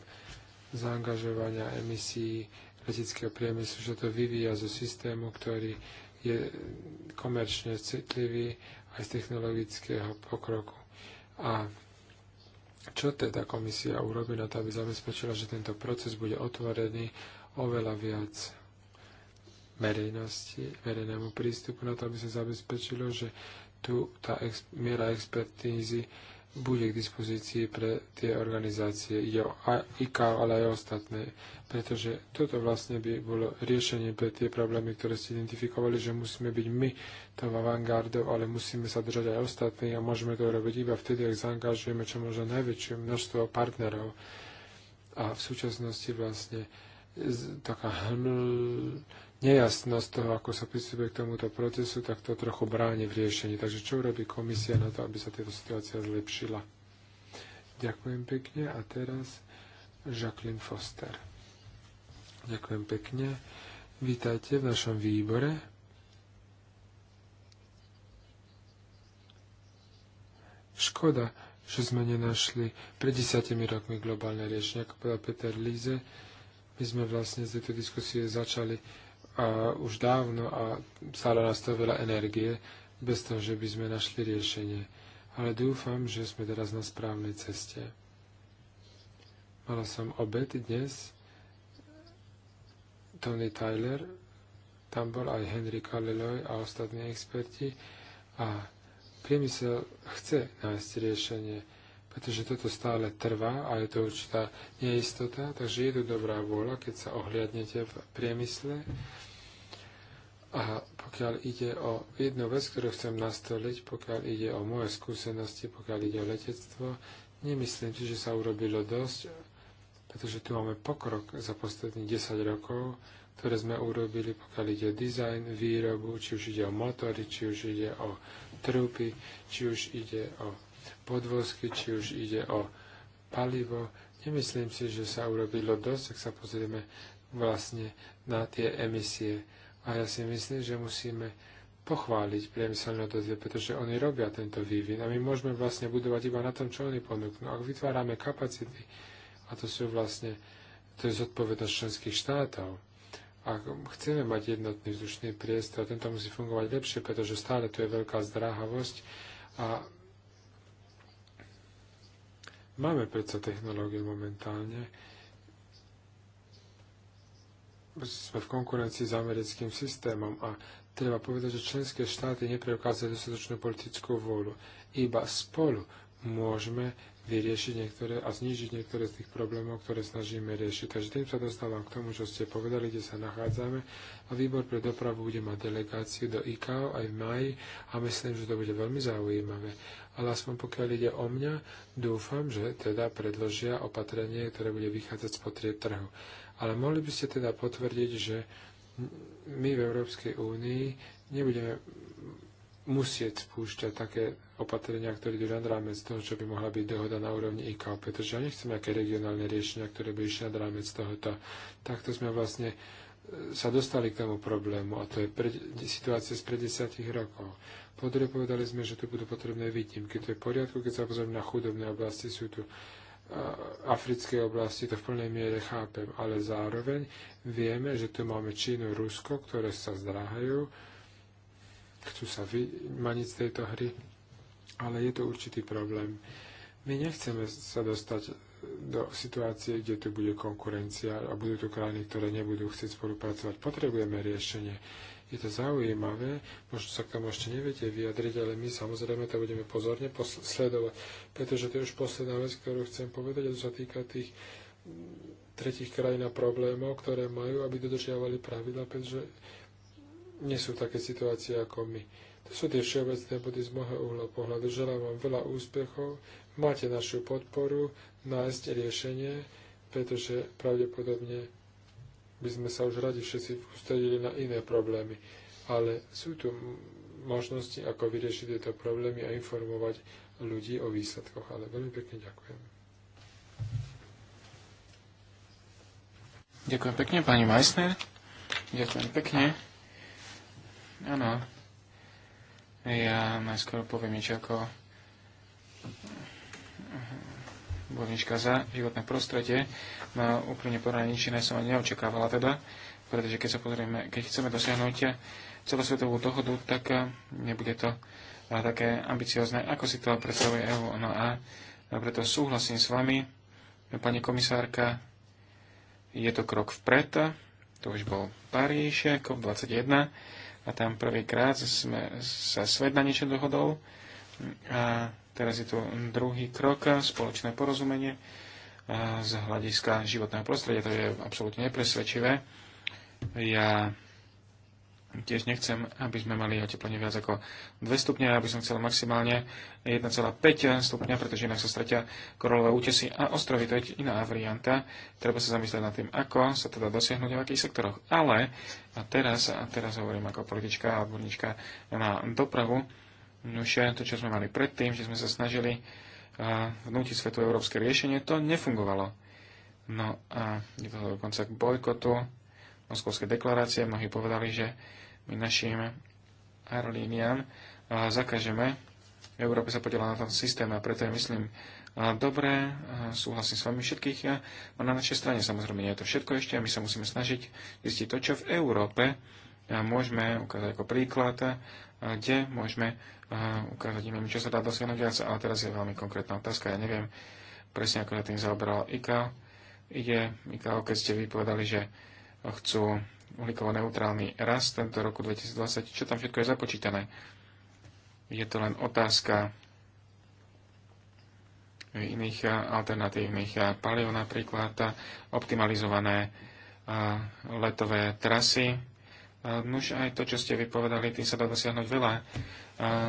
zaangažovania emisí leteckého priemyslu, že to vyvíja zo systému, ktorý je komerčne citlivý aj z technologického pokroku. A čo teda komisia urobí na to, aby zabezpečila, že tento proces bude otvorený oveľa viac verejnosti, verejnému prístupu na to, aby sa zabezpečilo, že tu tá ex- miera expertízy bude k dispozícii pre tie organizácie jo, a ICAO, ale aj ostatné. Pretože toto vlastne by bolo riešenie pre tie problémy, ktoré ste identifikovali, že musíme byť my tou avantgardou, ale musíme sa držať aj ostatní a môžeme to robiť iba vtedy, ak zaangažujeme čo možno najväčšie množstvo partnerov. A v súčasnosti vlastne taká hml, nejasnosť toho, ako sa pristupuje k tomuto procesu, tak to trochu bráni v riešení. Takže čo urobí komisia na to, aby sa táto situácia zlepšila? Ďakujem pekne a teraz Jacqueline Foster. Ďakujem pekne. Vítajte v našom výbore. Škoda, že sme nenašli pred desiatimi rokmi globálne riešenie. Ako povedal Peter Líze, my sme vlastne z tejto diskusie začali a už dávno a stále nás to veľa energie, bez toho, že by sme našli riešenie. Ale dúfam, že sme teraz na správnej ceste. Mala som obed dnes. Tony Tyler, tam bol aj Henry Kaleloy a ostatní experti. A priemysel chce nájsť riešenie, pretože toto stále trvá a je to určitá neistota, takže je to dobrá vôľa, keď sa ohliadnete v priemysle. A pokiaľ ide o jednu vec, ktorú chcem nastoliť, pokiaľ ide o moje skúsenosti, pokiaľ ide o letectvo, nemyslím si, že sa urobilo dosť, pretože tu máme pokrok za posledných 10 rokov, ktoré sme urobili, pokiaľ ide o dizajn, výrobu, či už ide o motory, či už ide o trupy, či už ide o podvozky, či už ide o palivo. Nemyslím si, že sa urobilo dosť, ak sa pozrieme vlastne na tie emisie a ja si myslím, že musíme pochváliť priemyselné odvetvie, pretože oni robia tento vývin a my môžeme vlastne budovať iba na tom, čo oni ponúknú. Ak vytvárame kapacity, a to sú vlastne, to je zodpovednosť členských štátov, ak chceme mať jednotný vzdušný priestor, tento musí fungovať lepšie, pretože stále tu je veľká zdráhavosť a máme predsa technológie momentálne, sme v konkurencii s americkým systémom a treba povedať, že členské štáty nepreukázali dostatočnú politickú vôľu. Iba spolu môžeme vyriešiť niektoré a znížiť niektoré z tých problémov, ktoré snažíme riešiť. Takže tým sa dostávam k tomu, čo ste povedali, kde sa nachádzame. A výbor pre dopravu bude mať delegáciu do IKAO aj v maji a myslím, že to bude veľmi zaujímavé. Ale aspoň pokiaľ ide o mňa, dúfam, že teda predložia opatrenie, ktoré bude vychádzať z potrieb trhu. Ale mohli by ste teda potvrdiť, že my v Európskej únii nebudeme musieť spúšťať také opatrenia, ktoré idú nad rámec toho, čo by mohla byť dohoda na úrovni IKO, pretože ja nechcem nejaké regionálne riešenia, ktoré by išli nad rámec tohoto. Takto sme vlastne e, sa dostali k tomu problému a to je pre, situácia z 50 rokov. Po povedali sme, že tu budú potrebné výnimky. To je v poriadku, keď sa pozrieme na chudobné oblasti, sú tu africkej oblasti, to v plnej miere chápem, ale zároveň vieme, že tu máme Čínu, Rusko, ktoré sa zdráhajú, chcú sa vymaniť z tejto hry, ale je to určitý problém. My nechceme sa dostať do situácie, kde tu bude konkurencia a budú tu krajiny, ktoré nebudú chcieť spolupracovať. Potrebujeme riešenie je to zaujímavé, možno sa k tomu ešte neviete vyjadriť, ale my samozrejme to budeme pozorne sledovať, pretože to je už posledná vec, ktorú chcem povedať, a to sa týka tých mm, tretich krajín a problémov, ktoré majú, aby dodržiavali pravidla, pretože nie sú také situácie ako my. To sú tie všeobecné body z môjho uhla pohľadu. Želám vám veľa úspechov, máte našu podporu nájsť riešenie, pretože pravdepodobne by sme sa už radi všetci sústredili na iné problémy. Ale sú tu možnosti, ako vyriešiť tieto problémy a informovať ľudí o výsledkoch. Ale veľmi pekne ďakujem. Ďakujem pekne, pani Meissner. Ďakujem pekne. Áno. Ja najskôr poviem niečo ako bojovnička za životné prostredie, má úplne poradne nič iné som ani neočakávala teda, pretože keď sa pozrieme, keď chceme dosiahnuť celosvetovú dohodu, tak eh, nebude to eh, také ambiciozne, ako si to predstavuje EU. No a preto súhlasím s vami, pani komisárka, je to krok vpred, to už bol Paríž, COP21, a tam prvýkrát sme sa svet na niečo dohodol a Teraz je tu druhý krok, spoločné porozumenie e, z hľadiska životného prostredia. To je absolútne nepresvedčivé. Ja tiež nechcem, aby sme mali oteplenie viac ako 2 stupňa, aby som chcel maximálne 1,5 stupňa, pretože inak sa stratia korolové útesy a ostrovy. To je iná varianta. Treba sa zamyslieť nad tým, ako sa teda dosiahnuť v akých sektoroch. Ale, a teraz, a teraz hovorím ako politička a odborníčka na dopravu, Nože to, čo sme mali predtým, že sme sa snažili vnútiť svetu európske riešenie, to nefungovalo. No a je to dokonca k bojkotu Moskovskej deklarácie. Mnohí povedali, že my našim aerolíniám zakažeme. V Európe sa podiela na tom systéme a preto je, myslím, dobré. Súhlasím s vami všetkých. No na našej strane samozrejme nie je to všetko ešte a my sa musíme snažiť zistiť to, čo v Európe môžeme ukázať ako príklad, kde môžeme ukázať neviem, čo sa dá dosiahnuť viac, ale teraz je veľmi konkrétna otázka, ja neviem presne, ako sa tým zaoberal IKA. Ide, IKA, keď ste vypovedali, že chcú uhlíkovo neutrálny rast tento roku 2020, čo tam všetko je započítané. Je to len otázka iných alternatívnych palív, napríklad optimalizované letové trasy, Nuž aj to, čo ste vypovedali, tým sa dá dosiahnuť veľa.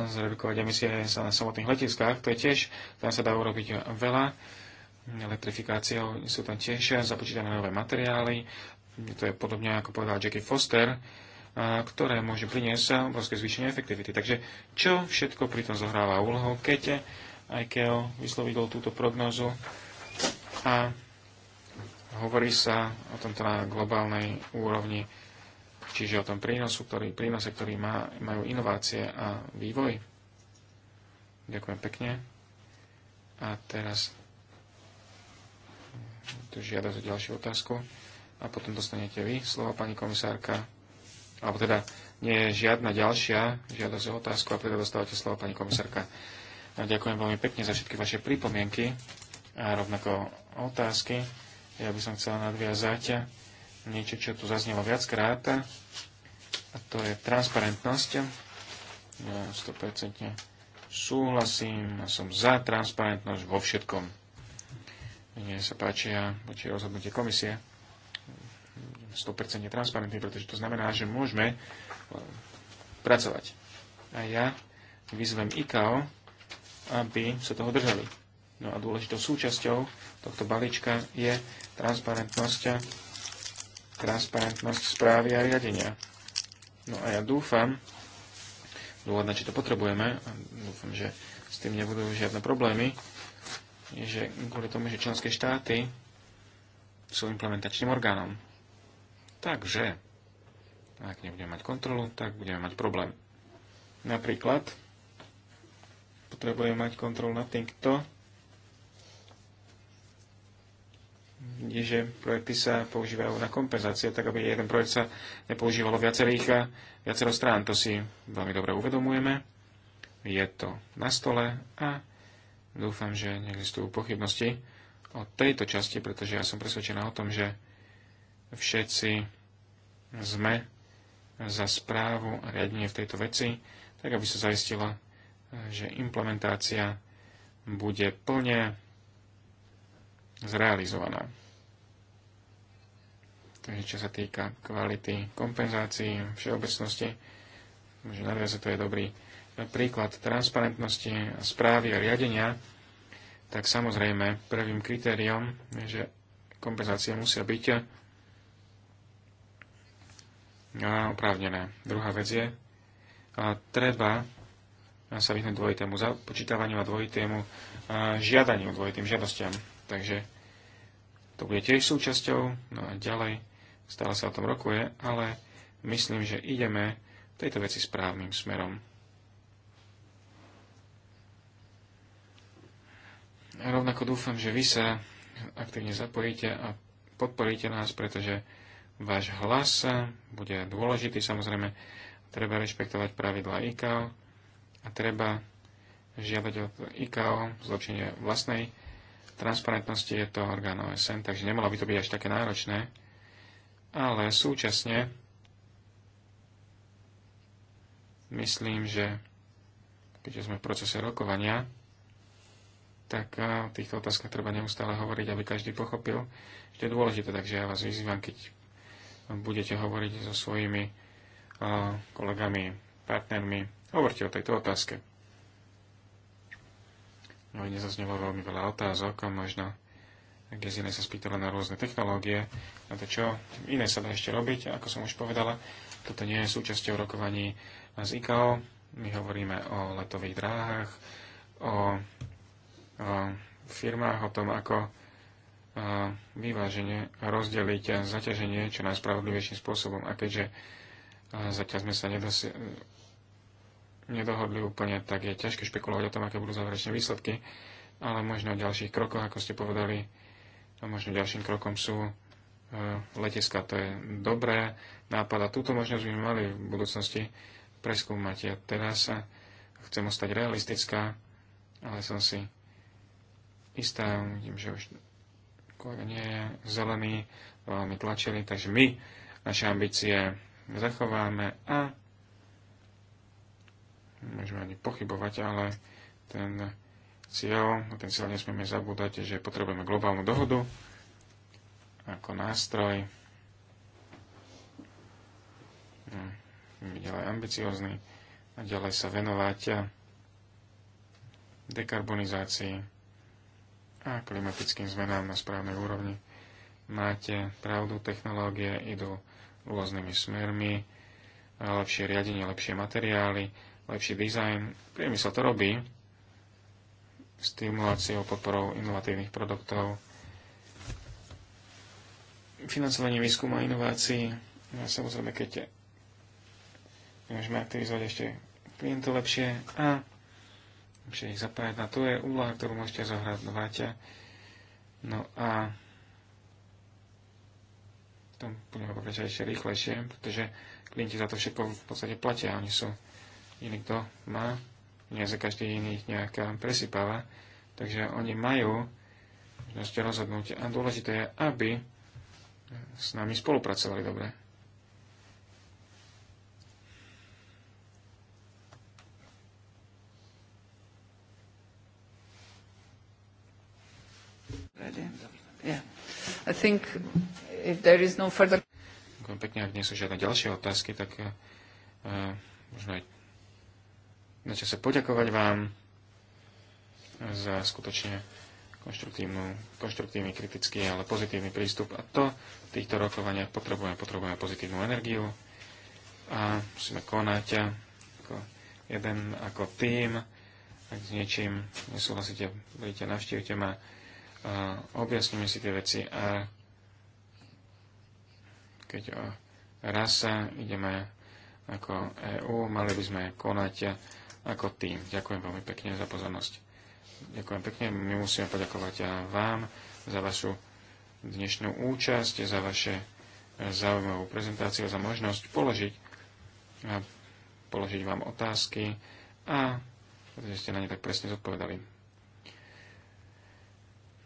Zredukovať emisie sa na samotných letiskách, to je tiež, tam sa dá urobiť veľa. Elektrifikáciou sú tam tiež započítané nové materiály. To je podobne, ako povedal Jackie Foster, ktoré môže priniesť obrovské zvýšenie efektivity. Takže čo všetko pri tom zohráva úlohu keď IKEO vyslovilo túto prognozu a hovorí sa o tomto na globálnej úrovni čiže o tom prínosu, ktorý, prínose, ktorý má, majú inovácie a vývoj. Ďakujem pekne. A teraz tu žiada o ďalšiu otázku a potom dostanete vy slovo, pani komisárka. Alebo teda nie je žiadna ďalšia žiadosť o otázku a teda dostávate slovo, pani komisárka. A ďakujem veľmi pekne za všetky vaše pripomienky a rovnako otázky. Ja by som chcel nadviazať niečo, čo tu zaznelo viackrát, a to je transparentnosť. Ja 100% súhlasím, a som za transparentnosť vo všetkom. Mne sa páči, ja či rozhodnutie komisie. 100% transparentný, pretože to znamená, že môžeme eh, pracovať. A ja vyzvem IKAO, aby sa toho držali. No a dôležitou súčasťou tohto balíčka je transparentnosť transparentnosť správy a riadenia. No a ja dúfam, na či to potrebujeme, a dúfam, že s tým nebudú žiadne problémy, že kvôli tomu, že členské štáty sú implementačným orgánom. Takže, ak nebudeme mať kontrolu, tak budeme mať problém. Napríklad, potrebujeme mať kontrolu nad tým, kto že projekty sa používajú na kompenzácie, tak aby jeden projekt sa nepoužívalo viacerých a eh, viacero strán. To si veľmi dobre uvedomujeme. Je to na stole a dúfam, že neexistujú pochybnosti o tejto časti, pretože ja som presvedčená o tom, že všetci sme za správu a riadenie v tejto veci, tak aby sa zaistila, eh, že implementácia bude plne zrealizovaná. Takže čo sa týka kvality kompenzácií všeobecnosti, môže nadviazať to je dobrý príklad transparentnosti a správy a riadenia, tak samozrejme prvým kritériom je, že kompenzácie musia byť no, oprávnené. Druhá vec je, a treba sa vyhnúť dvojitému započítavaniu a dvojitému žiadaniu, dvojitým žiadostiam. Takže to bude tiež súčasťou. No a ďalej stále sa o tom rokuje, ale myslím, že ideme tejto veci správnym smerom. A rovnako dúfam, že vy sa aktívne zapojíte a podporíte nás, pretože váš hlas bude dôležitý. Samozrejme, treba rešpektovať pravidla ICAO a treba žiadať od ICAO zlepšenie vlastnej transparentnosti je to orgán OSN, takže nemalo by to byť až také náročné, ale súčasne myslím, že keďže sme v procese rokovania, tak e, o týchto otázkach treba neustále hovoriť, aby každý pochopil, že to je dôležité. Takže ja vás vyzývam, keď budete hovoriť so svojimi e, kolegami, partnermi, hovorte o tejto otázke. No nezaznelo veľmi veľa otázok, možno Gesine sa spýtala na rôzne technológie, na to, čo iné sa dá ešte robiť. Ako som už povedala, toto nie je súčasťou rokovaní z ICAO. My hovoríme o letových dráhach, o, o firmách, o tom, ako a, vyváženie rozdeliť a zaťaženie čo najspravodlivejším spôsobom. A keďže a zatiaľ sme sa nedosi- nedohodli úplne, tak je ťažké špekulovať o tom, aké budú záverečné výsledky, ale možno o ďalších krokoch, ako ste povedali, a možno ďalším krokom sú e, letiska. To je dobré nápad a túto možnosť by mali v budúcnosti preskúmať. Ja teraz sa chcem ostať realistická, ale som si istá, vidím, že už kolega nie je zelený, veľmi tlačili, takže my naše ambície zachováme a môžeme ani pochybovať, ale ten cieľ, ten cieľ nesmieme zabúdať, že potrebujeme globálnu dohodu ako nástroj, hm, ďalej ambiciózny a ďalej sa venovať dekarbonizácii a klimatickým zmenám na správnej úrovni. Máte pravdu, technológie idú rôznymi smermi, lepšie riadenie, lepšie materiály, lepší dizajn. Priemysel to robí stimuláciou, podporou inovatívnych produktov, financovanie výskumu a inovácií. No a samozrejme, keď môžeme aktivizovať ešte klientov lepšie a lepšie ich zapájať. no, to je úloha, ktorú môžete zohrať do Váťa. No a tam budeme pokračovať ešte rýchlejšie, pretože klienti za to všetko v podstate platia. Oni sú iný to má za každý iný ich nejaká eh, presypáva. Takže oni majú možnosť rozhodnúť a dôležité je, aby eh, s nami spolupracovali dobre. Yeah. I think if there is no further... Ďakujem pekne, ak nie sú žiadne ďalšie otázky, tak uh, možno aj na čase poďakovať vám za skutočne konštruktívny, kritický, ale pozitívny prístup. A to v týchto rokovaniach potrebujeme, potrebujeme pozitívnu energiu a musíme konať ako jeden, ako tým. Ak s niečím nesúhlasíte, budete, navštívte ma, objasníme si tie veci a keď o sa ideme ako EÚ, mali by sme konať ako tým. Ďakujem veľmi pekne za pozornosť. Ďakujem pekne. My musíme poďakovať vám za vašu dnešnú účasť, za vaše zaujímavú prezentáciu, za možnosť položiť, položiť vám otázky a že ste na ne tak presne zodpovedali.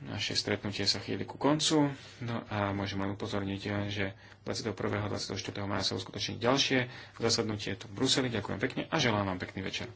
Naše stretnutie sa chýli ku koncu. No a môžem len upozorniť, eh, že 21. a 24. maja sa uskutoční ďalšie zasadnutie tu v Bruseli. Ďakujem pekne a želám vám pekný večer.